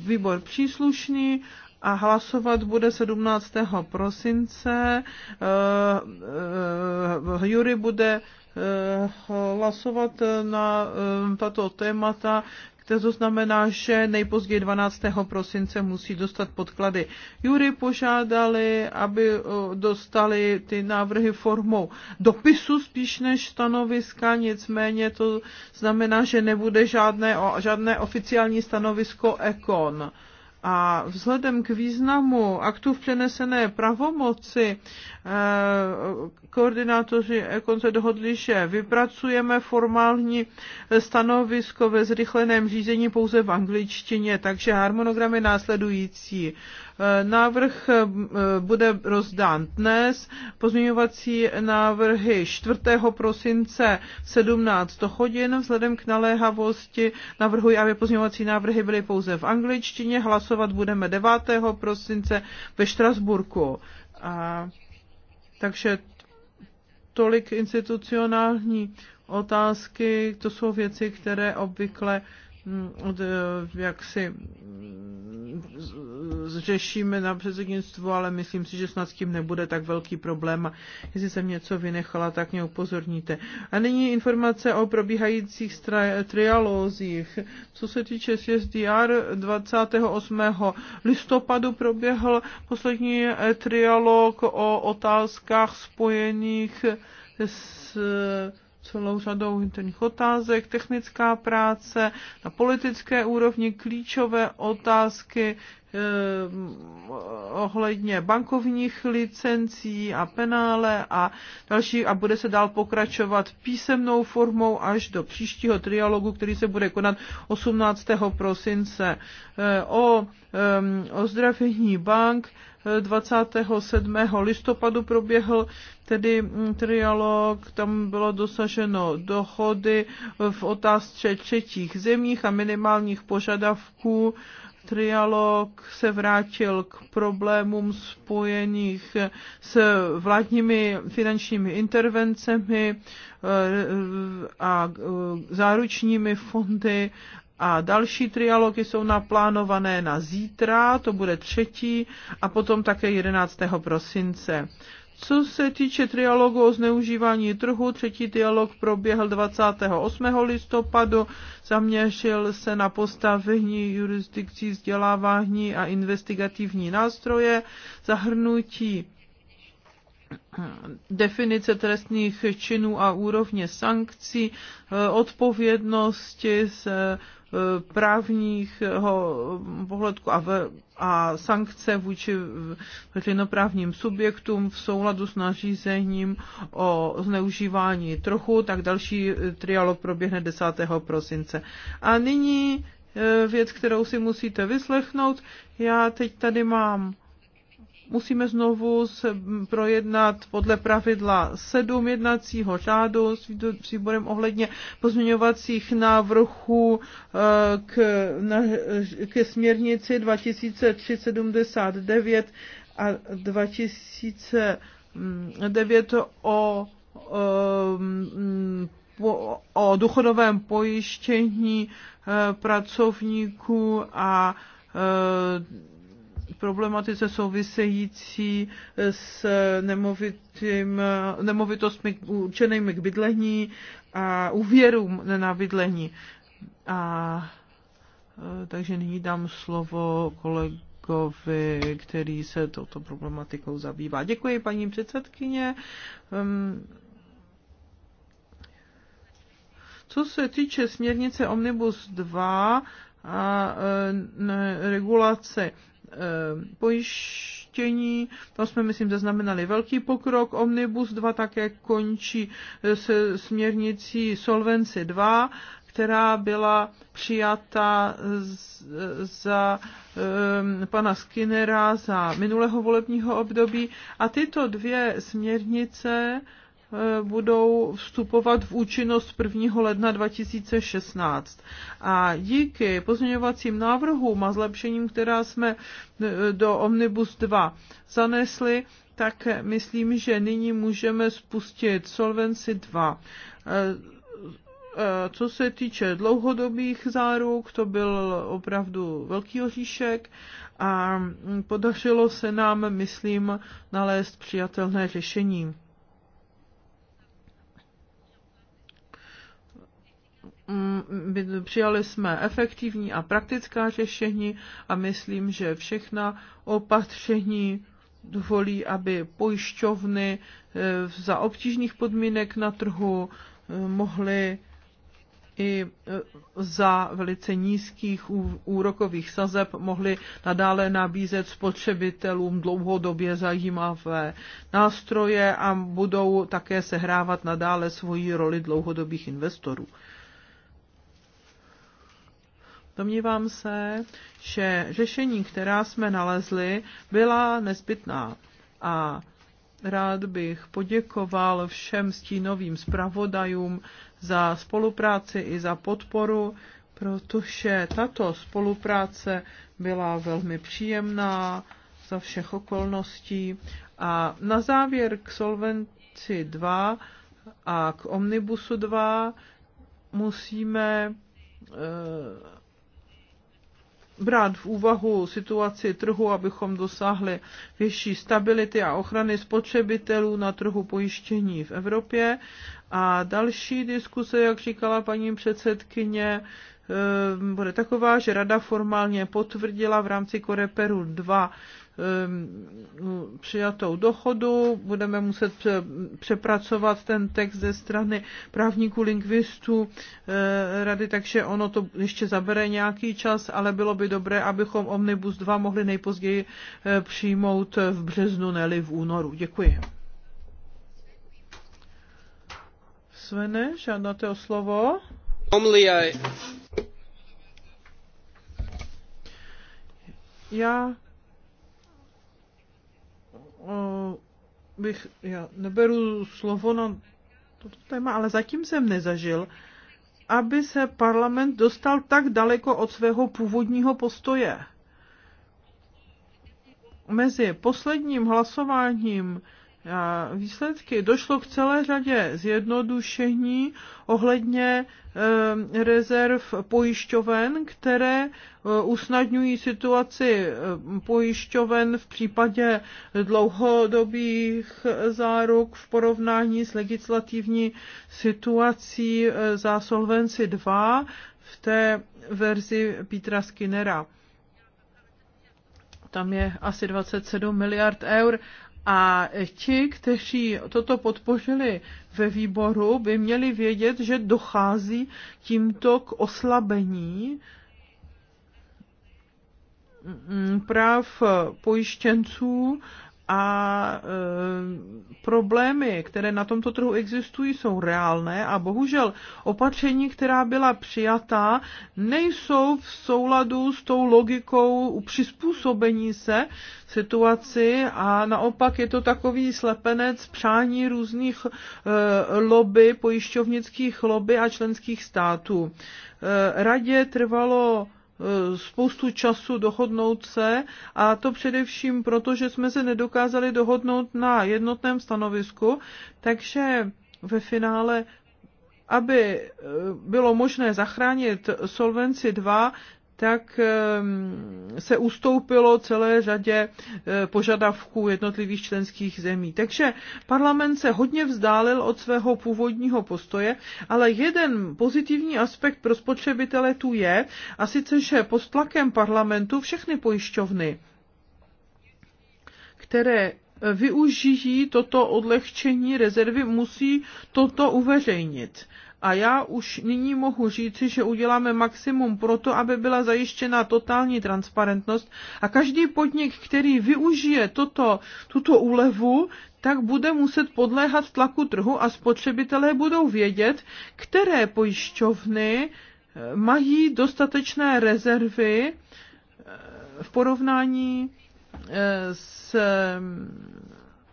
výbor příslušný a hlasovat bude 17. prosince. E, e, jury bude hlasovat na tato témata to znamená, že nejpozději 12. prosince musí dostat podklady. Jury požádali, aby eh, dostali ty návrhy formou dopisu spíš než stanoviska, nicméně to znamená, že nebude žádné, žádné oficiální stanovisko EKON a vzhledem k významu aktů v přenesené pravomoci eh, koordinátoři konce dohodli, že vypracujeme formální stanovisko ve zrychleném řízení pouze v angličtině, takže harmonogram je následující. Návrh eh, bude rozdán dnes. Pozměňovací návrhy 4. prosince 17 hodin. Vzhledem k naléhavosti navrhuji, aby pozměňovací návrhy byly pouze v angličtině. Hlasovat budeme 9. prosince ve Štrasburku. A, takže tolik institucionální otázky, to jsou věci, které obvykle mm, od, eh, jak si řešíme na předsednictvu, ale myslím si, že snad s tím nebude tak velký problém. A jestli jsem něco vynechala, tak mě upozorníte. A nyní informace o probíhajících trialozích. Co se týče CSDR, 28. listopadu proběhl poslední eh, trialog o otázkách spojených s eh, celou řadou interních otázek, technická práce, na politické úrovni klíčové otázky Eh, ohledně bankovních licencí a penále a další a bude se dál pokračovat písemnou formou až do příštího trialogu, který se bude konat 18. prosince eh, o eh, ozdravení bank 27. listopadu proběhl tedy hm, trialog, tam bylo dosaženo dohody v otázce třetích zemích a minimálních požadavků trialog se vrátil k problémům spojených s vládními finančními intervencemi eh, a eh, záručními fondy a další trialogy jsou naplánované na zítra, to bude třetí, a potom také 11. prosince. Co se týče trialogu o zneužívání trhu, třetí dialog proběhl 28. listopadu, zaměřil se na postavení jurisdikcí vzdělávání a investigativní nástroje, zahrnutí definice trestných činů a úrovně sankcí, eh, odpovědnosti z eh, právního pohledku a, v, a sankce vůči veřejnoprávním subjektům v souladu s nařízením o zneužívání trochu, tak další trialog proběhne 10. prosince. A nyní eh, věc, kterou si musíte vyslechnout. Já teď tady mám musíme znovu projednat podle pravidla sedm jednacího řádu s výborem ohledně pozměňovacích návrhů eh, k, na, ke směrnici 2379 a 2009 o, eh, o, o duchodovém pojištění eh, pracovníků a problematice související s nemovitým, nemovitostmi určenými k bydlení a úvěrům na bydlení. A, e, takže nyní dám slovo kolegům který se touto problematikou zabývá. Děkuji, paní předsedkyně. Co se týče směrnice Omnibus 2 a e, regulace Eh, pojištění. Tam jsme, myslím, zaznamenali velký pokrok. Omnibus 2 také končí eh, se směrnicí Solvency 2 která byla přijata z, eh, za um, pana Skinnera za minulého volebního období. A tyto dvě směrnice budou vstupovat v účinnost 1. ledna 2016. A díky pozměňovacím návrhům a zlepšením, která jsme e, do Omnibus 2 zanesli, tak myslím, že nyní můžeme spustit Solvency 2 e, e, co se týče dlouhodobých záruk, to byl opravdu velký oříšek a podařilo se nám, myslím, nalézt přijatelné řešení. Mm, přijali jsme efektivní a praktická řešení a myslím, že všechna opatření dovolí, aby pojišťovny eh, za obtížných podmínek na trhu eh, mohly i eh, za velice nízkých úrokových sazeb mohly nadále nabízet spotřebitelům dlouhodobě zajímavé nástroje a budou také sehrávat nadále svoji roli dlouhodobých investorů. Domnívám se, že řešení, která jsme nalezli, byla nezbytná a rád bych poděkoval všem stínovým zpravodajům za spolupráci i za podporu, protože tato spolupráce byla velmi příjemná za všech okolností. A na závěr k Solvenci 2 a k Omnibusu 2 musíme eh, brát v úvahu situaci trhu, abychom dosáhli větší stability a ochrany spotřebitelů na trhu pojištění v Evropě. A další diskuse, jak říkala paní předsedkyně, eh, bude taková, že rada formálně potvrdila v rámci Koreperu 2 Um, přijatou dohodu, budeme muset přepracovat ten text ze strany právníků, lingvistů uh, rady, takže ono to ještě zabere nějaký čas, ale bylo by dobré, abychom Omnibus 2 mohli nejpozději uh, přijmout v březnu, neli v únoru. Děkuji. Svene, žádáte o slovo? Já Eh, bych, já neberu slovo na toto téma, ale zatím jsem nezažil, aby se parlament dostal tak daleko od svého původního postoje. Mezi posledním hlasováním výsledky. Došlo k celé řadě zjednodušení ohledně eh, rezerv pojišťoven, které eh, usnadňují situaci eh, pojišťoven v případě dlouhodobých záruk v porovnání s legislativní situací za Solvency 2 v té verzi Petra Skinnera tam je asi 27 miliard eur a ti, kteří toto podpořili ve výboru, by měli vědět, že dochází tímto k oslabení mm, práv pojištěnců a e, problémy, které na tomto trhu existují, jsou reálné a bohužel opatření, která byla přijatá, nejsou v souladu s tou logikou přizpůsobení se situaci a naopak je to takový slepenec přání různých e, lobby, pojišťovnických lobby a členských států. E, radě trvalo Eh, spoustu času dohodnout se a to především proto, že jsme se nedokázali dohodnout na jednotném stanovisku, takže ve finále aby eh, bylo možné zachránit Solvenci 2, tak ehm, se ustoupilo celé řadě eh, požadavků jednotlivých členských zemí. Takže parlament se hodně vzdálil od svého původního postoje, ale jeden pozitivní aspekt pro spotřebitele tu je, a sice, že pod tlakem parlamentu všechny pojišťovny, které eh, využijí toto odlehčení rezervy, musí toto uveřejnit a já už nyní mohu říci, že uděláme maximum pro to, aby byla zajištěna totální transparentnost a každý podnik, který využije toto, tuto úlevu, tak bude muset podléhat tlaku trhu a spotřebitelé budou vědět, které pojišťovny eh, mají dostatečné rezervy eh, v porovnání eh, s,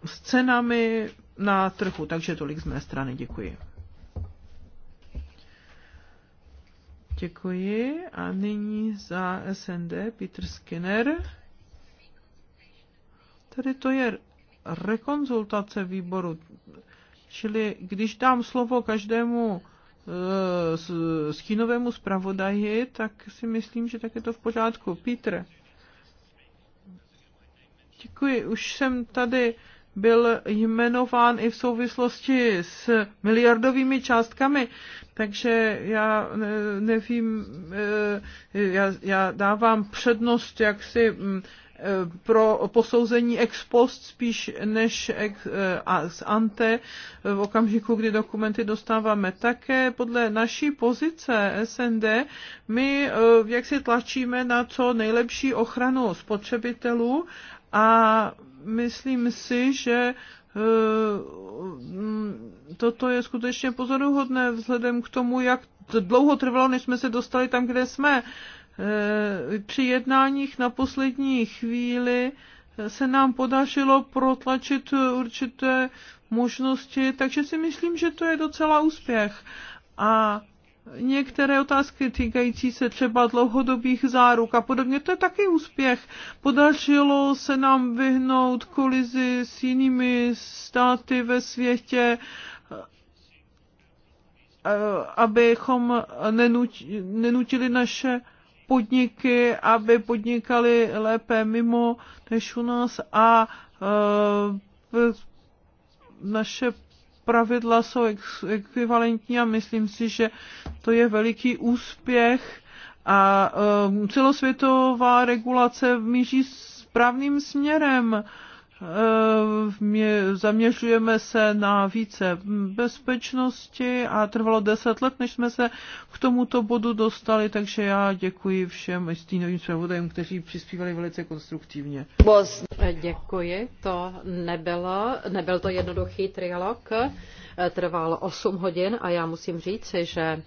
s cenami na trhu. Takže tolik z mé strany. Děkuji. Děkuji. A nyní za SND Peter Skinner. Tady to je rekonzultace výboru. Čili když dám slovo každému e, stínovému zpravodaji, tak si myslím, že tak je to v pořádku. Petr. Děkuji. Už jsem tady byl jmenován i v souvislosti s miliardovými částkami takže já eh, nevím, eh, já, já dávám přednost jaksi mm, eh, pro posouzení ex post spíš než ex, ex ante v okamžiku, kdy dokumenty dostáváme. Také podle naší pozice SND my jak si tlačíme na co nejlepší ochranu spotřebitelů a myslím si, že Eh, mm, toto je skutečně pozoruhodné vzhledem k tomu, jak dlouho trvalo, než jsme se dostali tam, kde jsme. Eh, při jednáních na poslední chvíli se nám podařilo protlačit určité možnosti, takže si myslím, že to je docela úspěch. A některé otázky týkající se třeba dlouhodobých záruk a podobně, to je taky úspěch. Podařilo se nám vyhnout kolizi s jinými státy ve světě, abychom nenutili naše podniky, aby podnikali lépe mimo než u nás a e, naše pravidla jsou ekvivalentní a myslím si, že to je veliký úspěch a e, celosvětová regulace míří správným směrem Eh, zaměřujeme se na více bezpečnosti a trvalo deset let, než jsme se k tomuto bodu dostali, takže já děkuji všem stínovým zpravodajům, kteří přispívali velice konstruktivně. Eh, děkuji, to nebylo, nebyl to jednoduchý trialog, eh, trval 8 hodin a já musím říct, že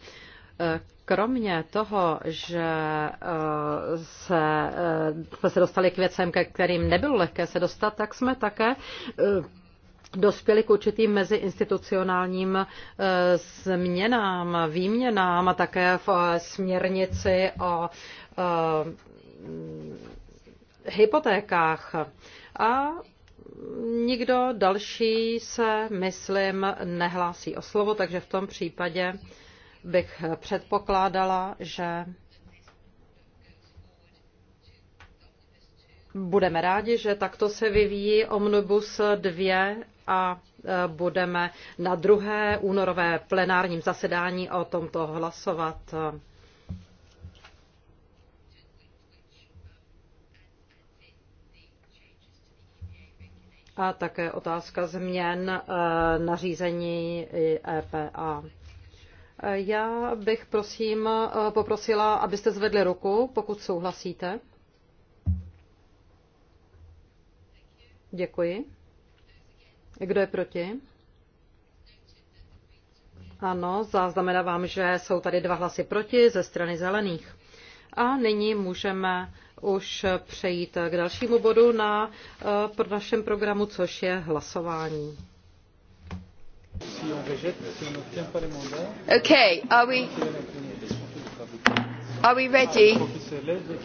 Kromě toho, že eh, se, eh, jsme se dostali k věcem, ke kterým nebylo lehké se dostat, tak jsme také eh, dospěli k určitým meziinstitucionálním změnám, výměnám a také v směrnici o hypotékách. A nikdo další se, myslím, nehlásí o slovo, takže v tom případě bych předpokládala, že budeme rádi, že takto se vyvíjí Omnibus 2 a e, budeme na druhé únorové plenárním zasedání o tomto hlasovat. A také otázka změn e, nařízení EPA. Já bych prosím poprosila, abyste zvedli ruku, pokud souhlasíte. Děkuji. Kdo je proti? Ano, zaznamenávám, že jsou tady dva hlasy proti ze strany zelených. A nyní můžeme už přejít k dalšímu bodu na eh, našem programu, což je hlasování. Okay, are we, are we ready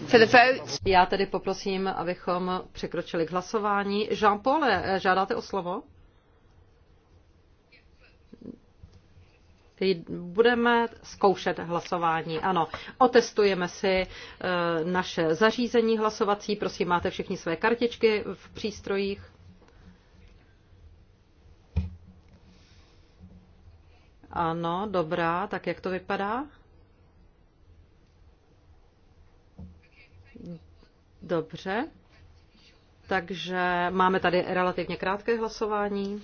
for the vote? Já tedy poprosím, abychom překročili k hlasování. Jean-Paul, žádáte o slovo? Budeme zkoušet hlasování. Ano, otestujeme si eh, naše zařízení hlasovací. Prosím, máte všichni své kartičky v přístrojích? Ano, dobrá, tak jak to vypadá? Dobře. Takže máme tady relativně krátké hlasování.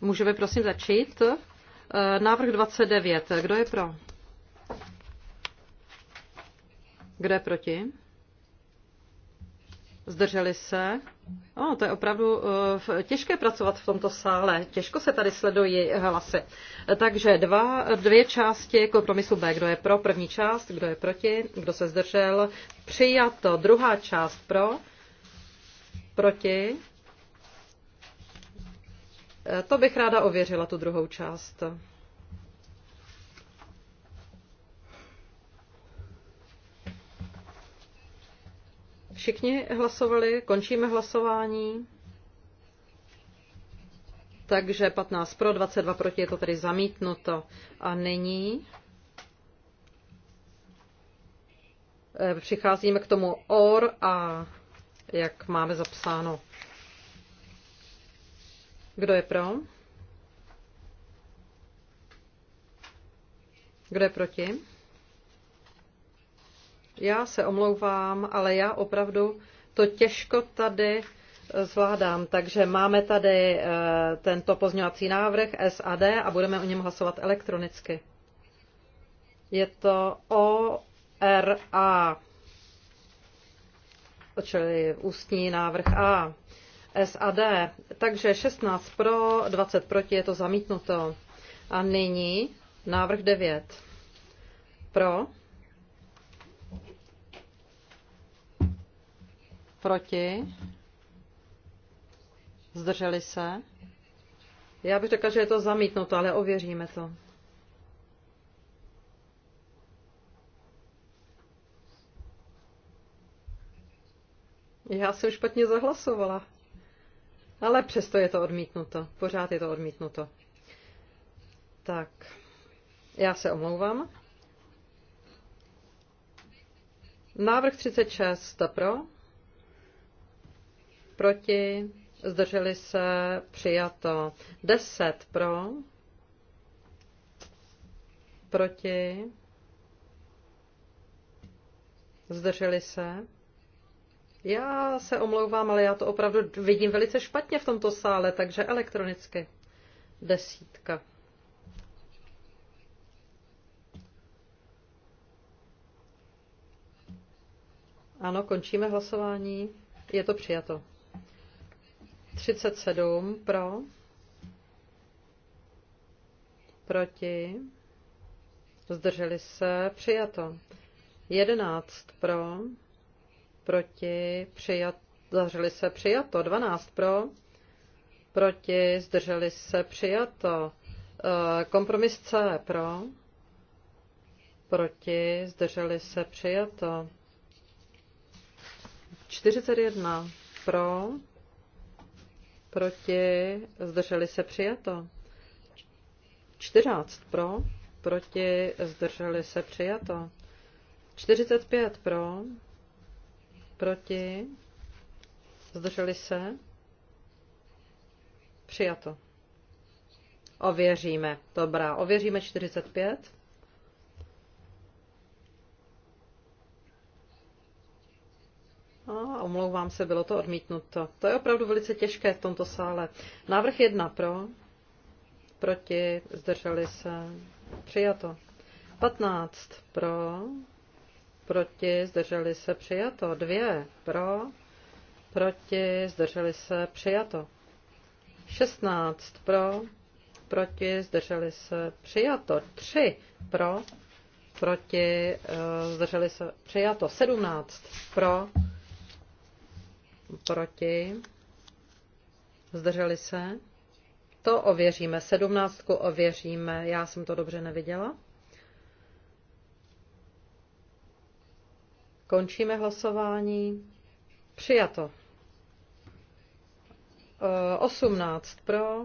Můžeme prosím začít. Eh, návrh 29. Kdo je pro? Kdo je proti? Zdrželi se? O, to je opravdu eh, těžké pracovat v tomto sále. Těžko se tady sledují hlasy. Takže dva, dvě části kompromisu B. Kdo je pro první část, kdo je proti, kdo se zdržel. Přijato. Druhá část pro, proti. Eh, to bych ráda ověřila, tu druhou část. Všichni hlasovali, končíme hlasování. Takže 15 pro, 22 proti je to tedy zamítnuto. A nyní eh, přicházíme k tomu or a jak máme zapsáno. Kdo je pro? Kdo je proti? Já se omlouvám, ale já opravdu to těžko tady eh, zvládám. Takže máme tady eh, tento pozňovací návrh SAD a budeme o něm hlasovat elektronicky. Je to ORA, čili ústní návrh A. SAD. Takže 16 pro, 20 proti, je to zamítnuto. A nyní návrh 9. Pro, Proti? Zdrželi se? Já bych řekla, že je to zamítnuto, ale ověříme to. Já jsem špatně zahlasovala. Ale přesto je to odmítnuto. Pořád je to odmítnuto. Tak. Já se omlouvám. Návrh 36 pro proti, zdrželi se, přijato. 10 pro, proti, zdrželi se. Já se omlouvám, ale já to opravdu vidím velice špatně v tomto sále, takže elektronicky. Desítka. Ano, končíme hlasování. Je to přijato. 37 pro, proti, zdrželi se, přijato. 11 pro, proti, přijato zdrželi se, přijato. 12 pro, proti, zdrželi se, přijato. Eh, kompromis C pro, proti, zdrželi se, přijato. 41 pro, proti, zdrželi se přijato. Čtyřáct pro, proti, zdrželi se přijato. 45 pro, proti, zdrželi se, přijato. Ověříme, dobrá, ověříme 45. A omlouvám se, bylo to odmítnuto. To je opravdu velice těžké v tomto sále. Návrh jedna pro, proti, zdrželi se, přijato. 15 pro, proti, zdrželi se, přijato. Dvě pro, proti, zdrželi se, přijato. 16 pro, proti, zdrželi se, přijato. 3 pro, proti, eh, zdrželi se, přijato. 17 pro, proti, zdrželi se. To ověříme, sedmnáctku ověříme, já jsem to dobře neviděla. Končíme hlasování. Přijato. E, osmnáct pro,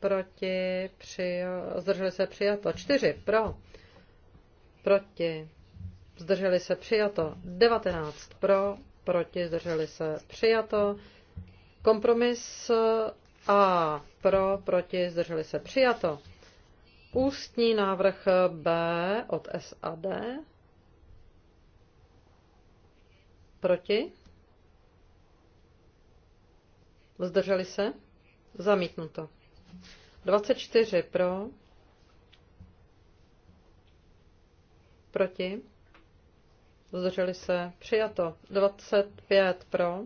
proti, při, zdrželi se přijato. čtyři. pro, proti, zdrželi se přijato. Devatenáct pro, proti, zdrželi se, přijato. Kompromis A pro, proti, zdrželi se, přijato. Ústní návrh B od SAD. Proti? Zdrželi se? Zamítnuto. 24 pro. Proti? zdrželi se, přijato. 25 pro,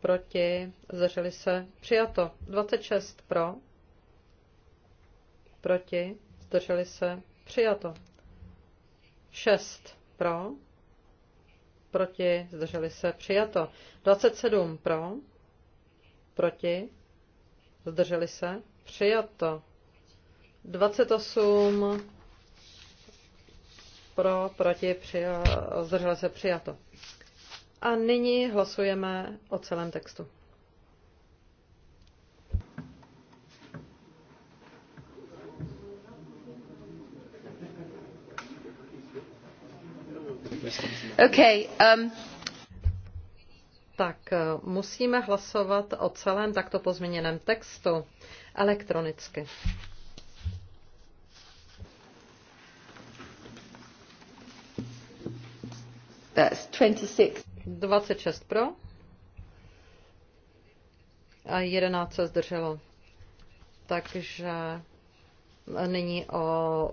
proti, zdrželi se, přijato. 26 pro, proti, zdrželi se, přijato. 6 pro, proti, zdrželi se, přijato. 27 pro, proti, zdrželi se, přijato. 28 pro, proti, přija, zdržel se přijato. A nyní hlasujeme o celém textu. Okay, um... Tak eh, musíme hlasovat o celém takto pozměněném textu elektronicky. That's 26. 26 pro. A 11 se zdrželo. Takže nyní o,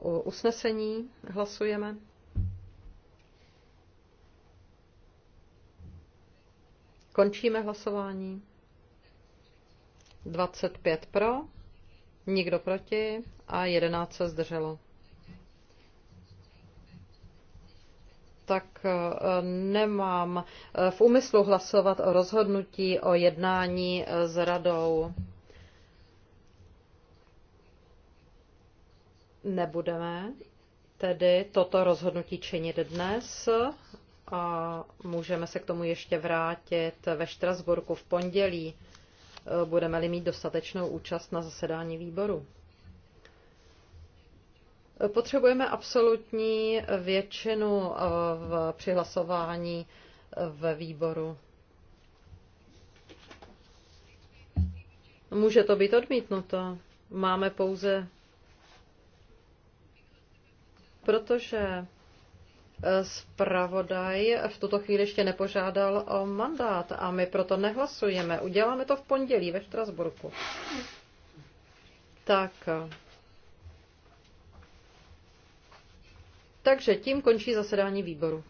o usnesení hlasujeme. Končíme hlasování. 25 pro, nikdo proti a 11 se zdrželo. tak eh, nemám eh, v úmyslu hlasovat o rozhodnutí o jednání eh, s radou. Nebudeme tedy toto rozhodnutí činit dnes a můžeme se k tomu ještě vrátit ve Štrasburku v pondělí. Budeme-li mít dostatečnou účast na zasedání výboru. Potřebujeme absolutní většinu eh, v přihlasování eh, ve výboru. Může to být odmítnuto. Máme pouze. Protože eh, zpravodaj v tuto chvíli ještě nepožádal o mandát a my proto nehlasujeme. Uděláme to v pondělí ve Štrasburku. Tak. Takže tím končí zasedání výboru.